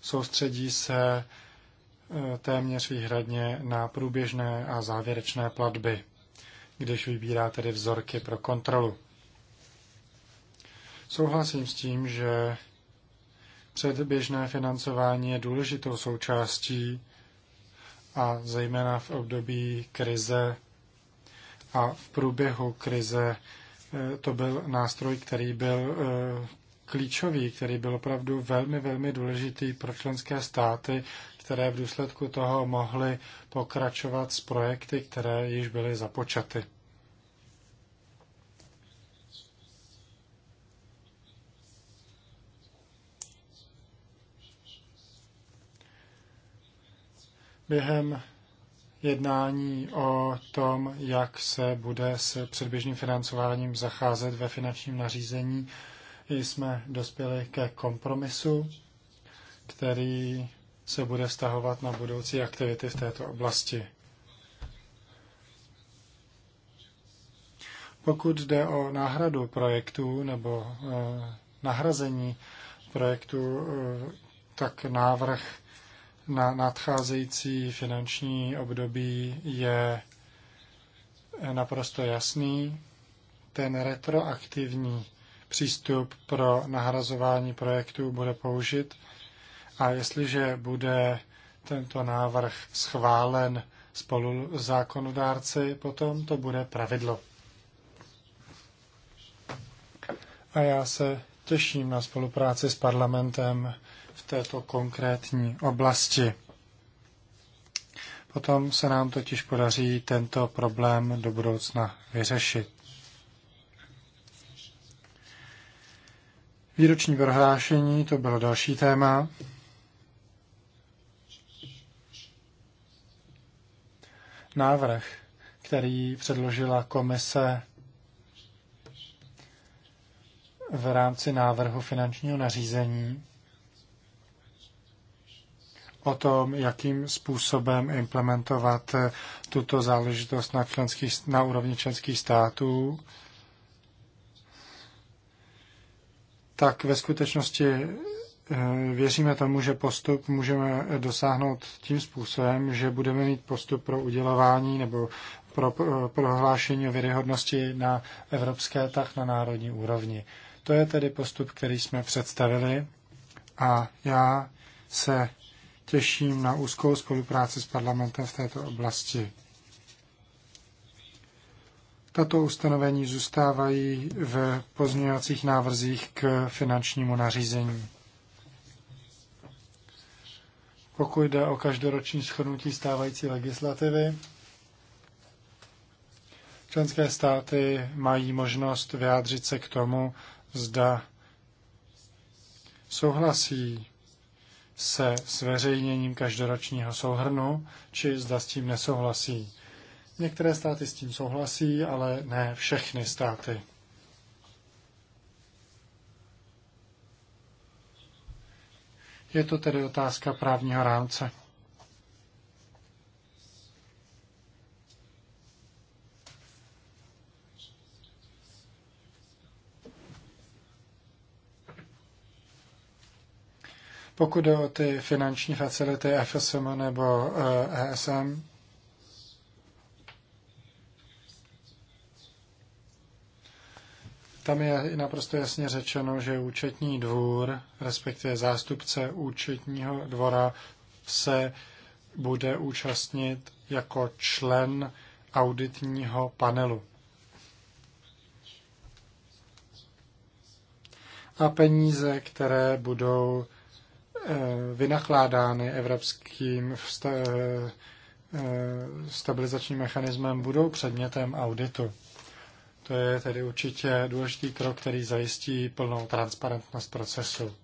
soustředí se eh, téměř výhradně na průběžné a závěrečné platby, když vybírá tedy vzorky pro kontrolu. Souhlasím s tím, že předběžné financování je důležitou součástí a zejména v období krize a v průběhu krize eh, to byl nástroj, který byl eh, klíčový, který byl opravdu velmi, velmi důležitý pro členské státy, které v důsledku toho mohly pokračovat s projekty, které již byly započaty. během jednání o tom, jak se bude s předběžným financováním zacházet ve finančním nařízení, jsme dospěli ke kompromisu, který se bude vztahovat na budoucí aktivity v této oblasti. Pokud jde o náhradu projektů nebo eh, nahrazení projektů, eh, tak návrh na nadcházející finanční období je naprosto jasný. Ten retroaktivní přístup pro nahrazování projektů bude použit a jestliže bude tento návrh schválen spolu zákonodárci, potom to bude pravidlo. A já se těším na spolupráci s parlamentem této konkrétní oblasti. Potom se nám totiž podaří tento problém do budoucna vyřešit. Výroční prohlášení, to bylo další téma. Návrh, který předložila komise v rámci návrhu finančního nařízení, o tom, jakým způsobem implementovat tuto záležitost na, členských, na úrovni členských států, tak ve skutečnosti eh, věříme tomu, že postup můžeme dosáhnout tím způsobem, že budeme mít postup pro udělování nebo pro eh, prohlášení o věryhodnosti na evropské, tak na národní úrovni. To je tedy postup, který jsme představili a já se těším na úzkou spolupráci s parlamentem v této oblasti. Tato ustanovení zůstávají v pozměňovacích návrzích k finančnímu nařízení. Pokud jde o každoroční shrnutí stávající legislativy, členské státy mají možnost vyjádřit se k tomu, zda souhlasí se zveřejněním každoročního souhrnu, či zda s tím nesouhlasí. Některé státy s tím souhlasí, ale ne všechny státy. Je to tedy otázka právního rámce. Pokud jde o ty finanční facility FSM nebo ESM, eh, e tam je naprosto jasně řečeno, že účetní dvůr, respektive zástupce účetního dvora, se bude účastnit jako člen auditního panelu. A peníze, které budou vynakládány evropským stabilizačním mechanismem, budou předmětem auditu. To je tedy určitě důležitý krok, který zajistí plnou transparentnost procesu.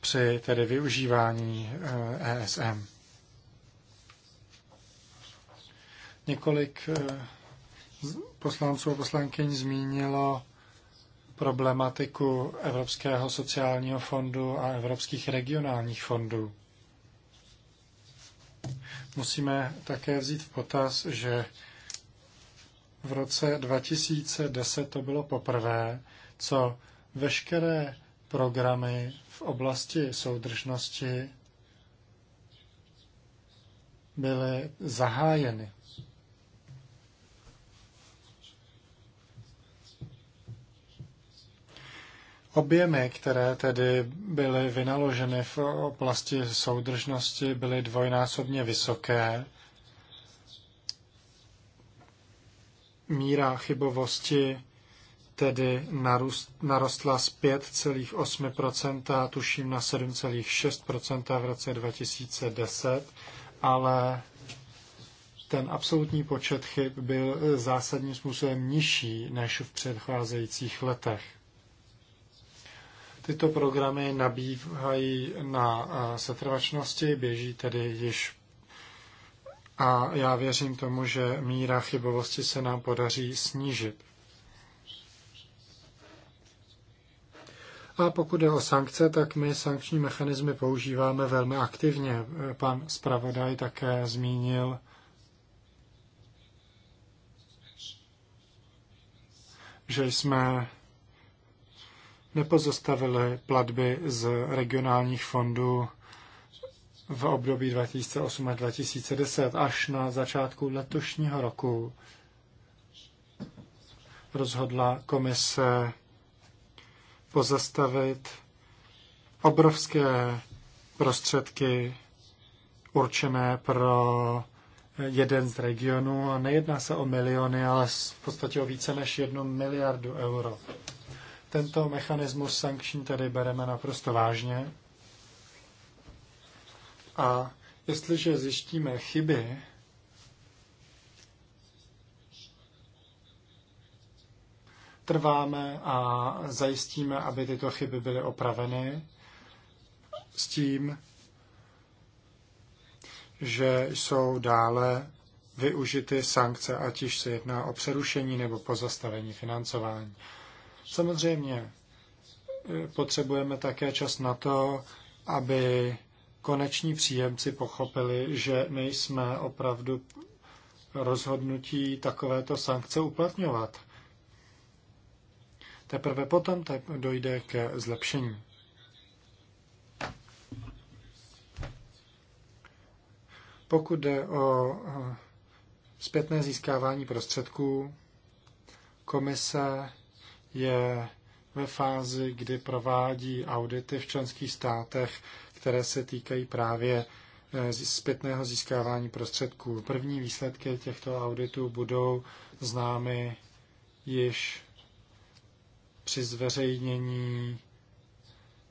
Při tedy využívání ESM. Eh, e Několik eh, poslanců a poslankyň zmínilo problematiku Evropského sociálního fondu a evropských regionálních fondů. Musíme také vzít v potaz, že v roce 2010 to bylo poprvé, co veškeré programy v oblasti soudržnosti byly zahájeny. Objemy, které tedy byly vynaloženy v oblasti soudržnosti, byly dvojnásobně vysoké. Míra chybovosti tedy narostla z 5,8%, tuším na 7,6% v roce 2010, ale ten absolutní počet chyb byl zásadním způsobem nižší než v předcházejících letech. Tyto programy nabývají na eh, setrvačnosti, běží tedy již a já věřím tomu, že míra chybovosti se nám podaří snížit. A pokud jde o sankce, tak my sankční mechanismy používáme velmi aktivně. Pan zpravodaj také zmínil že jsme Nepozostavily platby z regionálních fondů v období 2008 až 2010 až na začátku letošního roku rozhodla komise pozastavit obrovské prostředky určené pro jeden z regionů a nejedná se o miliony, ale v podstatě o více než jednu miliardu euro. Tento mechanismus sankční tedy bereme naprosto vážně. A jestliže zjištíme chyby, trváme a zajistíme, aby tyto chyby byly opraveny s tím, že jsou dále využity sankce, ať již se jedná o přerušení nebo pozastavení financování. Samozřejmě eh, potřebujeme také čas na to, aby koneční příjemci pochopili, že nejsme opravdu rozhodnutí takovéto sankce uplatňovat. Teprve potom te dojde ke zlepšení. Pokud jde o eh, zpětné získávání prostředků, komise je ve fázi, kdy provádí audity v členských státech, které se týkají právě eh, zpětného získávání prostředků. První výsledky těchto auditů budou známy již při zveřejnění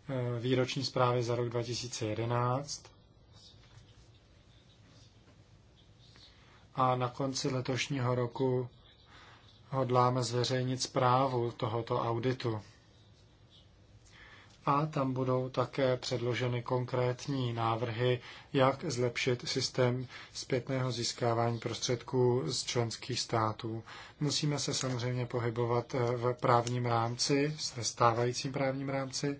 eh, výroční zprávy za rok 2011 a na konci letošního roku hodláme zveřejnit zprávu tohoto auditu. A tam budou také předloženy konkrétní návrhy, jak zlepšit systém zpětného získávání prostředků z členských států. Musíme se samozřejmě pohybovat v právním rámci, ve stávajícím právním rámci,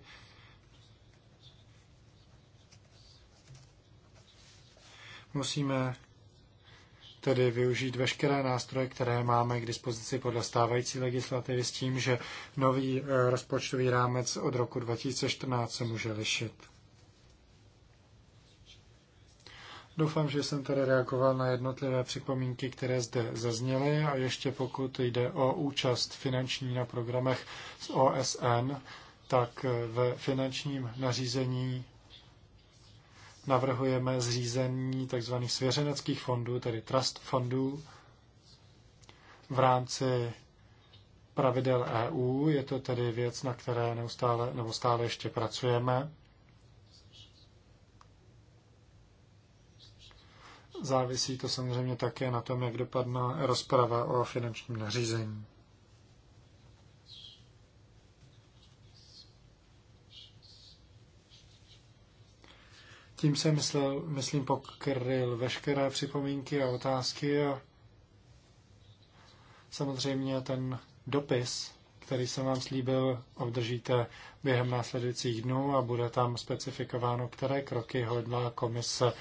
musíme tedy využít veškeré nástroje, které máme k dispozici podle stávající legislativy s tím, že nový eh, rozpočtový rámec od roku 2014 se může lišit. Doufám, že jsem tady reagoval na jednotlivé připomínky, které zde zazněly a ještě pokud jde o účast finanční na programech z OSN, tak eh, ve finančním nařízení navrhujeme zřízení tzv. svěřeneckých fondů, tedy trust fondů v rámci pravidel EU. Je to tedy věc, na které neustále, nebo stále ještě pracujeme. Závisí to samozřejmě také na tom, jak dopadne rozprava o finančním nařízení. Tím jsem, myslel, myslím, pokryl veškeré připomínky a otázky a samozřejmě ten dopis, který jsem vám slíbil, obdržíte během následujících dnů a bude tam specifikováno, které kroky hodlá komise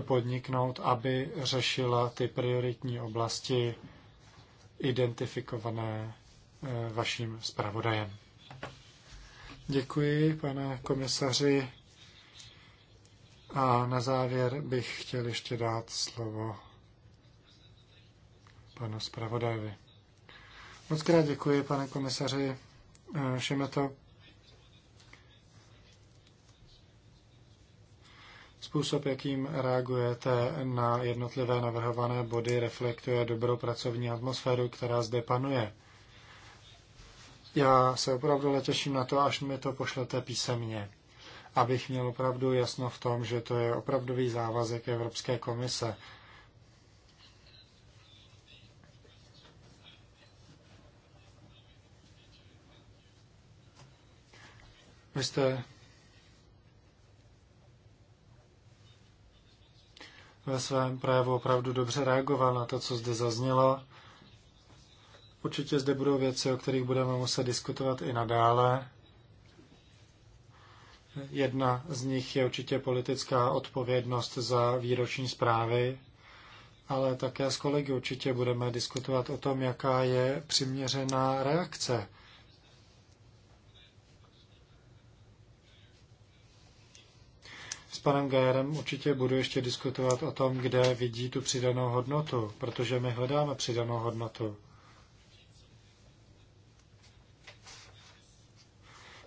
podniknout, aby řešila ty prioritní oblasti identifikované eh, vaším zpravodajem. Děkuji, pane komisaři. A na závěr bych chtěl ještě dát slovo panu zpravodajovi. Moc krát děkuji, pane komisaři eh, Šimeto. Způsob, jakým reagujete na jednotlivé navrhované body, reflektuje dobrou pracovní atmosféru, která zde panuje. Já se opravdu těším na to, až mi to pošlete písemně abych měl opravdu jasno v tom, že to je opravdový závazek Evropské komise. Vy jste ve svém projevu opravdu dobře reagoval na to, co zde zaznělo. Určitě zde budou věci, o kterých budeme muset diskutovat i nadále. Jedna z nich je určitě politická odpovědnost za výroční zprávy, ale také s kolegy určitě budeme diskutovat o tom, jaká je přiměřená reakce. S panem Gérem určitě budu ještě diskutovat o tom, kde vidí tu přidanou hodnotu, protože my hledáme přidanou hodnotu.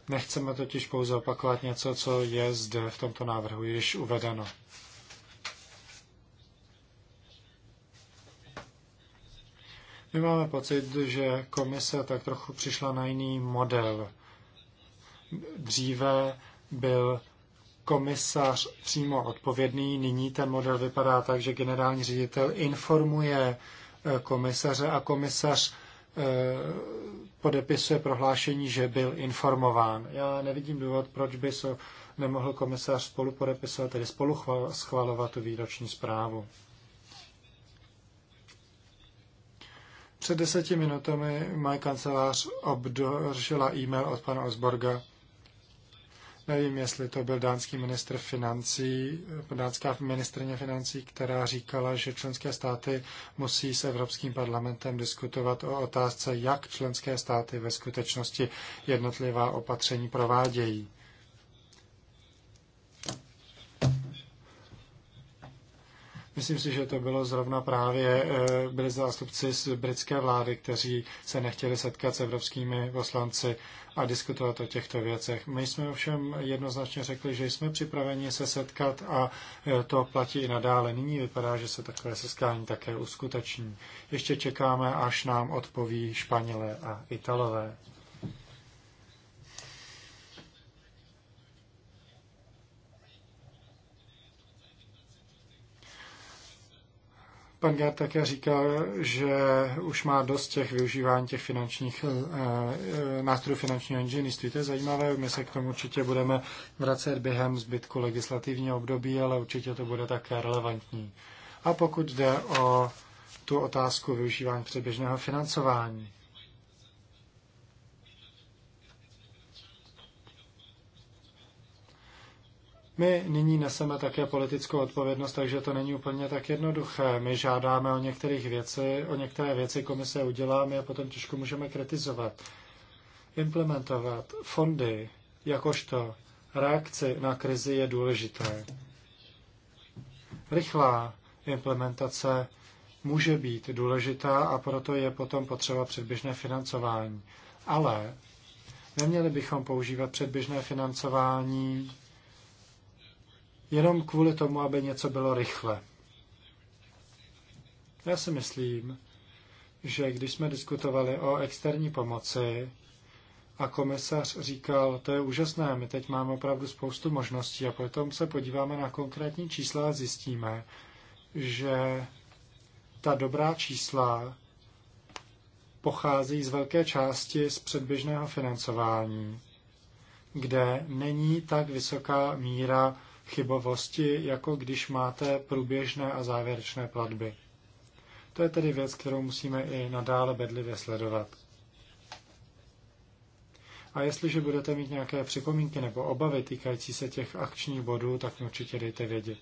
Nechceme totiž pouze opakovat něco, co je zde v tomto návrhu již uvedeno. My máme pocit, že komise tak trochu přišla na jiný model. Dříve byl komisař přímo odpovědný, nyní ten model vypadá tak, že generální ředitel informuje eh, komisaře a komisař eh, podepisuje prohlášení, že byl informován. Já nevidím důvod, proč by se nemohl komisař spolu podepisovat, tedy spolu schvalovat tu výroční zprávu. Před deseti minutami moje kancelář obdržela e-mail od pana Osborga, Nevím, jestli to byl dánský ministr financí, dánská ministrně financí, která říkala, že členské státy musí s Evropským parlamentem diskutovat o otázce, jak členské státy ve skutečnosti jednotlivá opatření provádějí. Myslím si, že to bylo zrovna právě, eh, byli zástupci z britské vlády, kteří se nechtěli setkat s evropskými poslanci a diskutovat o těchto věcech. My jsme ovšem jednoznačně řekli, že jsme připraveni se setkat a eh, to platí i nadále. Nyní vypadá, že se takové setkání také uskuteční. Ještě čekáme, až nám odpoví Španělé a Italové. Pan Gard také říkal, že už má dost těch využívání těch finančních eh, eh, nástrojů finančního inženýrství. To je zajímavé, my se k tomu určitě budeme vracet během zbytku legislativního období, ale určitě to bude také relevantní. A pokud jde o tu otázku využívání předběžného financování, My nyní neseme také politickou odpovědnost, takže to není úplně tak jednoduché. My žádáme o některých věci, o některé věci komise udělá, my a potom těžko můžeme kritizovat. Implementovat fondy jakožto reakci na krizi je důležité. Rychlá implementace může být důležitá a proto je potom potřeba předběžné financování. Ale neměli bychom používat předběžné financování jenom kvůli tomu, aby něco bylo rychle. Já si myslím, že když jsme diskutovali o externí pomoci a komisař říkal, to je úžasné, my teď máme opravdu spoustu možností a potom se podíváme na konkrétní čísla a zjistíme, že ta dobrá čísla pochází z velké části z předběžného financování, kde není tak vysoká míra chybovosti, jako když máte průběžné a závěrečné platby. To je tedy věc, kterou musíme i nadále bedlivě sledovat. A jestliže budete mít nějaké připomínky nebo obavy týkající se těch akčních bodů, tak mi určitě dejte vědět.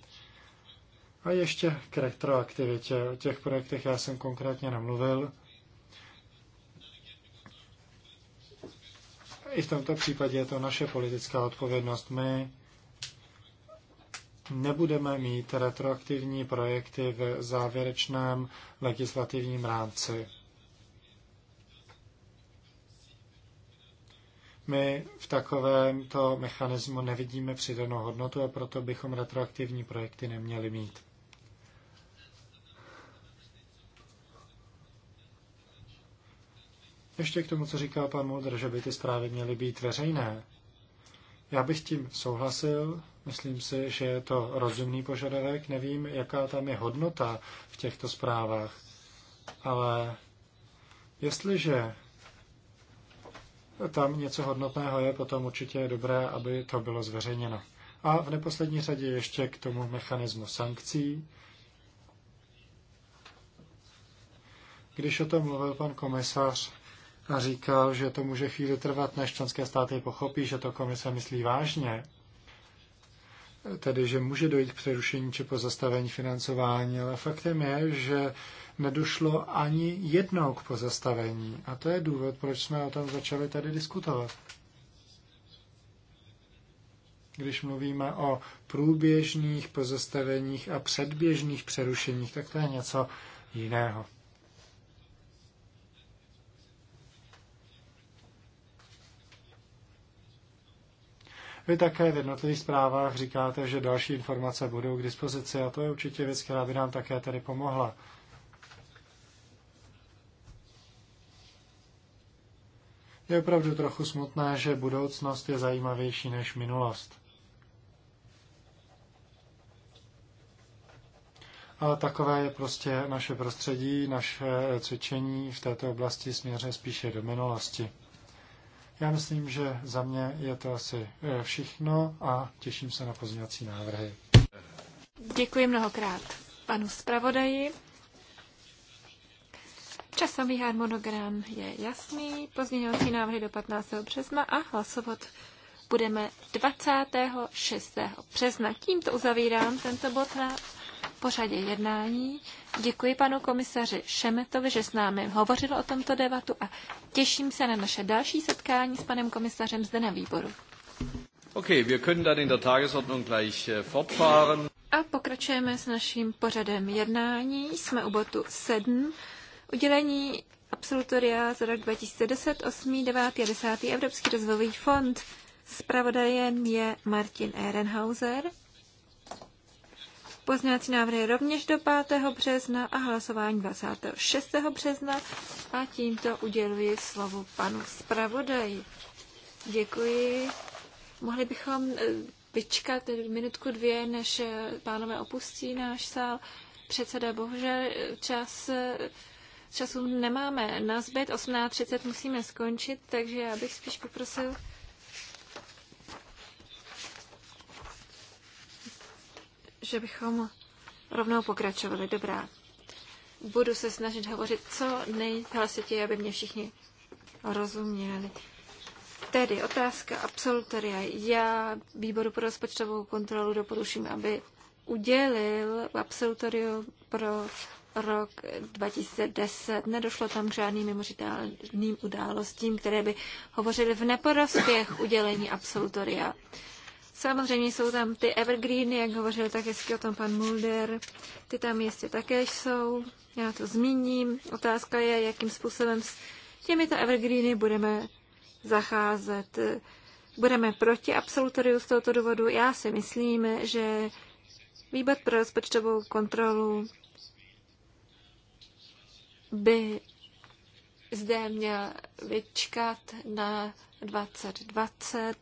A ještě k retroaktivitě. O těch projektech já jsem konkrétně nemluvil. I v tomto případě je to naše politická odpovědnost. My nebudeme mít retroaktivní projekty v závěrečném legislativním rámci. My v takovémto mechanismu nevidíme přidanou hodnotu a proto bychom retroaktivní projekty neměli mít. Ještě k tomu, co říká pan Mulder, že by ty zprávy měly být veřejné. Já bych tím souhlasil, Myslím si, že je to rozumný požadavek. Nevím, jaká tam je hodnota v těchto zprávách, ale jestliže tam něco hodnotného je, potom určitě je dobré, aby to bylo zveřejněno. A v neposlední řadě ještě k tomu mechanismu sankcí. Když o tom mluvil pan komisař a říkal, že to může chvíli trvat, než členské státy pochopí, že to komise myslí vážně, tedy že může dojít k přerušení či pozastavení financování, ale faktem je, že nedošlo ani jednou k pozastavení. A to je důvod, proč jsme o tom začali tady diskutovat. Když mluvíme o průběžných pozastaveních a předběžných přerušeních, tak to je něco jiného. Vy také v jednotlivých zprávách říkáte, že další informace budou k dispozici a to je určitě věc, která by nám také tady pomohla. Je opravdu trochu smutné, že budoucnost je zajímavější než minulost. Ale takové je prostě naše prostředí, naše cvičení v této oblasti směřuje spíše do minulosti. Já myslím, že za mě je to asi e, všechno a těším se na pozměňovací návrhy. Děkuji mnohokrát panu zpravodaji. Časový harmonogram je jasný, pozměňovací návrhy do 15. března a hlasovat budeme 26. března. Tímto uzavírám tento bod na pořadě jednání. Děkuji panu komisaři Šemetovi, že s námi hovořil o tomto debatu a těším se na naše další setkání s panem komisařem zde na výboru. Okay, wir können dann in der Tagesordnung gleich äh, fortfahren. A pokračujeme s naším pořadem jednání. Jsme u botu 7. Udělení absolutoria za rok 2010, 8., 9. a 10. Evropský rozvojový fond. Spravodajem je Martin Ehrenhauser pozměňovací návrhy rovněž do 5. března a hlasování 26. března. A tímto uděluji slovo panu zpravodaji. Děkuji. Mohli bychom eh, vyčkat minutku dvě, než eh, pánové opustí náš sál. Předseda, bohužel eh, čas času nemáme na zbyt, 18.30 musíme skončit, takže já bych spíš poprosil že bychom rovnou pokračovali. Dobrá. Budu se snažit hovořit co nejhlasitěji, aby mě všichni rozuměli. Tedy otázka absolutoria. Já výboru pro rozpočtovou kontrolu doporučím, aby udělil absolutorium pro rok 2010. Nedošlo tam k žádným mimořitelným událostím, které by hovořily v neprospěch udělení absolutoria. Samozřejmě jsou tam ty evergreeny, jak hovořil tak hezky o tom pan Mulder, ty tam jistě také jsou, já to zmíním. Otázka je, jakým způsobem s těmito evergreeny budeme zacházet. Budeme proti absolutoriu z tohoto důvodu. Já si myslím, že výbor pro rozpočtovou kontrolu by zde měl vyčkat na 2020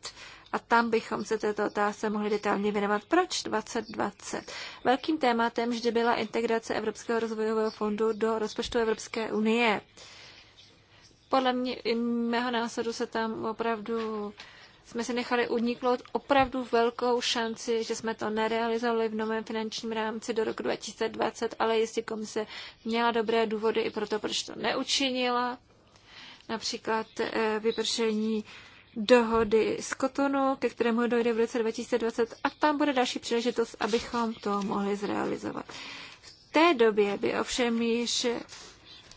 a tam bychom se této otázce mohli detailně věnovat. Proč 2020? Velkým tématem vždy byla integrace Evropského rozvojového fondu do rozpočtu Evropské unie. Podle mě, mého názoru se tam opravdu jsme se nechali uniknout opravdu velkou šanci, že jsme to nerealizovali v novém finančním rámci do roku 2020, ale jestli komise měla dobré důvody i proto, proč to neučinila, například eh, vypršení dohody z Kotonu, ke kterému dojde v roce 2020 a tam bude další příležitost, abychom to mohli zrealizovat. V té době by ovšem již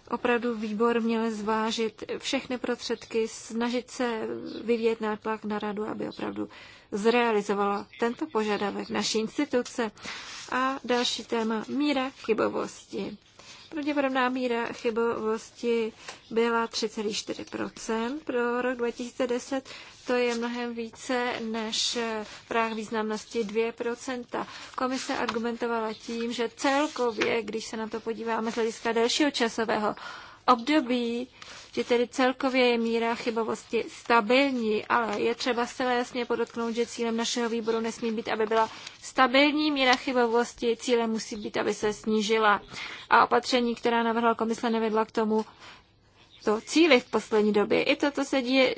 opravdu výbor měl zvážit všechny prostředky, snažit se vyvíjet nátlak na radu, aby opravdu zrealizovala tento požadavek naší instituce. A další téma míra chybovosti. Pravděpodobná míra chybovosti byla 3,4 pro rok 2010. To je mnohem více než práh významnosti 2 Komise argumentovala tím, že celkově, když se na to podíváme z hlediska delšího časového období, že tedy celkově je míra chybovosti stabilní, ale je třeba se jasně podotknout, že cílem našeho výboru nesmí být, aby byla stabilní míra chybovosti, cílem musí být, aby se snížila. A opatření, která navrhla komise, nevedla k tomu, to cíly v poslední době. I toto se děje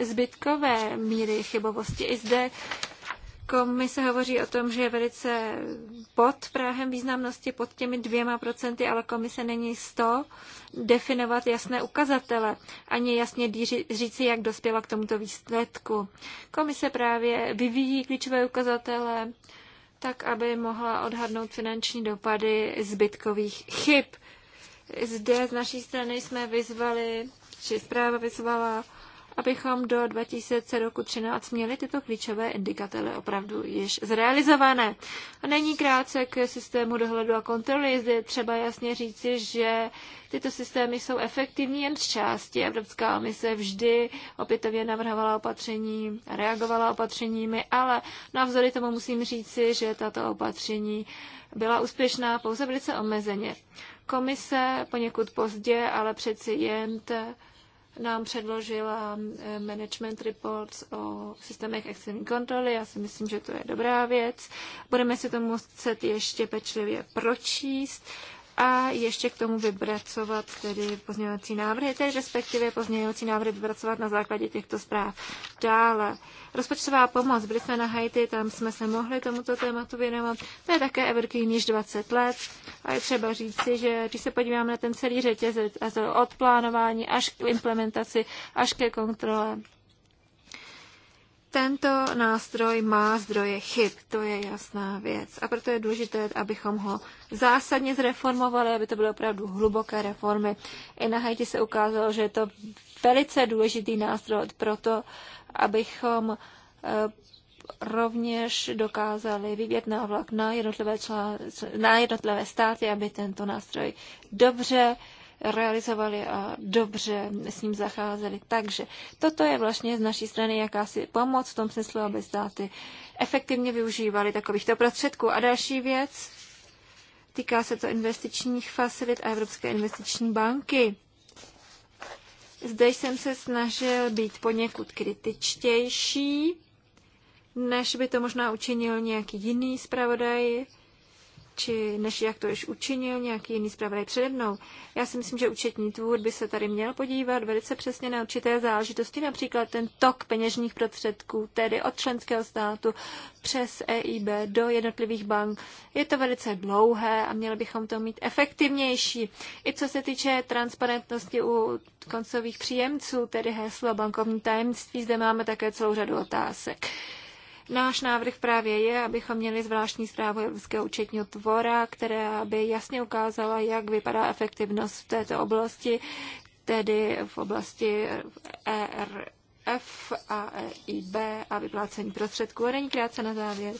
zbytkové míry chybovosti. I zde Komise hovoří o tom, že je velice pod práhem významnosti, pod těmi dvěma procenty, ale komise není z to definovat jasné ukazatele, ani jasně říci, jak dospěla k tomuto výsledku. Komise právě vyvíjí klíčové ukazatele, tak aby mohla odhadnout finanční dopady zbytkových chyb. Zde z naší strany jsme vyzvali, či zpráva vyzvala abychom do 13 měli tyto klíčové indikatory opravdu již zrealizované. A není krátce k systému dohledu a kontroly. Zde je třeba jasně říci, že tyto systémy jsou efektivní jen z části. Evropská komise vždy opětovně navrhovala opatření, reagovala opatřeními, ale navzory tomu musím říci, že tato opatření byla úspěšná pouze velice omezeně. Komise poněkud pozdě, ale přeci jen t- nám předložila um, Management Reports o systémech externí kontroly. Já si myslím, že to je dobrá věc. Budeme si to muset ještě pečlivě pročíst a ještě k tomu vybracovat tedy pozměňovací návrhy, tedy respektive pozměňovací návrhy vybracovat na základě těchto zpráv. Dále, rozpočtová pomoc. Byli jsme na Haiti, tam jsme se mohli tomuto tématu věnovat. To je také Evergreen již 20 let a je třeba říci, že když se podíváme na ten celý řetěz od plánování až k implementaci, až ke kontrole, tento nástroj má zdroje chyb, to je jasná věc. A proto je důležité, abychom ho zásadně zreformovali, aby to byly opravdu hluboké reformy. I na Haiti se ukázalo, že je to velice důležitý nástroj proto, abychom e, rovněž dokázali vyvět navlak na jednotlivé, člá, na jednotlivé státy, aby tento nástroj dobře realizovali a dobře s ním zacházeli. Takže toto je vlastně z naší strany jakási pomoc v tom smyslu, aby státy efektivně využívali takovýchto prostředků. A další věc, týká se to investičních facilit a Evropské investiční banky. Zde jsem se snažil být poněkud kritičtější, než by to možná učinil nějaký jiný zpravodaj či než jak to již učinil nějaký jiný zpravodaj přede mnou. Já si myslím, že účetní tvůr by se tady měl podívat velice přesně na určité záležitosti, například ten tok peněžních prostředků, tedy od členského státu přes EIB do jednotlivých bank. Je to velice dlouhé a měli bychom to mít efektivnější. I co se týče transparentnosti u koncových příjemců, tedy heslo bankovní tajemství, zde máme také celou řadu otázek. Náš návrh právě je, abychom měli zvláštní zprávu Evropského účetního tvora, která by jasně ukázala, jak vypadá efektivnost v této oblasti, tedy v oblasti ERF a EIB a vyplácení prostředků. A není krátce na závěr.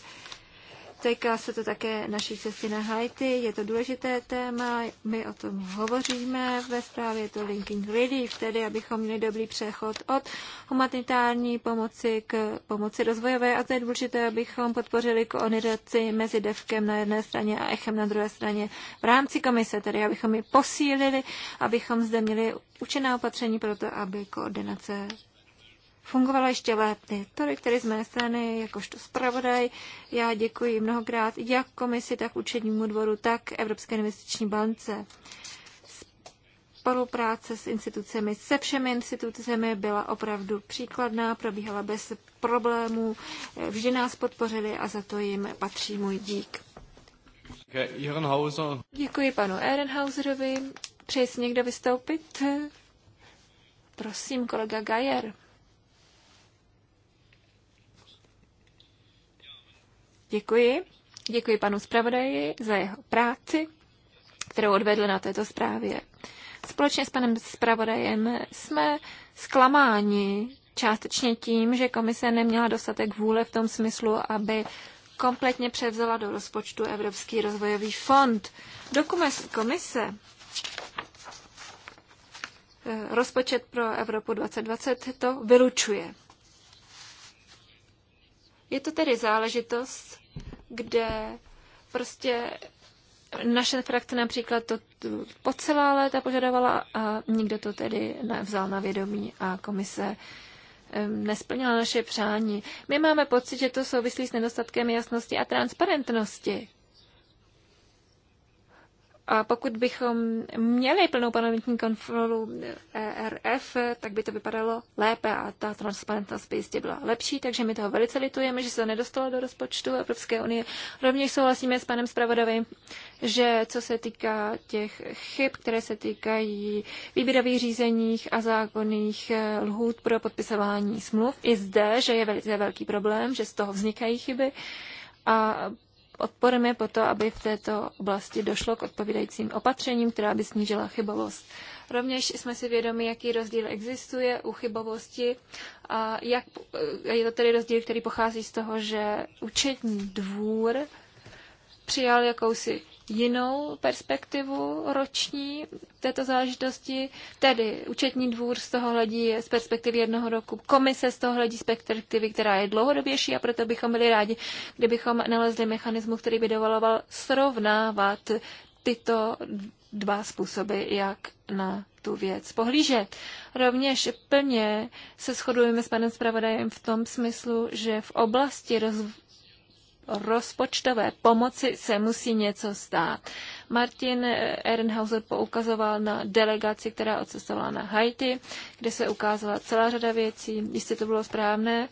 Týká se to také naší cesty na Haiti, je to důležité téma, my o tom hovoříme ve zprávě, je to Linking Relief, tedy abychom měli dobrý přechod od humanitární pomoci k pomoci rozvojové a to je důležité, abychom podpořili koordinaci mezi DEVkem na jedné straně a ECHem na druhé straně v rámci komise, tedy abychom je posílili, abychom zde měli účinná opatření pro to, aby koordinace fungovala ještě lépe. Tolik tedy z mé strany, jakožto zpravodaj. Já děkuji mnohokrát jak komisi, tak účetnímu dvoru, tak Evropské investiční bance. Spolupráce s institucemi, se všemi institucemi byla opravdu příkladná, probíhala bez problémů, vždy nás podpořili a za to jim patří můj dík. Děkuji panu Ehrenhauserovi. Přeji si někdo vystoupit? Prosím, kolega Gajer. Děkuji. Děkuji panu zpravodaji za jeho práci, kterou odvedl na této zprávě. Společně s panem zpravodajem jsme zklamáni částečně tím, že komise neměla dostatek vůle v tom smyslu, aby kompletně převzala do rozpočtu Evropský rozvojový fond. Dokument komise eh, rozpočet pro Evropu 2020 to vylučuje. Je to tedy záležitost, kde prostě naše frakce například to po celá léta požadovala a nikdo to tedy vzal na vědomí a komise nesplnila naše přání. My máme pocit, že to souvislí s nedostatkem jasnosti a transparentnosti. A pokud bychom měli plnou parlamentní kontrolu ERF, tak by to vypadalo lépe a ta transparentnost by jistě byla lepší, takže my toho velice litujeme, že se to nedostalo do rozpočtu Evropské unie. Rovněž souhlasíme s panem zpravodavem, že co se týká těch chyb, které se týkají výběrových řízeních a zákonných eh, lhůt pro podpisování smluv, i zde, že je velice velký problém, že z toho vznikají chyby a podporujeme po to, aby v této oblasti došlo k odpovídajícím opatřením, která by snížila chybovost. Rovněž jsme si vědomi, jaký rozdíl existuje u chybovosti a jak, eh, je to tedy rozdíl, který pochází z toho, že účetní dvůr přijal jakousi jinou perspektivu roční této záležitosti, tedy účetní dvůr z toho hledí z perspektivy jednoho roku, komise z toho hledí z perspektivy, která je dlouhodobější a proto bychom byli rádi, kdybychom nalezli mechanismus, který by dovoloval srovnávat tyto dva způsoby, jak na tu věc pohlížet. Rovněž plně se shodujeme s panem zpravodajem v tom smyslu, že v oblasti rozvoje rozpočtové pomoci se musí něco stát. Martin Ehrenhauser poukazoval na delegaci, která odcestovala na Haiti, kde se ukázala celá řada věcí, jistě to bylo správné.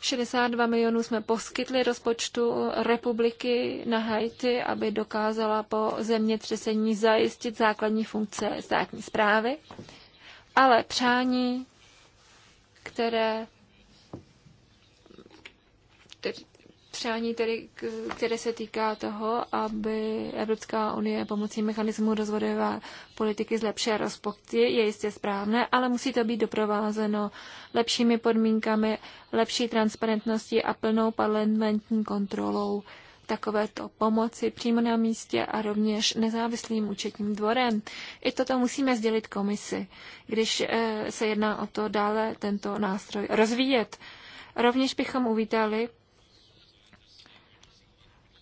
62 milionů jsme poskytli rozpočtu republiky na Haiti, aby dokázala po zemětřesení zajistit základní funkce státní zprávy, ale přání, které přání, tedy, které se týká toho, aby Evropská unie pomocí mechanismu rozvodové politiky zlepšila rozpočty, je jistě správné, ale musí to být doprovázeno lepšími podmínkami, lepší transparentností a plnou parlamentní kontrolou takovéto pomoci přímo na místě a rovněž nezávislým účetním dvorem. I toto musíme sdělit komisi, když eh, se jedná o to dále tento nástroj rozvíjet. Rovněž bychom uvítali,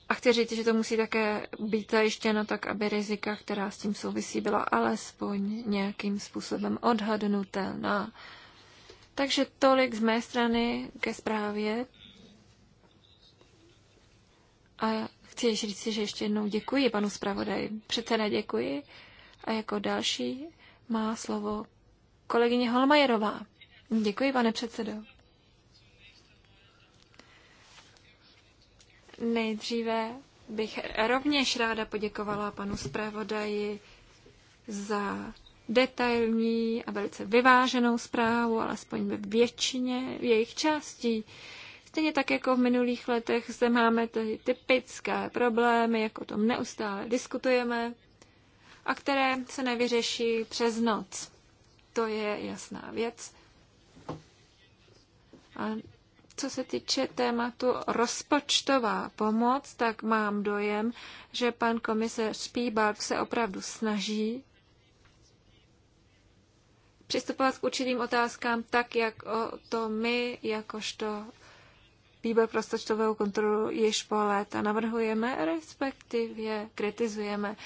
a chci říct, že to musí také být zajištěno tak, aby rizika, která s tím souvisí, byla alespoň nějakým způsobem odhadnutelná. Takže tolik z mé strany ke zprávě. A chci ještě říct, že ještě jednou děkuji panu zpravodaji. Předseda děkuji. A jako další má slovo kolegyně Holmajerová. Děkuji, pane předsedo. Nejdříve bych rovněž ráda poděkovala panu zpravodaji za detailní a velice vyváženou zprávu, alespoň ve většině jejich částí. Stejně tak jako v minulých letech zde máme ty typické problémy, jak o tom neustále diskutujeme, a které se nevyřeší přes noc. To je jasná věc. A co se týče tématu rozpočtová pomoc, tak mám dojem, že pan komisař Spíbalk se opravdu snaží přistupovat k určitým otázkám tak, jak o to my, jakožto výbor pro rozpočtovou kontrolu již po léta navrhujeme, respektive kritizujeme. Uh,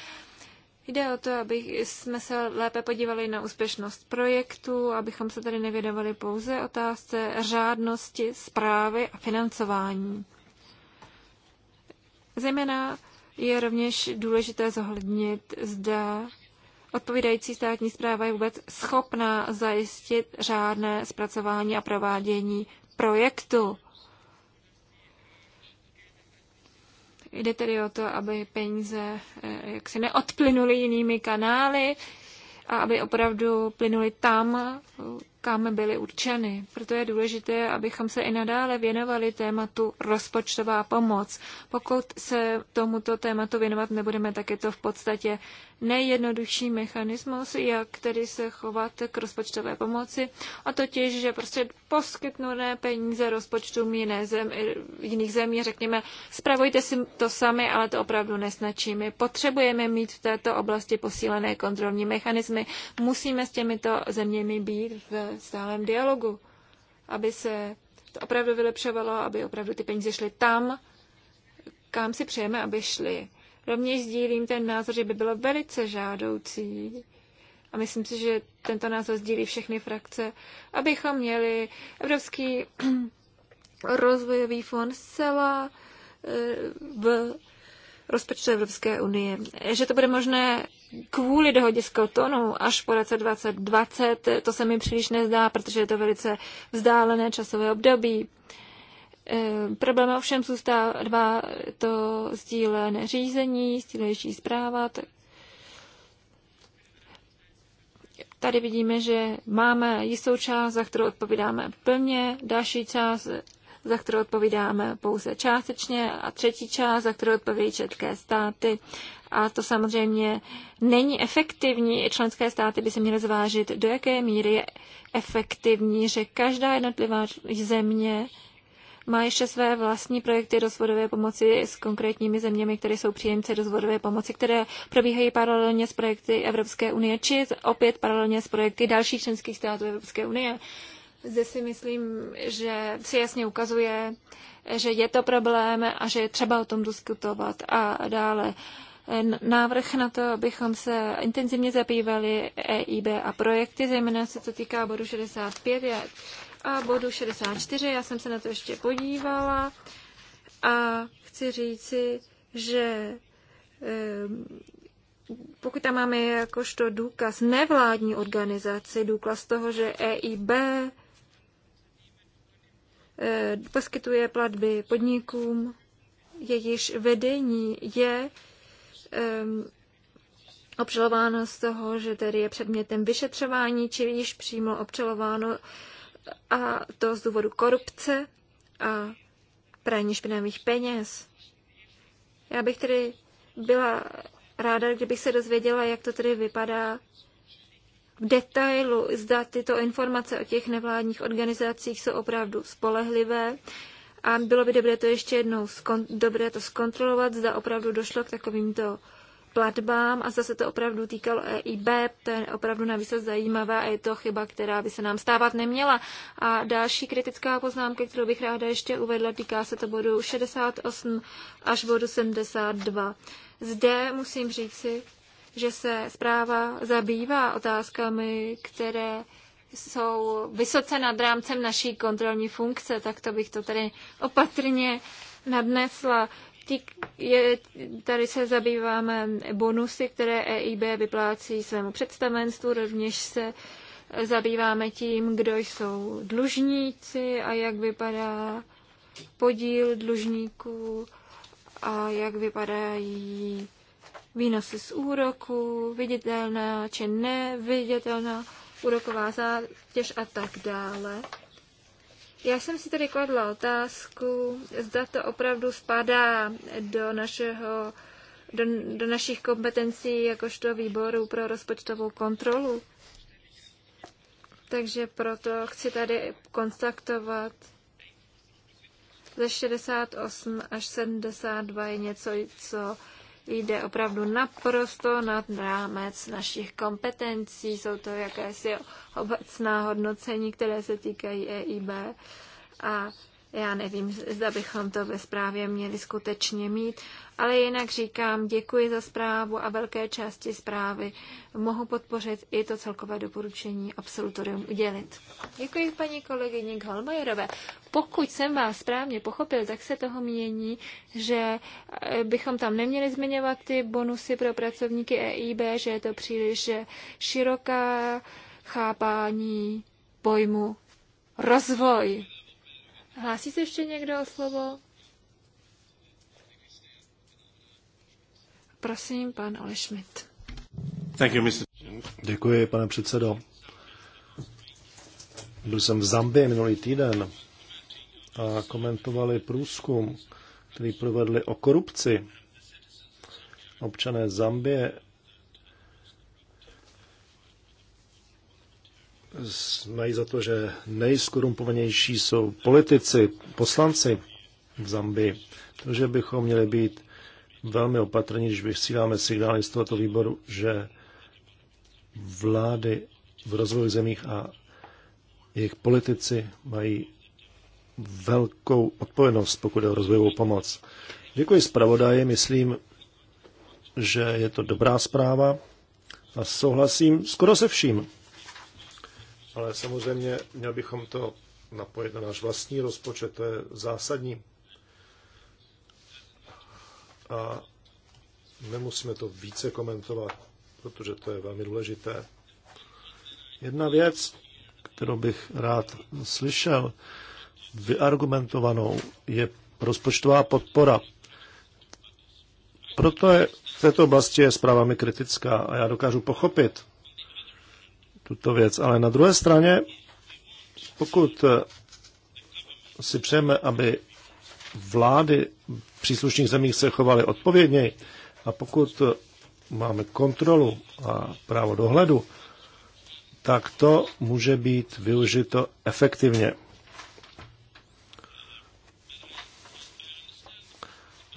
Jde o to, aby jsme se lépe podívali na úspěšnost projektu, abychom se tady nevědovali pouze otázce řádnosti, zprávy a financování. Zejména je rovněž důležité zohlednit, zda odpovídající státní zpráva je vůbec schopná zajistit řádné zpracování a provádění projektu. Jde tedy o to, aby peníze eh, jak se neodplynuly jinými kanály a aby opravdu plynuly tam, kam byly určeny. Proto je důležité, abychom se i nadále věnovali tématu rozpočtová pomoc. Pokud se tomuto tématu věnovat nebudeme, tak je to v podstatě nejjednodušší mechanismus, jak tedy se chovat k rozpočtové pomoci, a totiž, že prostě poskytnuté peníze rozpočtům jiné zem, jiných zemí, řekněme, spravujte si to sami, ale to opravdu nesnačí. My potřebujeme mít v této oblasti posílené kontrolní mechanismy, musíme s těmito zeměmi být v stálém dialogu, aby se to opravdu vylepšovalo, aby opravdu ty peníze šly tam, kam si přejeme, aby šly. Rovněž sdílím ten názor, že by bylo velice žádoucí, a myslím si, že tento názor sdílí všechny frakce, abychom měli Evropský rozvojový fond zcela eh, v rozpočtu Evropské unie. Že to bude možné kvůli dohodě s Kotonou až po roce 2020, to se mi příliš nezdá, protože je to velice vzdálené časové období. E, Problém ovšem zůstává to sdílené řízení, sdílejší zpráva. tady vidíme, že máme jistou část, za kterou odpovídáme plně, další část za kterou odpovídáme pouze částečně, a třetí část, za kterou odpovědí české státy. A to samozřejmě není efektivní. Členské státy by se měly zvážit, do jaké míry je efektivní, že každá jednotlivá země má ještě své vlastní projekty rozvodové pomoci s konkrétními zeměmi, které jsou příjemci rozvodové pomoci, které probíhají paralelně s projekty Evropské unie, či opět paralelně s projekty dalších členských států Evropské unie. Zde si myslím, že si jasně ukazuje, že je to problém a že je třeba o tom diskutovat a dále návrh na to, abychom se intenzivně zabývali EIB a projekty, zejména se to týká bodu 65 a bodu 64. Já jsem se na to ještě podívala a chci říci, že ehm, pokud tam máme jakožto důkaz nevládní organizaci, důkaz toho, že EIB Eh, poskytuje platby podnikům, jejíž vedení je um, obžalováno z toho, že tedy je předmětem vyšetřování, či již přímo obžalováno a to z důvodu korupce a praní špinavých peněz. Já bych tedy byla ráda, kdybych se dozvěděla, jak to tedy vypadá v detailu, zda tyto informace o těch nevládních organizacích jsou opravdu spolehlivé. A bylo by dobré to ještě jednou skon- dobré to zkontrolovat, zda opravdu došlo k takovýmto platbám a zase to opravdu týkalo EIB, to je opravdu navíc zajímavé a je to chyba, která by se nám stávat neměla. A další kritická poznámka, kterou bych ráda ještě uvedla, týká se to bodu 68 až bodu 72. Zde musím říci, že se zpráva zabývá otázkami, které jsou vysoce nad rámcem naší kontrolní funkce, tak to bych to tady opatrně nadnesla. Je, tady se zabýváme bonusy, které EIB vyplácí svému představenstvu, rovněž se zabýváme tím, kdo jsou dlužníci a jak vypadá podíl dlužníků a jak vypadají výnosy z úroku, viditelná či neviditelná úroková zátěž a tak dále. Já jsem si tedy kladla otázku, zda to opravdu spadá do, našeho, do, do našich kompetencí jakožto výboru pro rozpočtovou kontrolu. Takže proto chci tady kontaktovat ze 68 až 72 je něco, co jde opravdu naprosto nad rámec našich kompetencí. Jsou to jakési obecná hodnocení, které se týkají EIB. A já nevím, zda bychom to ve zprávě měli skutečně mít, ale jinak říkám, děkuji za zprávu a velké části zprávy mohu podpořit i to celkové doporučení absolutorium udělit. Děkuji paní kolegyni Ghalmajerové. Pokud jsem vás správně pochopil, tak se toho mění, že eh, bychom tam neměli zmiňovat ty bonusy pro pracovníky EIB, že je to příliš široká chápání pojmu rozvoj. Hlásí se ještě někdo o slovo? Prosím, pan Ole Schmidt. Thank you, Mr. Děkuji, pane předsedo. Byl jsem v Zambii minulý týden a komentovali průzkum, který provedli o korupci. Občané Zambie mají za to, že nejskorumpovanější jsou politici, poslanci v Zambii. Takže bychom měli být velmi opatrní, když vysíláme signály z tohoto výboru, že vlády v rozvojových zemích a jejich politici mají velkou odpovědnost, pokud je o rozvojovou pomoc. Děkuji zpravodaji, myslím, že je to dobrá zpráva a souhlasím skoro se vším ale samozřejmě měl bychom to napojit na náš vlastní rozpočet, to je zásadní. A nemusíme to více komentovat, protože to je velmi důležité. Jedna věc, kterou bych rád slyšel, vyargumentovanou, je rozpočtová podpora. Proto je v této oblasti je zprávami kritická a já dokážu pochopit, tuto věc. Ale na druhé straně, pokud eh, si přejeme, aby vlády příslušných zemích se chovaly odpovědněji a pokud eh, máme kontrolu a právo dohledu, tak to může být využito efektivně.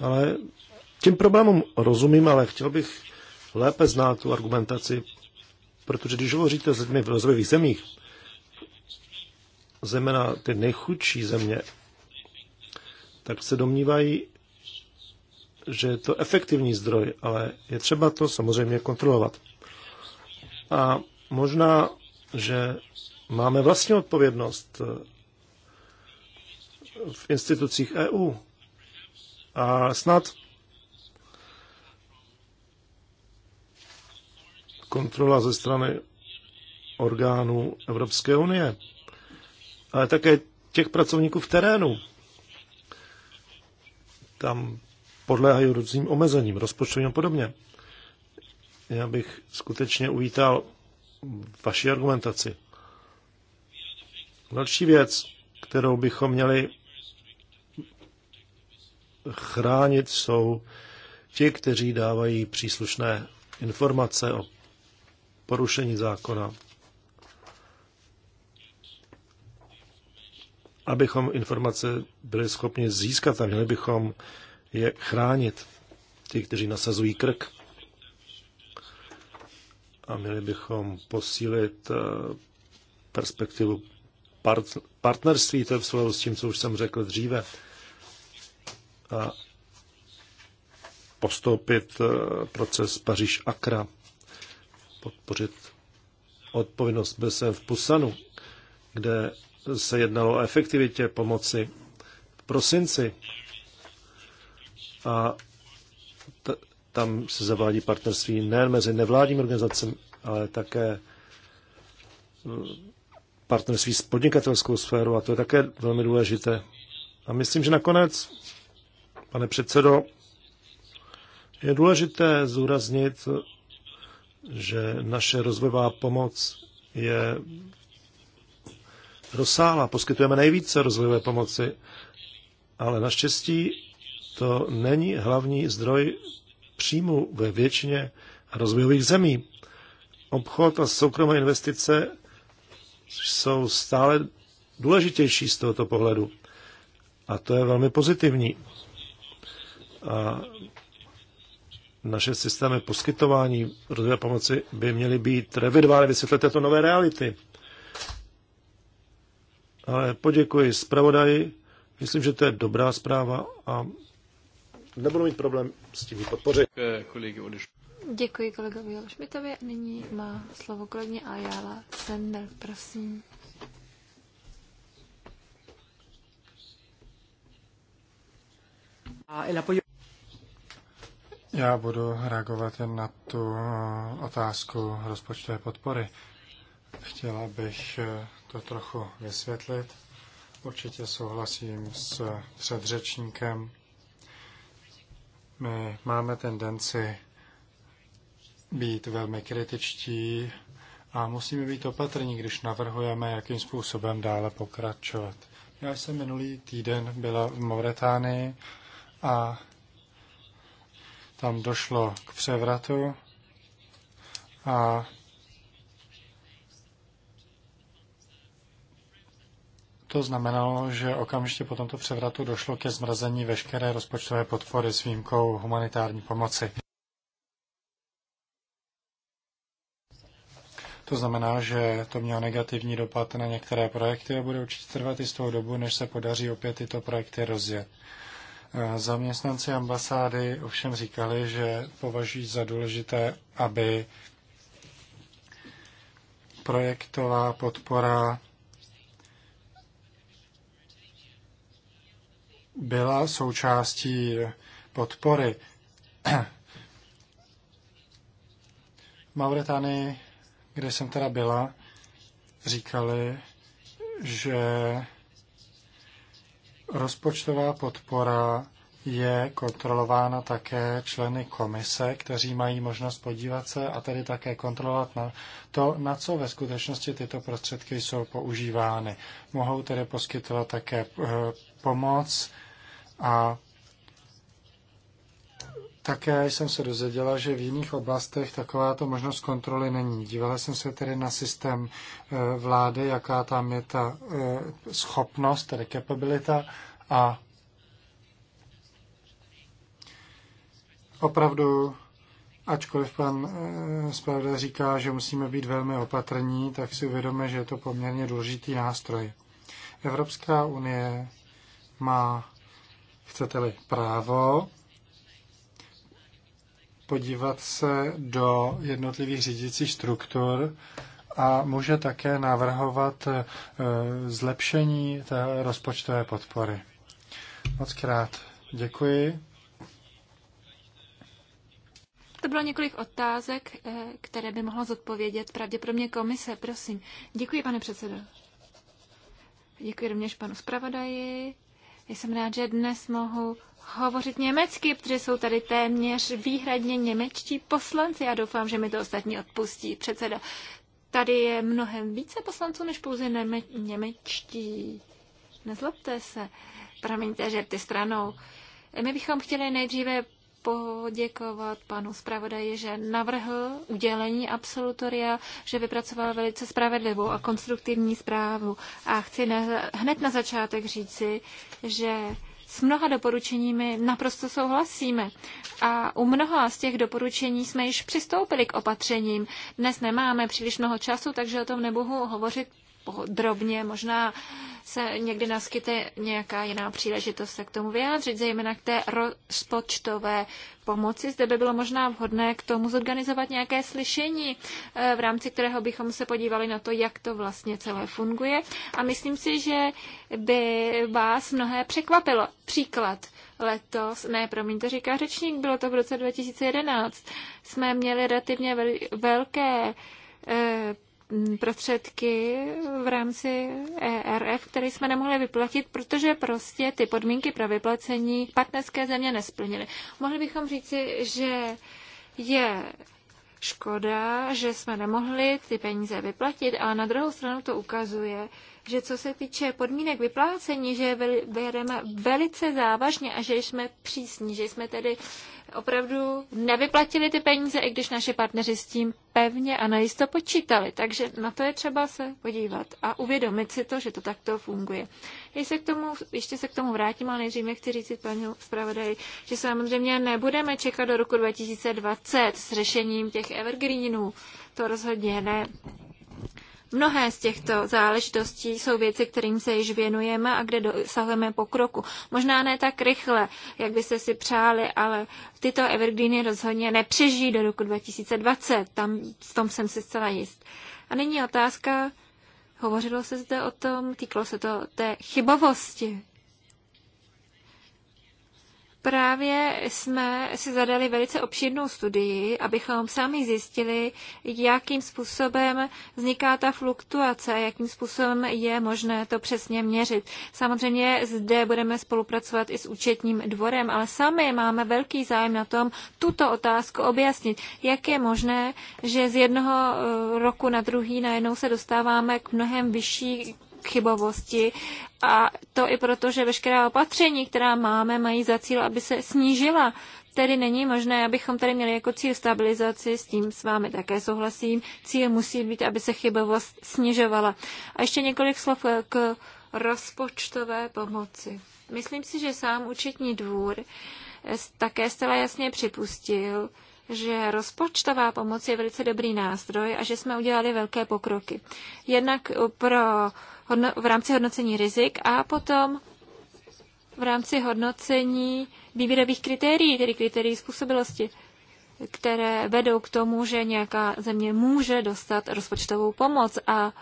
Ale tím problémům rozumím, ale chtěl bych lépe znát tu argumentaci Protože když hovoříte s lidmi v rozvojových zemích, zejména ty nejchudší země, tak se domnívají, že je to efektivní zdroj, ale je třeba to samozřejmě kontrolovat. A možná, že máme vlastní odpovědnost eh, v institucích EU. A snad kontrola ze strany orgánů Evropské unie, ale také těch pracovníků v terénu. Tam podléhají různým omezením, rozpočtovým a podobně. Já bych skutečně uvítal vaši argumentaci. Další věc, kterou bychom měli chránit, jsou ti, kteří dávají příslušné informace o porušení zákona. Abychom informace byli schopni získat a měli bychom je chránit, ti, kteří nasazují krk. A měli bychom posílit eh, perspektivu part, partnerství, to je v souladu s tím, co už jsem řekl dříve. A postoupit eh, proces Paříž-Akra podpořit odpovědnost. Byl jsem v Pusanu, kde se jednalo o efektivitě pomoci v prosinci. A tam se zavádí partnerství nejen mezi nevládními organizacemi, ale také eh, partnerství s podnikatelskou sférou a to je také velmi důležité. A myslím, že nakonec, pane předsedo, je důležité zúraznit že naše rozvojová pomoc je rozsáhlá. Poskytujeme nejvíce rozvojové pomoci, ale naštěstí to není hlavní zdroj příjmu ve většině rozvojových zemí. Obchod a soukromé investice jsou stále důležitější z tohoto pohledu. A to je velmi pozitivní. A naše systémy poskytování rozvoje pomoci by měly být revidovány, vysvětlit této nové reality. Ale poděkuji zpravodaji, myslím, že to je dobrá zpráva a nebudu mít problém s tím podpořit. Děkuji kolegovi Šmitovi. Nyní má slovo kolegyně Ayala Sender, prosím. El apoyo já budu reagovat jen na tu eh, otázku rozpočtové podpory. Chtěla bych eh, to trochu vysvětlit. Určitě souhlasím s předřečníkem. My máme tendenci být velmi kritičtí a musíme být opatrní, když navrhujeme, jakým způsobem dále pokračovat. Já jsem minulý týden byla v Mauretánii a tam došlo k převratu a to znamenalo, že okamžitě po tomto převratu došlo ke zmrazení veškeré rozpočtové podpory s výjimkou humanitární pomoci. To znamená, že to mělo negativní dopad na některé projekty a bude určitě trvat i z toho dobu, než se podaří opět tyto projekty rozjet. Zaměstnanci ambasády ovšem říkali, že považují za důležité, aby projektová podpora byla součástí podpory. Mauretanii, kde jsem teda byla, říkali, že Rozpočtová podpora je kontrolována také členy komise, kteří mají možnost podívat se a tedy také kontrolovat na to, na co ve skutečnosti tyto prostředky jsou používány. Mohou tedy poskytovat také eh, pomoc a také jsem se dozvěděla, že v jiných oblastech takováto možnost kontroly není. Dívala jsem se tedy na systém eh, vlády, jaká tam je ta eh, schopnost, tedy kapabilita, a opravdu, ačkoliv pan Spravda eh, říká, že musíme být velmi opatrní, tak si uvědomíme, že je to poměrně důležitý nástroj. Evropská unie má, chcete-li, právo podívat se do jednotlivých řídících struktur a může také navrhovat eh, zlepšení té rozpočtové podpory. Moc krát děkuji. To bylo několik otázek, eh, které by mohla zodpovědět pravděpodobně komise. Prosím. Děkuji, pane předsedo. Děkuji rovněž panu zpravodaji jsem rád, že dnes mohu hovořit německy, protože jsou tady téměř výhradně němečtí poslanci. Já doufám, že mi to ostatní odpustí. Předseda, tady je mnohem více poslanců než pouze neme- němečtí. Nezlobte se. Promiňte, že ty stranou. My bychom chtěli nejdříve poděkovat panu zpravodaji, že navrhl udělení absolutoria, že vypracoval velice spravedlivou a konstruktivní zprávu. A chci na, hned na začátek říci, že s mnoha doporučeními naprosto souhlasíme. A u mnoha z těch doporučení jsme již přistoupili k opatřením. Dnes nemáme příliš mnoho času, takže o tom nebudu hovořit drobně Možná se někdy naskytne nějaká jiná příležitost se k tomu vyjádřit, zejména k té rozpočtové pomoci. Zde by bylo možná vhodné k tomu zorganizovat nějaké slyšení, eh, v rámci kterého bychom se podívali na to, jak to vlastně celé funguje. A myslím si, že by vás mnohé překvapilo. Příklad letos, ne, to říká řečník, bylo to v roce 2011, jsme měli relativně velké eh, prostředky v rámci ERF, které jsme nemohli vyplatit, protože prostě ty podmínky pro vyplacení partnerské země nesplnily. Mohli bychom říci, že je škoda, že jsme nemohli ty peníze vyplatit, ale na druhou stranu to ukazuje, že co se týče podmínek vyplácení, že je bereme velice závažně a že jsme přísní, že jsme tedy opravdu nevyplatili ty peníze, i když naši partneři s tím pevně a najisto počítali. Takže na to je třeba se podívat a uvědomit si to, že to takto funguje. Když se k tomu, ještě se k tomu vrátím, ale nejdříve chci říct paní zpravodaji, že samozřejmě nebudeme čekat do roku 2020 s řešením těch evergreenů. To rozhodně ne. Mnohé z těchto záležitostí jsou věci, kterým se již věnujeme a kde dosahujeme pokroku. Možná ne tak rychle, jak by se si přáli, ale tyto evergreeny rozhodně nepřežijí do roku 2020. Tam, v tom jsem si zcela jist. A nyní otázka, hovořilo se zde o tom, týklo se to té chybovosti. Právě jsme si zadali velice obšírnou studii, abychom sami zjistili, jakým způsobem vzniká ta fluktuace, jakým způsobem je možné to přesně měřit. Samozřejmě zde budeme spolupracovat i s účetním dvorem, ale sami máme velký zájem na tom tuto otázku objasnit. Jak je možné, že z jednoho eh, roku na druhý najednou se dostáváme k mnohem vyšší chybovosti a to i proto, že veškerá opatření, která máme, mají za cíl, aby se snížila. Tedy není možné, abychom tady měli jako cíl stabilizaci, s tím s vámi také souhlasím. Cíl musí být, aby se chybovost snižovala. A ještě několik slov eh, k rozpočtové pomoci. Myslím si, že sám účetní dvůr eh, také zcela jasně připustil, že rozpočtová pomoc je velice dobrý nástroj a že jsme udělali velké pokroky. Jednak pro, v rámci hodnocení rizik a potom v rámci hodnocení výběrových kritérií, tedy kritérií způsobilosti, které vedou k tomu, že nějaká země může dostat rozpočtovou pomoc a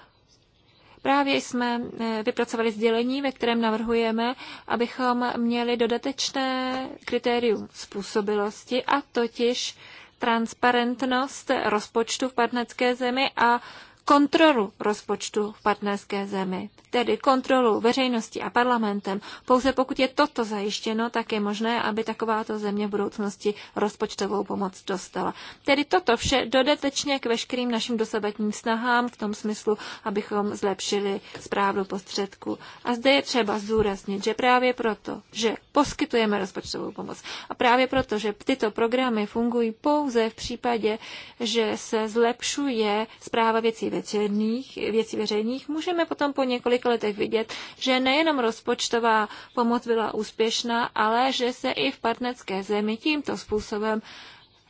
Právě jsme eh, vypracovali sdělení, ve kterém navrhujeme, abychom měli dodatečné kritérium způsobilosti a totiž transparentnost rozpočtu v partnerské zemi a kontrolu rozpočtu v partnerské zemi, tedy kontrolu veřejnosti a parlamentem. Pouze pokud je toto zajištěno, tak je možné, aby takováto země v budoucnosti rozpočtovou pomoc dostala. Tedy toto vše dodatečně k veškerým našim dosavadním snahám v tom smyslu, abychom zlepšili správnu postředku. A zde je třeba zdůraznit, že právě proto, že poskytujeme rozpočtovou pomoc a právě proto, že tyto programy fungují pouze v případě, že se zlepšuje zpráva věcí veřejných, věcí veřejných, můžeme potom po několika letech vidět, že nejenom rozpočtová pomoc byla úspěšná, ale že se i v partnerské zemi tímto způsobem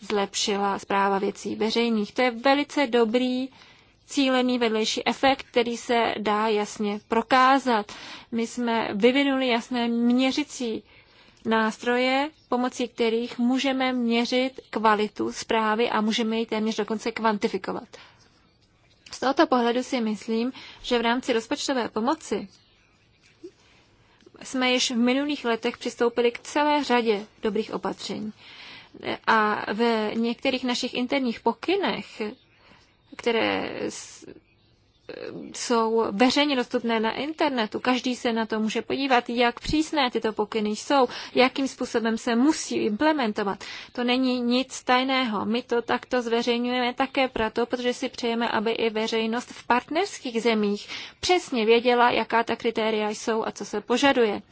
zlepšila zpráva věcí veřejných. To je velice dobrý cílený vedlejší efekt, který se dá jasně prokázat. My jsme vyvinuli jasné měřicí nástroje, pomocí kterých můžeme měřit kvalitu zprávy a můžeme ji téměř dokonce kvantifikovat. Z tohoto pohledu si myslím, že v rámci rozpočtové pomoci jsme již v minulých letech přistoupili k celé řadě dobrých opatření. A v některých našich interních pokynech, které jsou veřejně dostupné na internetu. Každý se na to může podívat, jak přísné tyto pokyny jsou, jakým způsobem se musí implementovat. To není nic tajného. My to takto zveřejňujeme také proto, protože si přejeme, aby i veřejnost v partnerských zemích přesně věděla, jaká ta kritéria jsou a co se požaduje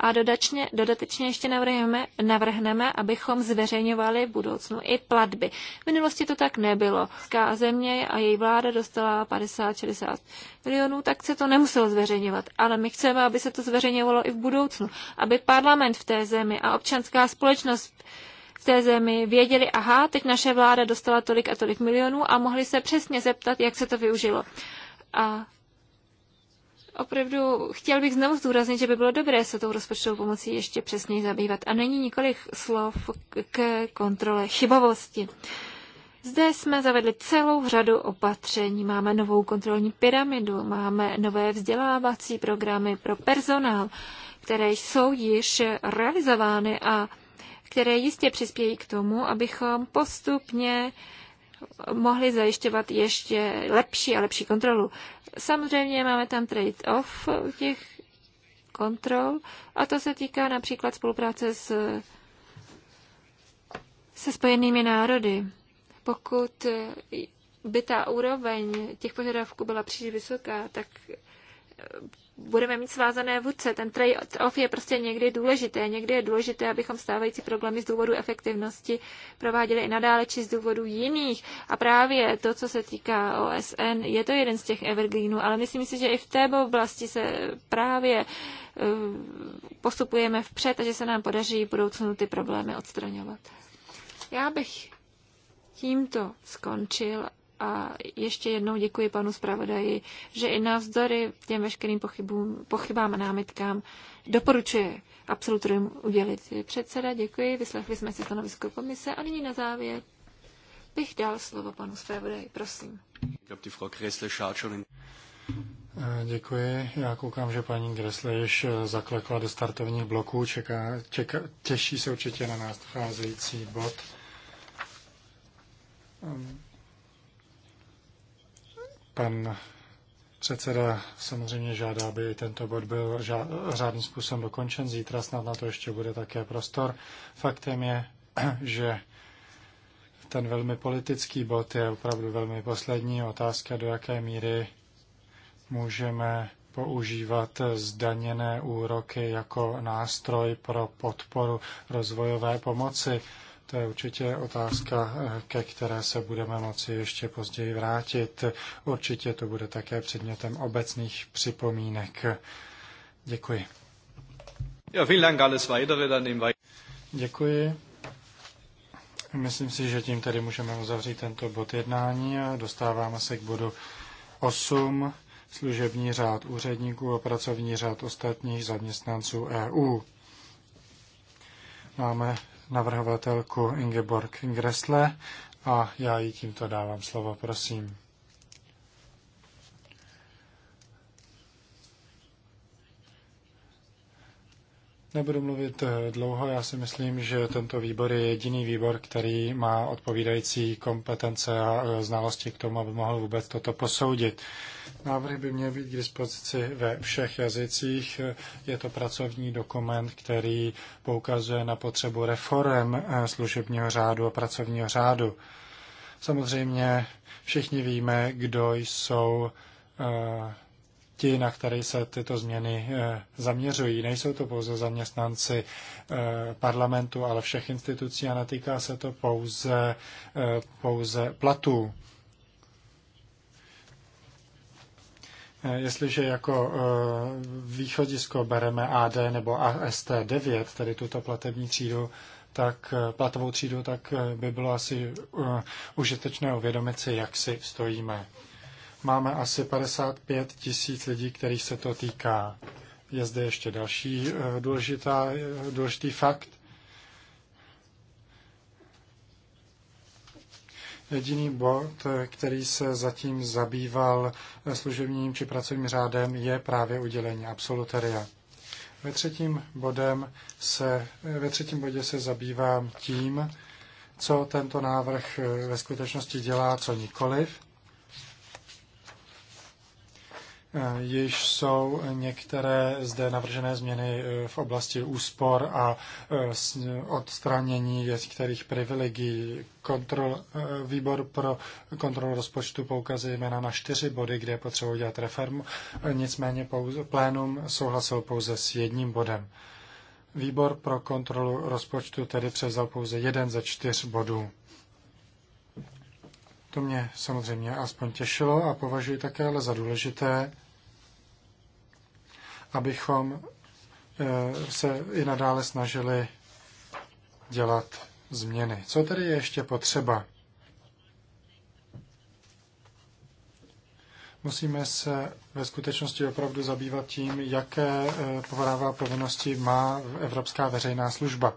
a dodačně, dodatečně ještě navrhneme, navrhneme, abychom zveřejňovali v budoucnu i platby. V minulosti to tak nebylo. Ská země a její vláda dostala 50-60 milionů, tak se to nemuselo zveřejňovat. Ale my chceme, aby se to zveřejňovalo i v budoucnu. Aby parlament v té zemi a občanská společnost v té zemi věděli, aha, teď naše vláda dostala tolik a tolik milionů a mohli se přesně zeptat, jak se to využilo. A opravdu chtěl bych znovu zdůraznit, že by bylo dobré se tou rozpočtovou pomocí ještě přesněji zabývat. A není několik slov k kontrole chybovosti. Zde jsme zavedli celou řadu opatření. Máme novou kontrolní pyramidu, máme nové vzdělávací programy pro personál, které jsou již realizovány a které jistě přispějí k tomu, abychom postupně uh, mohli zajišťovat ještě lepší a lepší kontrolu. Samozřejmě máme tam trade-off těch kontrol a to se týká například spolupráce s, se spojenými národy. Pokud by ta úroveň těch požadavků byla příliš vysoká, tak budeme mít svázané vůdce. Ten trade-off je prostě někdy důležité. Někdy je důležité, abychom stávající problémy z důvodu efektivnosti prováděli i nadále či z důvodu jiných. A právě to, co se týká OSN, je to jeden z těch evergreenů, ale myslím si, že i v té oblasti se právě eh, postupujeme vpřed a že se nám podaří v budoucnu ty problémy odstraňovat. Já bych tímto skončil a ještě jednou děkuji panu zpravodaji, že i navzdory těm veškerým pochybům, pochybám a námitkám doporučuje absolutorium udělit předseda. Děkuji, vyslechli jsme si stanovisko komise a nyní na závěr bych dal slovo panu zpravodaji, prosím. Eh, děkuji. Já koukám, že paní Gressle již eh, zaklekla do startovních bloků. Čeká, čeká, těší se určitě na nás docházející bod. Ehm, Pan předseda samozřejmě žádá, aby tento bod byl řádným způsobem dokončen. Zítra snad na to ještě bude také prostor. Faktem je, že ten velmi politický bod je opravdu velmi poslední otázka, do jaké míry můžeme používat zdaněné úroky jako nástroj pro podporu rozvojové pomoci. To je určitě otázka, ke které se budeme moci ještě později vrátit. Určitě to bude také předmětem obecných připomínek. Děkuji. Ja, vielen Dank, alles weitere dann im Děkuji. Myslím si, že tím tady můžeme uzavřít tento bod jednání a dostáváme se k bodu 8, služební řád úředníků a pracovní řád ostatních zaměstnanců EU. Máme navrhovatelku Ingeborg Gressle a já jí tímto dávám slovo, prosím. Nebudu mluvit eh, dlouho, já si myslím, že tento výbor je jediný výbor, který má odpovídající kompetence a eh, znalosti k tomu, aby mohl vůbec toto posoudit. Návrhy by měl být k dispozici ve všech jazycích. Eh, je to pracovní dokument, který poukazuje na potřebu reform služebního řádu a pracovního řádu. Samozřejmě všichni víme, kdo jsou ti, na které se tyto změny eh, zaměřují. Nejsou to pouze zaměstnanci eh, parlamentu, ale všech institucí a netýká se to pouze, eh, pouze platů. Jestliže jako východisko bereme AD nebo AST9, tedy tuto platební třídu, tak platovou třídu, tak by bylo asi užitečné uvědomit si, jak si stojíme. Máme asi 55 tisíc lidí, kterých se to týká. Je zde ještě další eh, důležitá, eh, důležitý fakt. Jediný bod, eh, který se zatím zabýval služebním či pracovním řádem, je právě udělení absoluteria. Ve třetím, bodem se, ve třetím bodě se zabývám tím, co tento návrh ve skutečnosti dělá, co nikoliv. již jsou některé zde navržené změny eh, v oblasti úspor a eh, odstranění některých privilegií. Kontrol, eh, výbor pro kontrolu rozpočtu poukazuje jména na čtyři body, kde je potřeba udělat reformu, nicméně pouze, plénum souhlasil pouze s jedním bodem. Výbor pro kontrolu rozpočtu tedy převzal pouze jeden ze čtyř bodů. To mě samozřejmě aspoň těšilo a považuji také ale za důležité, abychom eh, se i nadále snažili dělat změny. Co tedy je ještě potřeba? Musíme se ve skutečnosti opravdu zabývat tím, jaké eh, povarává povinnosti má Evropská veřejná služba.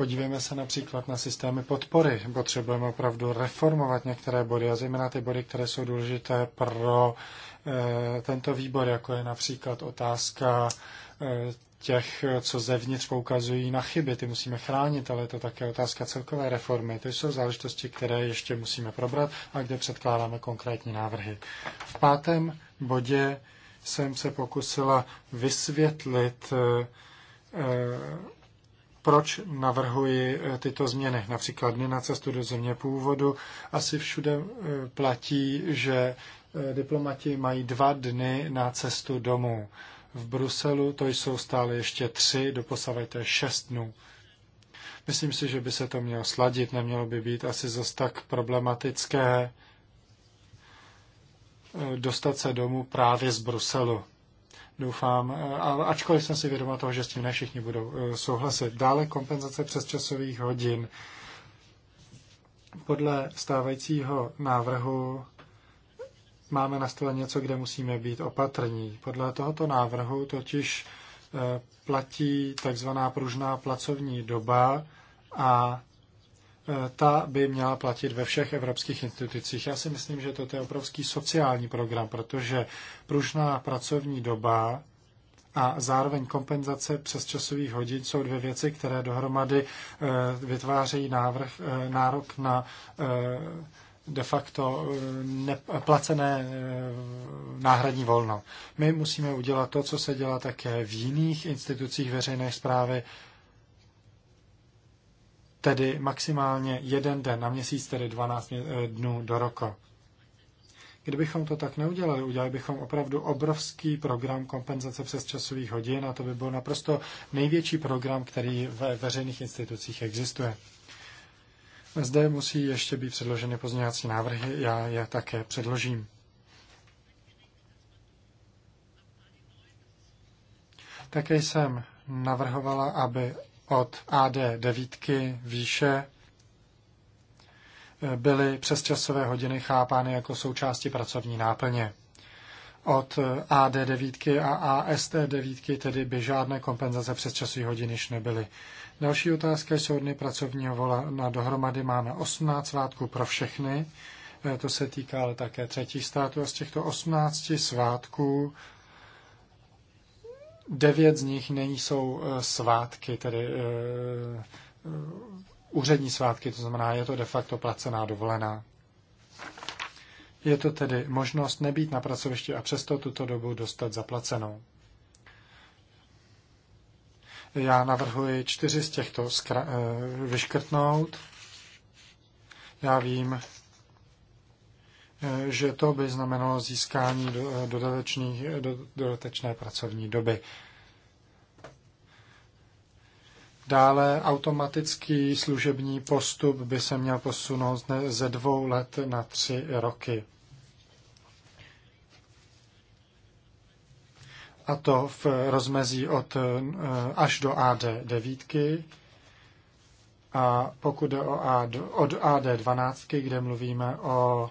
Podívejme se například na systémy podpory. Potřebujeme opravdu reformovat některé body a zejména ty body, které jsou důležité pro e, tento výbor, jako je například otázka e, těch, co zevnitř poukazují na chyby. Ty musíme chránit, ale je to také otázka celkové reformy. To jsou záležitosti, které ještě musíme probrat a kde předkládáme konkrétní návrhy. V pátém bodě jsem se pokusila vysvětlit e, proč navrhuji eh, tyto změny. Například dny na cestu do země původu. Asi všude eh, platí, že eh, diplomati mají dva dny na cestu domů. V Bruselu to jsou stále ještě tři, Doposavajte šest dnů. Myslím si, že by se to mělo sladit, nemělo by být asi zas tak problematické dostat se domů právě z Bruselu doufám, eh, ačkoliv jsem si vědoma toho, že s tím ne všichni budou eh, souhlasit. Dále kompenzace časových hodin. Podle stávajícího návrhu máme na stole něco, kde musíme být opatrní. Podle tohoto návrhu totiž eh, platí takzvaná pružná placovní doba a Eh, ta by měla platit ve všech evropských institucích. Já si myslím, že to je obrovský sociální program, protože pružná pracovní doba a zároveň kompenzace přesčasových hodin jsou dvě věci, které dohromady eh, vytvářejí návrh, eh, nárok na de facto neplacené náhradní volno. My musíme udělat to, co se dělá také v jiných institucích veřejné zprávy, tedy maximálně jeden den na měsíc, tedy 12 eh, dnů do roku. Kdybychom to tak neudělali, udělali bychom opravdu obrovský program kompenzace přes časových hodin a to by byl naprosto největší program, který ve veřejných institucích existuje. Zde musí ještě být předloženy pozměňovací návrhy, já je také předložím. Také jsem navrhovala, aby od AD 9 výše byly časové hodiny chápány jako součásti pracovní náplně. Od AD 9 a AST 9 tedy by žádné kompenzace časové hodin již nebyly. Další otázka jsou dny pracovního na Dohromady máme 18 svátků pro všechny. E, to se týká ale také třetích států a z těchto 18 svátků Devět z nich nejsou eh, svátky, tedy eh, eh, úřední svátky, to znamená, je to de facto placená dovolená. Je to tedy možnost nebýt na pracovišti a přesto tuto dobu dostat zaplacenou. Já navrhuji čtyři z těchto vyškrtnout. Já vím, Eh, že to by znamenalo získání eh, eh, dodatečné pracovní doby. Dále automatický služební postup by se měl posunout ze dvou let na tři roky. A to v rozmezí od až do AD 9. A pokud je o AD, od AD 12, kde mluvíme o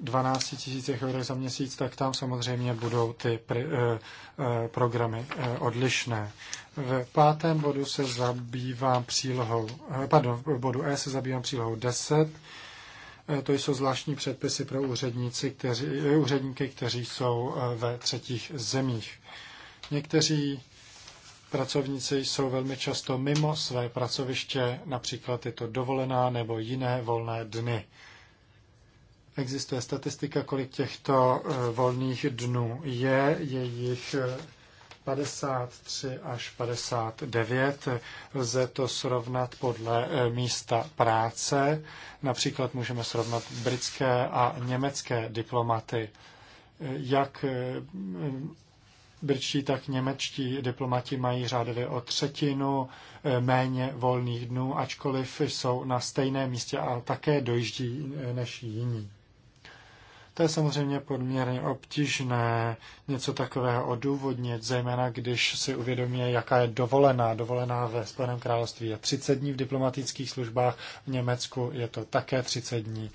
12 tisících eur za měsíc, tak tam samozřejmě budou ty pr- e, eh, e, eh, programy e, odlišné. V pátém bodu se zabývám přílohou, pardon, v bodu E se zabývám přílohou 10. E, to jsou zvláštní předpisy pro úředníci, kteří, e, úředníky, kteří jsou e, ve třetích zemích. Někteří pracovníci jsou velmi často mimo své pracoviště, například je to dovolená nebo jiné volné dny. Existuje statistika, kolik těchto eh, volných dnů je. Je jich 53 eh, až 59. Lze to srovnat podle eh, místa práce. Například můžeme srovnat britské a německé diplomaty. Jak britští, tak němečtí diplomati mají řádově o třetinu méně volných dnů, ačkoliv jsou na stejném místě a také dojíždí než jiní. To je samozřejmě poměrně obtížné něco takového odůvodnit, zejména když si uvědomí, jaká je dovolená. Dovolená ve Spojeném království je 30 dní v diplomatických službách, v Německu je to také 30 dní.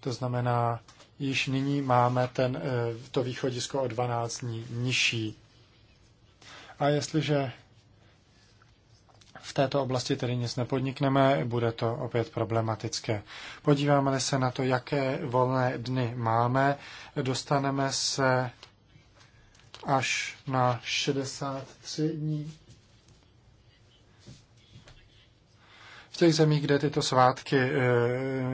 To znamená, již nyní máme ten, eh, to východisko o 12 dní nižší. A jestliže této oblasti tedy nic nepodnikneme, bude to opět problematické. Podíváme se na to, jaké volné dny máme. Dostaneme se až na 63 dní V těch zemích, kde tyto svátky eh,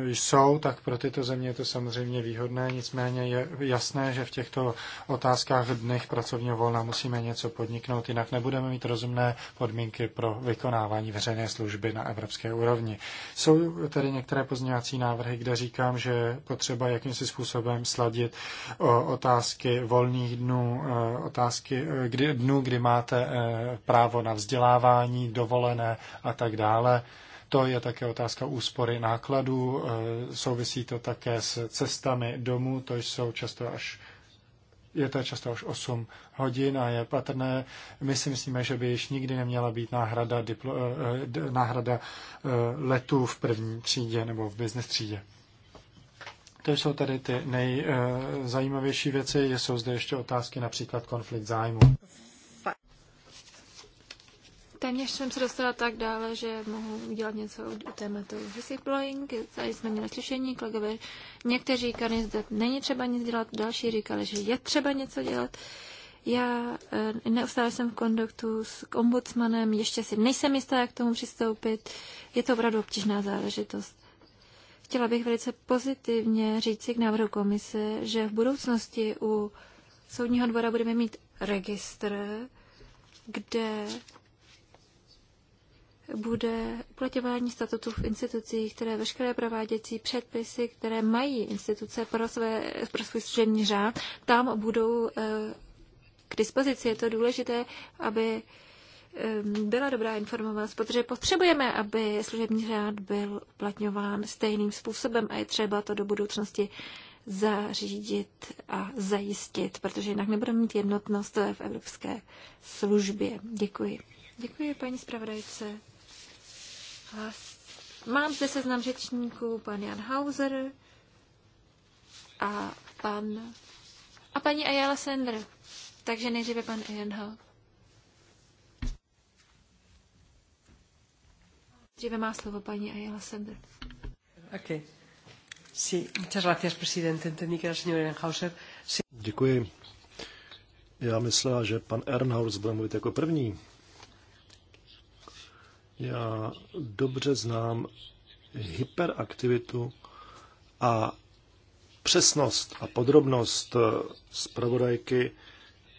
jsou, tak pro tyto země je to samozřejmě výhodné, nicméně je jasné, že v těchto otázkách dnech pracovního volna musíme něco podniknout, jinak nebudeme mít rozumné podmínky pro vykonávání veřejné služby na evropské úrovni. Jsou tedy některé pozměňovací návrhy, kde říkám, že potřeba jakýmsi způsobem sladit eh, otázky volných dnů, eh, otázky kdy, dnů, kdy máte právo na vzdělávání, dovolené a tak dále. To je také otázka úspory nákladů, e, souvisí to také s cestami domů, to jsou často až je to často už 8 hodin a je patrné. My si myslíme, že by již nikdy neměla být náhrada, diplo, e, náhrada e, letů v první třídě nebo v business třídě. To jsou tady ty nejzajímavější věci. Jsou zde ještě otázky, například konflikt zájmu téměř jsem se dostala tak dále, že mohu udělat něco o tématu whistleblowing. Tady jsme měli slyšení, kolegové, někteří říkali, že není třeba nic dělat, další říkali, že je třeba něco dělat. Já eh, neustále jsem v kontaktu s ombudsmanem, ještě si nejsem jistá, jak k tomu přistoupit. Je to opravdu obtížná záležitost. Chtěla bych velice pozitivně říci k návrhu komise, že v budoucnosti u soudního dvora budeme mít registr, kde bude uplatňování statutů v institucích, které veškeré prováděcí předpisy, které mají instituce pro, své, pro svůj služební řád, tam budou eh, k dispozici. Je to důležité, aby eh, byla dobrá informovanost, protože potřebujeme, aby služební řád byl uplatňován stejným způsobem a je třeba to do budoucnosti zařídit a zajistit, protože jinak nebudeme mít jednotnost v evropské službě. Děkuji. Děkuji paní zpravodajce. Mám zde seznam řečníků, pan Jan Hauser a pan a paní Ayala Sender. Takže nejdříve pan Jan Hauser. Dříve má slovo paní Ayala Sender. Ok. Sí, muchas gracias, presidente. Entendí que la señora Hauser... Sí. Děkuji. Já myslela, že pan Ernhaus bude mluvit jako první. Já dobře znám hyperaktivitu a přesnost a podrobnost eh, zpravodajky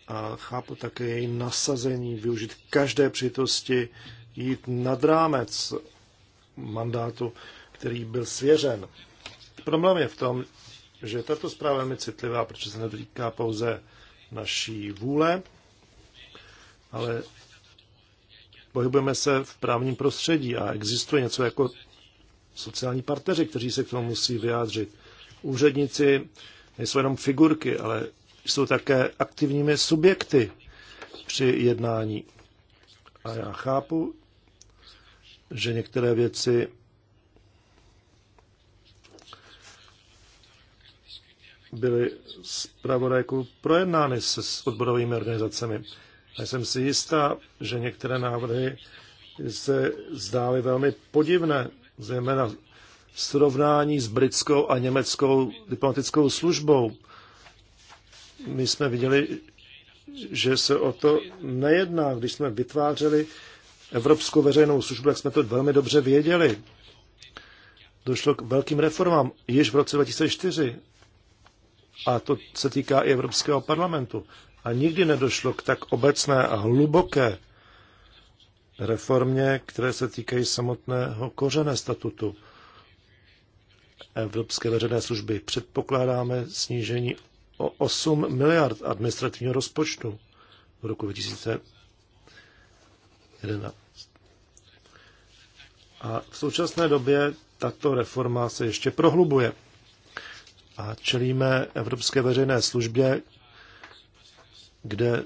a chápu také její nasazení, využít každé přítosti, jít nad rámec mandátu, který byl svěřen. Problém je v tom, že tato zpráva je mi citlivá, protože se nedotýká pouze naší vůle, ale pohybujeme se v právním prostředí a existuje něco jako sociální partneři, kteří se k tomu musí vyjádřit. Úředníci nejsou jenom figurky, ale jsou také aktivními subjekty při jednání. A já chápu, že některé věci byly zpravodajkou projednány se s odborovými organizacemi. A jsem si jistá, že některé návrhy se zdály velmi podivné, zejména srovnání s britskou a německou diplomatickou službou. My jsme viděli, že se o to nejedná. Když jsme vytvářeli Evropskou veřejnou službu, tak jsme to velmi dobře věděli. Došlo k velkým reformám již v roce 2004 a to se týká i Evropského parlamentu a nikdy nedošlo k tak obecné a hluboké reformě, které se týkají samotného kořené statutu Evropské veřejné služby. Předpokládáme snížení o 8 miliard administrativního rozpočtu v roku 2011. A v současné době tato reforma se ještě prohlubuje a čelíme Evropské veřejné službě, kde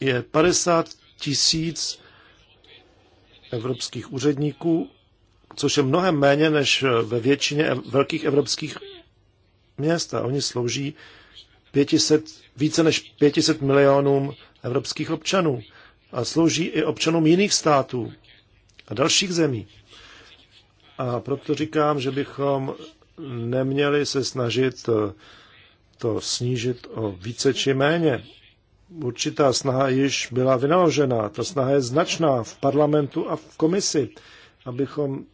je 50 tisíc evropských úředníků, což je mnohem méně než ve většině velkých evropských měst. A oni slouží 500, více než 500 milionům evropských občanů a slouží i občanům jiných států a dalších zemí. A proto říkám, že bychom neměli se snažit eh, to snížit o více či méně. Určitá snaha již byla vynaložena. Ta snaha je značná v parlamentu a v komisi, abychom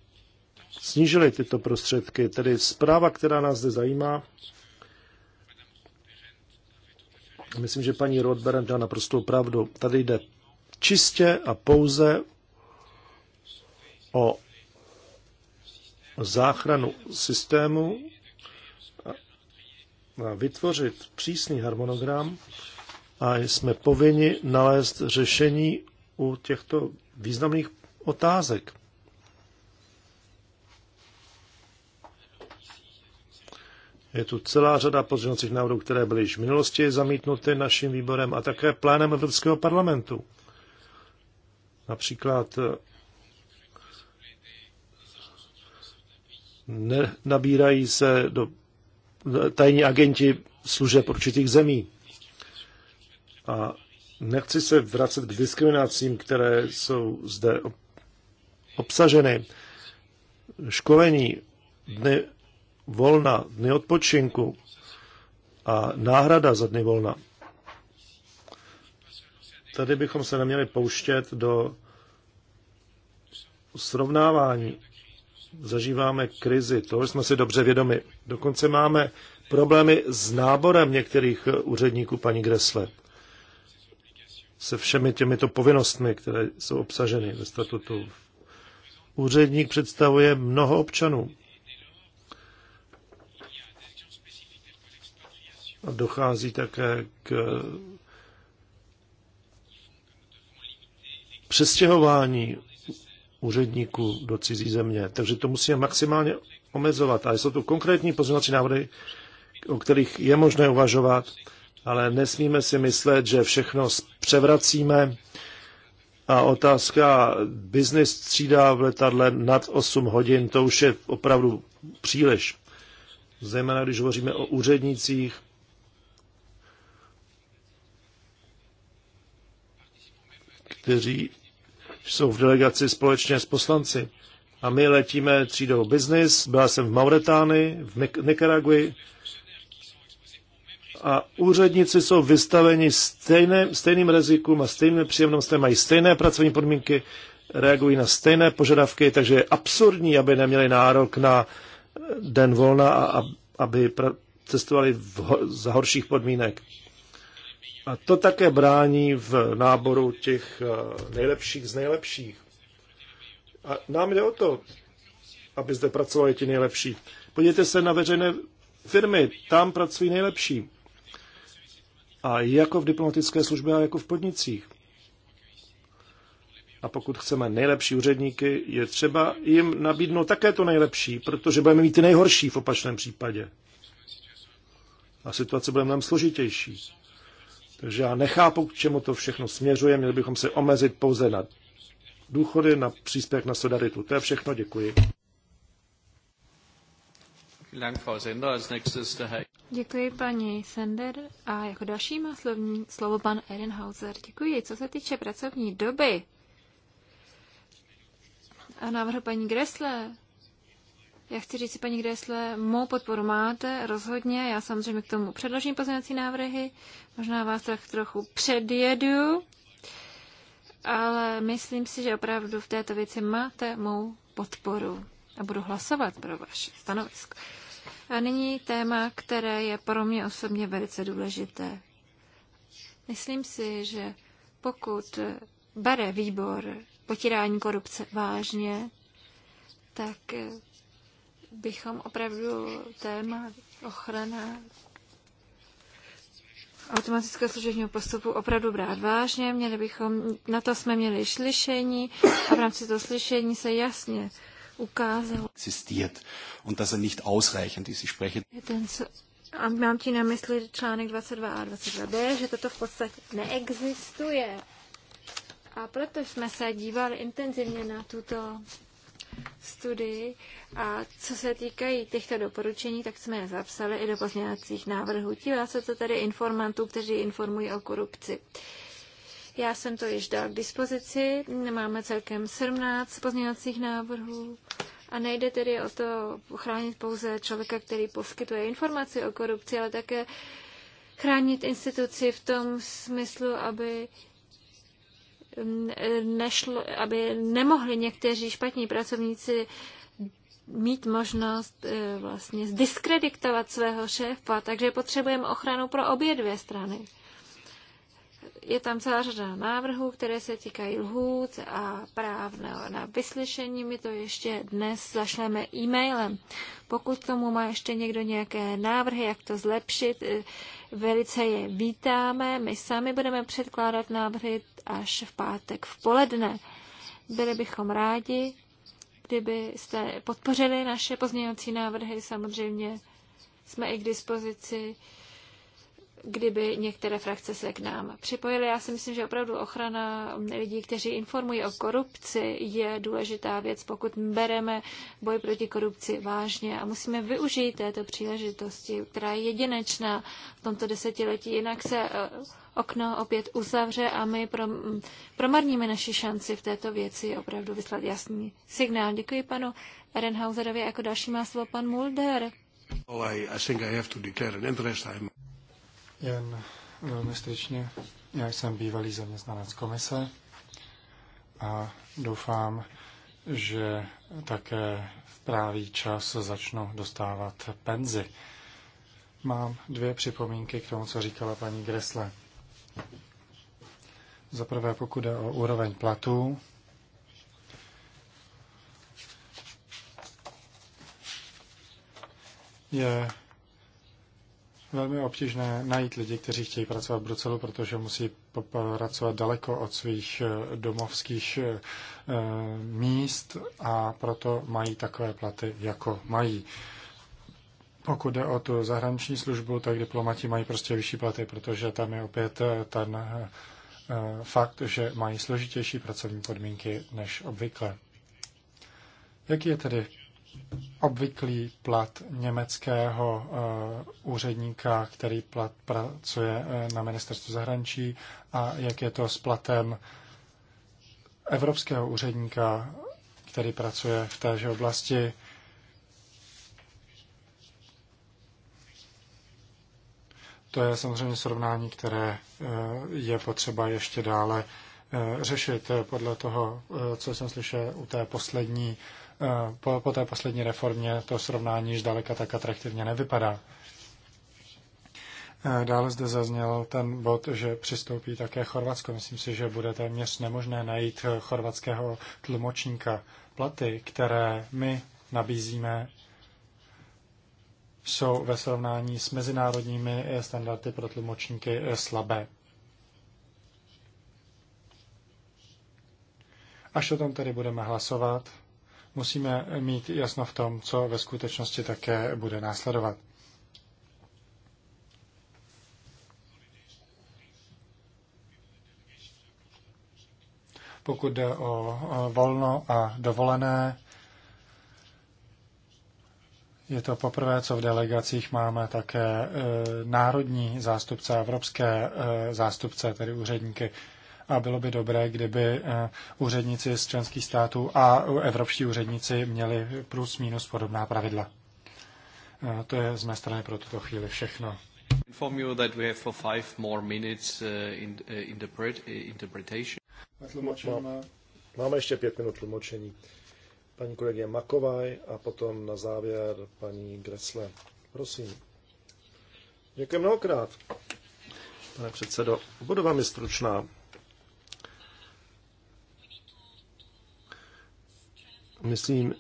snížili tyto prostředky. Tedy zpráva, která nás zde zajímá, myslím, že paní Rothberg dá naprostou pravdu. Tady jde čistě a pouze o záchranu systému vytvořit přísný harmonogram a jsme povinni nalézt řešení u těchto významných otázek. Je tu celá řada pozměňovacích návrhů, které byly již v minulosti zamítnuty naším výborem a také plénem Evropského parlamentu. Například eh, nabírají se do tajní agenti služeb určitých zemí. A nechci se vracet k diskriminacím, které jsou zde obsaženy. Školení, dny volna, dny odpočinku a náhrada za dny volna. Tady bychom se neměli pouštět do srovnávání zažíváme krizi, to jsme si dobře vědomi. Dokonce máme problémy s náborem některých eh, úředníků, paní Gresle, se všemi těmito povinnostmi, které jsou obsaženy ve statutu. Úředník představuje mnoho občanů. A dochází také k eh, přestěhování úředníků do cizí země. Takže to musíme maximálně omezovat. A jsou tu konkrétní pozměňovací návrhy, o kterých je možné uvažovat, ale nesmíme si myslet, že všechno převracíme. A otázka business třída v letadle nad 8 hodin, to už je opravdu příliš. Zejména když hovoříme o úřednicích, kteří jsou v delegaci společně s poslanci. A my letíme třídou business, byla jsem v Mauretánii, v Nikaragui a úředníci jsou vystaveni stejné, stejným rizikům a stejným příjemnostem, mají stejné pracovní podmínky, reagují na stejné požadavky, takže je absurdní, aby neměli nárok na den volna a aby cestovali v, za horších podmínek. A to také brání v náboru těch eh, nejlepších z nejlepších. A nám jde o to, aby zde pracovali ti nejlepší. Podívejte se na veřejné firmy, tam pracují nejlepší. A jako v diplomatické službě a jako v podnicích. A pokud chceme nejlepší úředníky, je třeba jim nabídnout také to nejlepší, protože budeme mít ty nejhorší v opačném případě. A situace bude mnohem složitější. Takže já nechápu, k čemu to všechno směřuje. Měli bychom se omezit pouze na důchody, na příspěch na solidaritu. To je všechno. Děkuji. Děkuji paní Sender a jako další má slovní, slovo pan Erenhauser. Děkuji. Co se týče pracovní doby a návrhu paní Gressle, já chci říct si, paní Gressle, mou podporu máte, rozhodně. Já samozřejmě k tomu předložím pozměňovací návrhy. Možná vás tak trochu předjedu, ale myslím si, že opravdu v této věci máte mou podporu a budu hlasovat pro vaše stanovisko. A nyní téma, které je pro mě osobně velice důležité. Myslím si, že pokud bere výbor potírání korupce vážně, tak bychom opravdu téma ochrana automatického služebního postupu opravdu brát vážně. Měli bychom, na to jsme měli slyšení a v rámci toho slyšení se jasně ukázalo. Existiert und dass er nicht ausreichend ist. Ich spreche Ten, a mám tím na mysli článek 22a a 22b, že toto v podstatě neexistuje. A proto jsme se dívali intenzivně na tuto studii a co se týkají těchto doporučení, tak jsme je zapsali i do pozměňovacích návrhů. Týká se to tady informantů, kteří informují o korupci. Já jsem to již dal k dispozici, máme celkem 17 pozměňovacích návrhů a nejde tedy o to chránit pouze člověka, který poskytuje informaci o korupci, ale také chránit instituci v tom smyslu, aby Mm, nešlo, aby nemohli někteří špatní pracovníci mít možnost eh, vlastně zdiskreditovat svého šéfa, takže potřebujeme ochranu pro obě dvě strany. Je tam celá řada návrhů, které se týkají lhůt a práv na, vyslyšení. My to ještě dnes zašleme e-mailem. Pokud k tomu má ještě někdo nějaké návrhy, jak to zlepšit, eh, velice je vítáme. My sami budeme předkládat návrhy až v pátek v poledne. Byli bychom rádi, kdybyste podpořili naše pozměňovací návrhy. Samozřejmě jsme i k dispozici, kdyby některé frakce se k nám připojily. Já si myslím, že opravdu ochrana lidí, kteří informují o korupci, je důležitá věc, pokud bereme boj proti korupci vážně a musíme využít této příležitosti, která je jedinečná v tomto desetiletí. Jinak se okno opět uzavře a my promarníme naši šanci v této věci opravdu vyslat jasný signál. Děkuji panu Renhauserovi. Jako další má slovo pan Mulder. I, think I have to declare an interest. Jen velmi stručně. Já jsem bývalý zaměstnanec komise a doufám, že také v právý čas začnu dostávat penzi. Mám dvě připomínky k tomu, co říkala paní Gresle. Za prvé, pokud jde o úroveň platů, je velmi obtížné najít lidi, kteří chtějí pracovat v Bruselu, protože musí pracovat daleko od svých eh, domovských eh, eh, míst a proto mají takové platy, jako mají. Pokud jde o tu zahraniční službu, tak diplomati mají prostě vyšší platy, protože tam je opět eh, ten eh, fakt, že mají složitější pracovní podmínky než obvykle. Jaký je tedy obvyklý plat německého eh, úředníka, který plat pracuje na ministerstvu zahraničí a jak je to s platem evropského úředníka, který pracuje v téže oblasti To je samozřejmě srovnání, které eh, je potřeba ještě dále eh, řešit eh, podle toho, co jsem slyšel u té poslední, po, po té poslední reformě, to srovnání již daleka tak atraktivně nevypadá. Dále zde zazněl ten bod, že přistoupí také Chorvatsko. Myslím si, že bude téměř nemožné najít chorvatského tlumočníka. Platy, které my nabízíme, jsou ve srovnání s mezinárodními standardy pro tlumočníky slabé. Až o tom tedy budeme hlasovat, musíme mít jasno v tom, co ve skutečnosti také bude následovat. Pokud jde o volno a dovolené, je to poprvé, co v delegacích máme také e, národní zástupce evropské e, zástupce, tedy úředníky. A bylo by dobré, kdyby e, úředníci z členských států a evropští úředníci měli plus minus podobná pravidla. E, to je z mé strany pro tuto chvíli všechno. E, e, e, máme ještě pět minut tlumočení paní kolegyně Makovaj a potom na závěr paní Gresle. Prosím. Děkuji mnohokrát. Pane předsedo, budu velmi stručná. Myslím,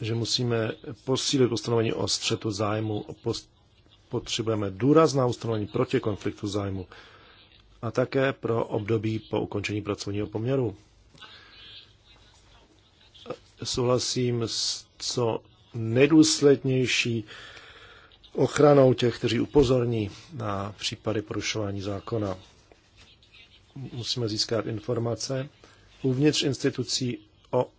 že musíme posílit ustanovení o střetu zájmu. Potřebujeme důrazná ustanovení proti konfliktu zájmu a také pro období po ukončení pracovního poměru souhlasím s co nedůslednější ochranou těch, kteří upozorní na případy porušování zákona. Musíme získat informace uvnitř institucí o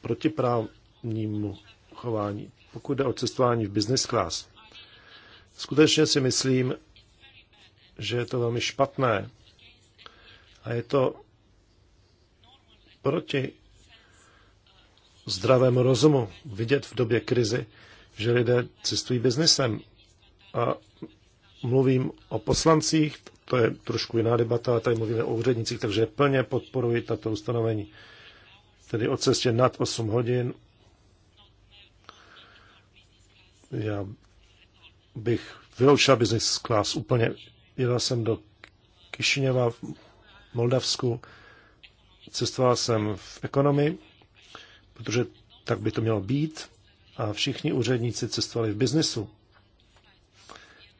protiprávnímu chování, pokud jde o cestování v business class. Skutečně si myslím, že je to velmi špatné a je to proti zdravému rozumu vidět v době krizi, že lidé cestují biznesem. A mluvím o poslancích, to je trošku jiná debata, ale tady mluvíme o úřednicích, takže plně podporuji tato ustanovení. Tedy o cestě nad 8 hodin. Já bych biznis z klas úplně. Jela jsem do Kišiněva v Moldavsku, cestoval jsem v ekonomii protože tak by to mělo být a všichni úředníci cestovali v biznesu.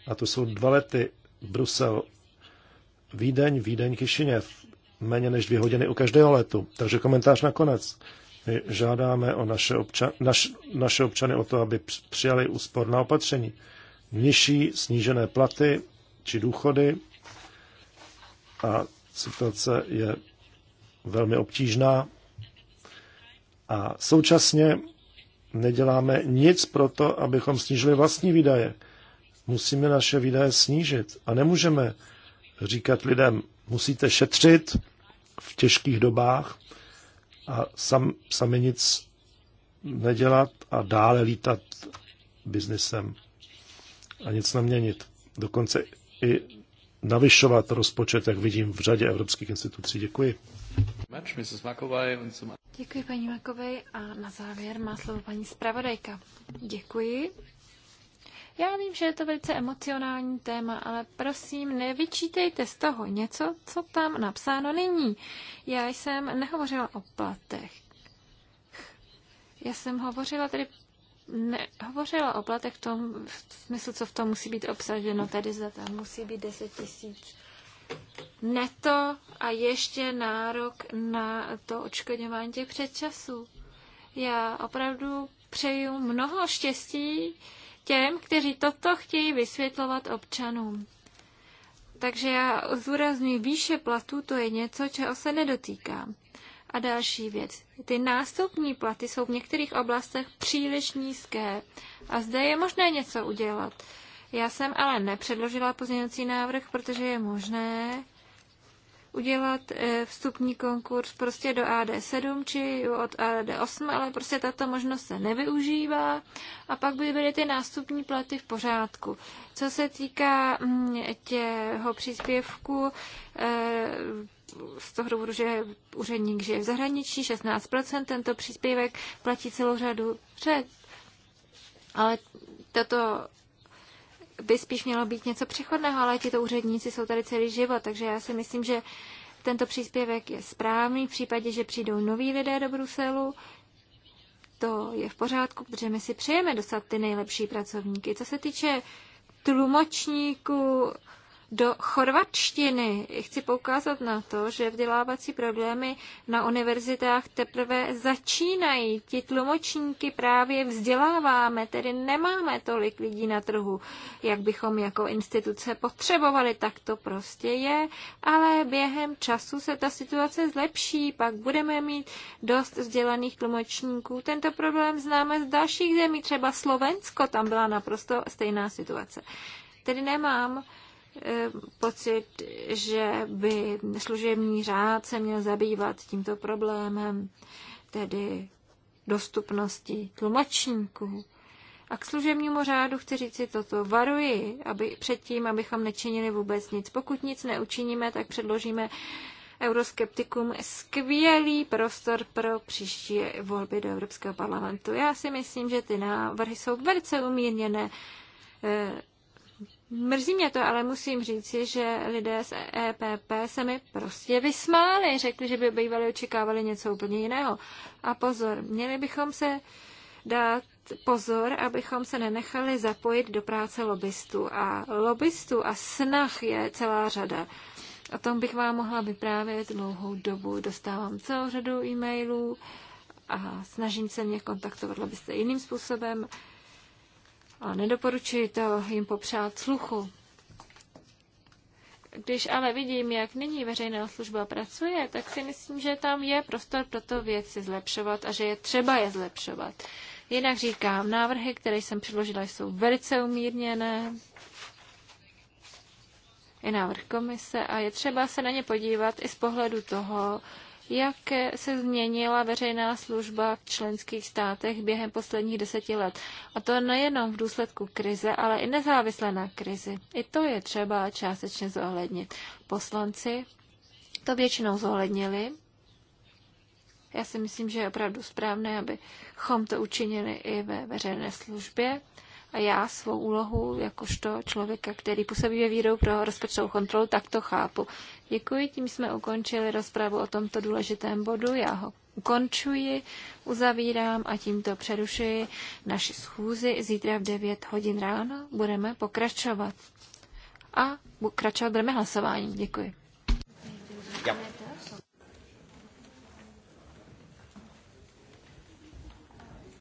A to jsou dva lety Brusel, Vídeň, Vídeň, Kišiněv. Méně než dvě hodiny u každého letu. Takže komentář nakonec. My žádáme o naše, občan, naš, naše občany o to, aby přijali úsporná opatření. Nižší snížené platy či důchody a situace je velmi obtížná a současně neděláme nic pro to, abychom snížili vlastní výdaje. Musíme naše výdaje snížit a nemůžeme říkat lidem, musíte šetřit v těžkých dobách a sam, sami nic nedělat a dále lítat biznesem a nic neměnit. Dokonce i navyšovat rozpočet, jak vidím v řadě evropských institucí. Děkuji. Děkuji paní Makovej a na závěr má slovo paní zpravodajka. Děkuji. Já vím, že je to velice emocionální téma, ale prosím, nevyčítejte z toho něco, co tam napsáno není. Já jsem nehovořila o platech. Já jsem hovořila tedy nehovořila o platech v tom v smyslu, co v tom musí být obsaženo, tedy za tam musí být 10 tisíc neto a ještě nárok na to očkodňování těch předčasů. Já opravdu přeju mnoho štěstí těm, kteří toto chtějí vysvětlovat občanům. Takže já zúraznuju výše platů, to je něco, čeho se nedotýkám. A další věc. Ty nástupní platy jsou v některých oblastech příliš nízké a zde je možné něco udělat. Já jsem ale nepředložila pozměňovací návrh, protože je možné udělat eh, vstupní konkurs prostě do AD7 či od AD8, ale prostě tato možnost se nevyužívá a pak by byly ty nástupní platy v pořádku. Co se týká mm, těho příspěvku, eh, z toho důvodu, že úředník žije v zahraničí, 16%, tento příspěvek platí celou řadu před. Ale tato by spíš mělo být něco přechodného, ale tito úředníci jsou tady celý život, takže já si myslím, že tento příspěvek je správný v případě, že přijdou noví lidé do Bruselu. To je v pořádku, protože my si přejeme dostat ty nejlepší pracovníky. Co se týče tlumočníků, do chorvatštiny. Chci poukázat na to, že vzdělávací problémy na univerzitách teprve začínají. Ti tlumočníky právě vzděláváme, tedy nemáme tolik lidí na trhu, jak bychom jako instituce potřebovali. Tak to prostě je, ale během času se ta situace zlepší, pak budeme mít dost vzdělaných tlumočníků. Tento problém známe z dalších zemí, třeba Slovensko, tam byla naprosto stejná situace. Tedy nemám E, pocit, že by služební řád se měl zabývat tímto problémem, tedy dostupnosti tlumočníků. A k služebnímu řádu chci říct si toto. Varuji aby, předtím, abychom nečinili vůbec nic. Pokud nic neučiníme, tak předložíme euroskeptikům skvělý prostor pro příští volby do Evropského parlamentu. Já si myslím, že ty návrhy jsou velice umírněné e, Mrzí mě to, ale musím říci, že lidé z EPP se mi prostě vysmáli. Řekli, že by bývali očekávali něco úplně jiného. A pozor, měli bychom se dát pozor, abychom se nenechali zapojit do práce lobbystů. A lobbystů a snah je celá řada. O tom bych vám mohla vyprávět dlouhou dobu. Dostávám celou řadu e-mailů a snažím se mě kontaktovat lobbysty jiným způsobem. A nedoporučuji to jim popřát sluchu. Když ale vidím, jak nyní veřejná služba pracuje, tak si myslím, že tam je prostor pro to věci zlepšovat a že je třeba je zlepšovat. Jinak říkám, návrhy, které jsem předložila, jsou velice umírněné. Je návrh komise a je třeba se na ně podívat i z pohledu toho, jak se změnila veřejná služba v členských státech během posledních deseti let. A to nejenom v důsledku krize, ale i nezávisle na krizi. I to je třeba částečně zohlednit. Poslanci to většinou zohlednili. Já si myslím, že je opravdu správné, abychom to učinili i ve veřejné službě. A já svou úlohu, jakožto člověka, který působí ve víru pro rozpočtovou kontrolu, tak to chápu. Děkuji, tím jsme ukončili rozpravu o tomto důležitém bodu. Já ho ukončuji, uzavírám a tímto přerušuji naši schůzi. Zítra v 9 hodin ráno budeme pokračovat. A pokračovat budeme hlasováním. Děkuji. Yep.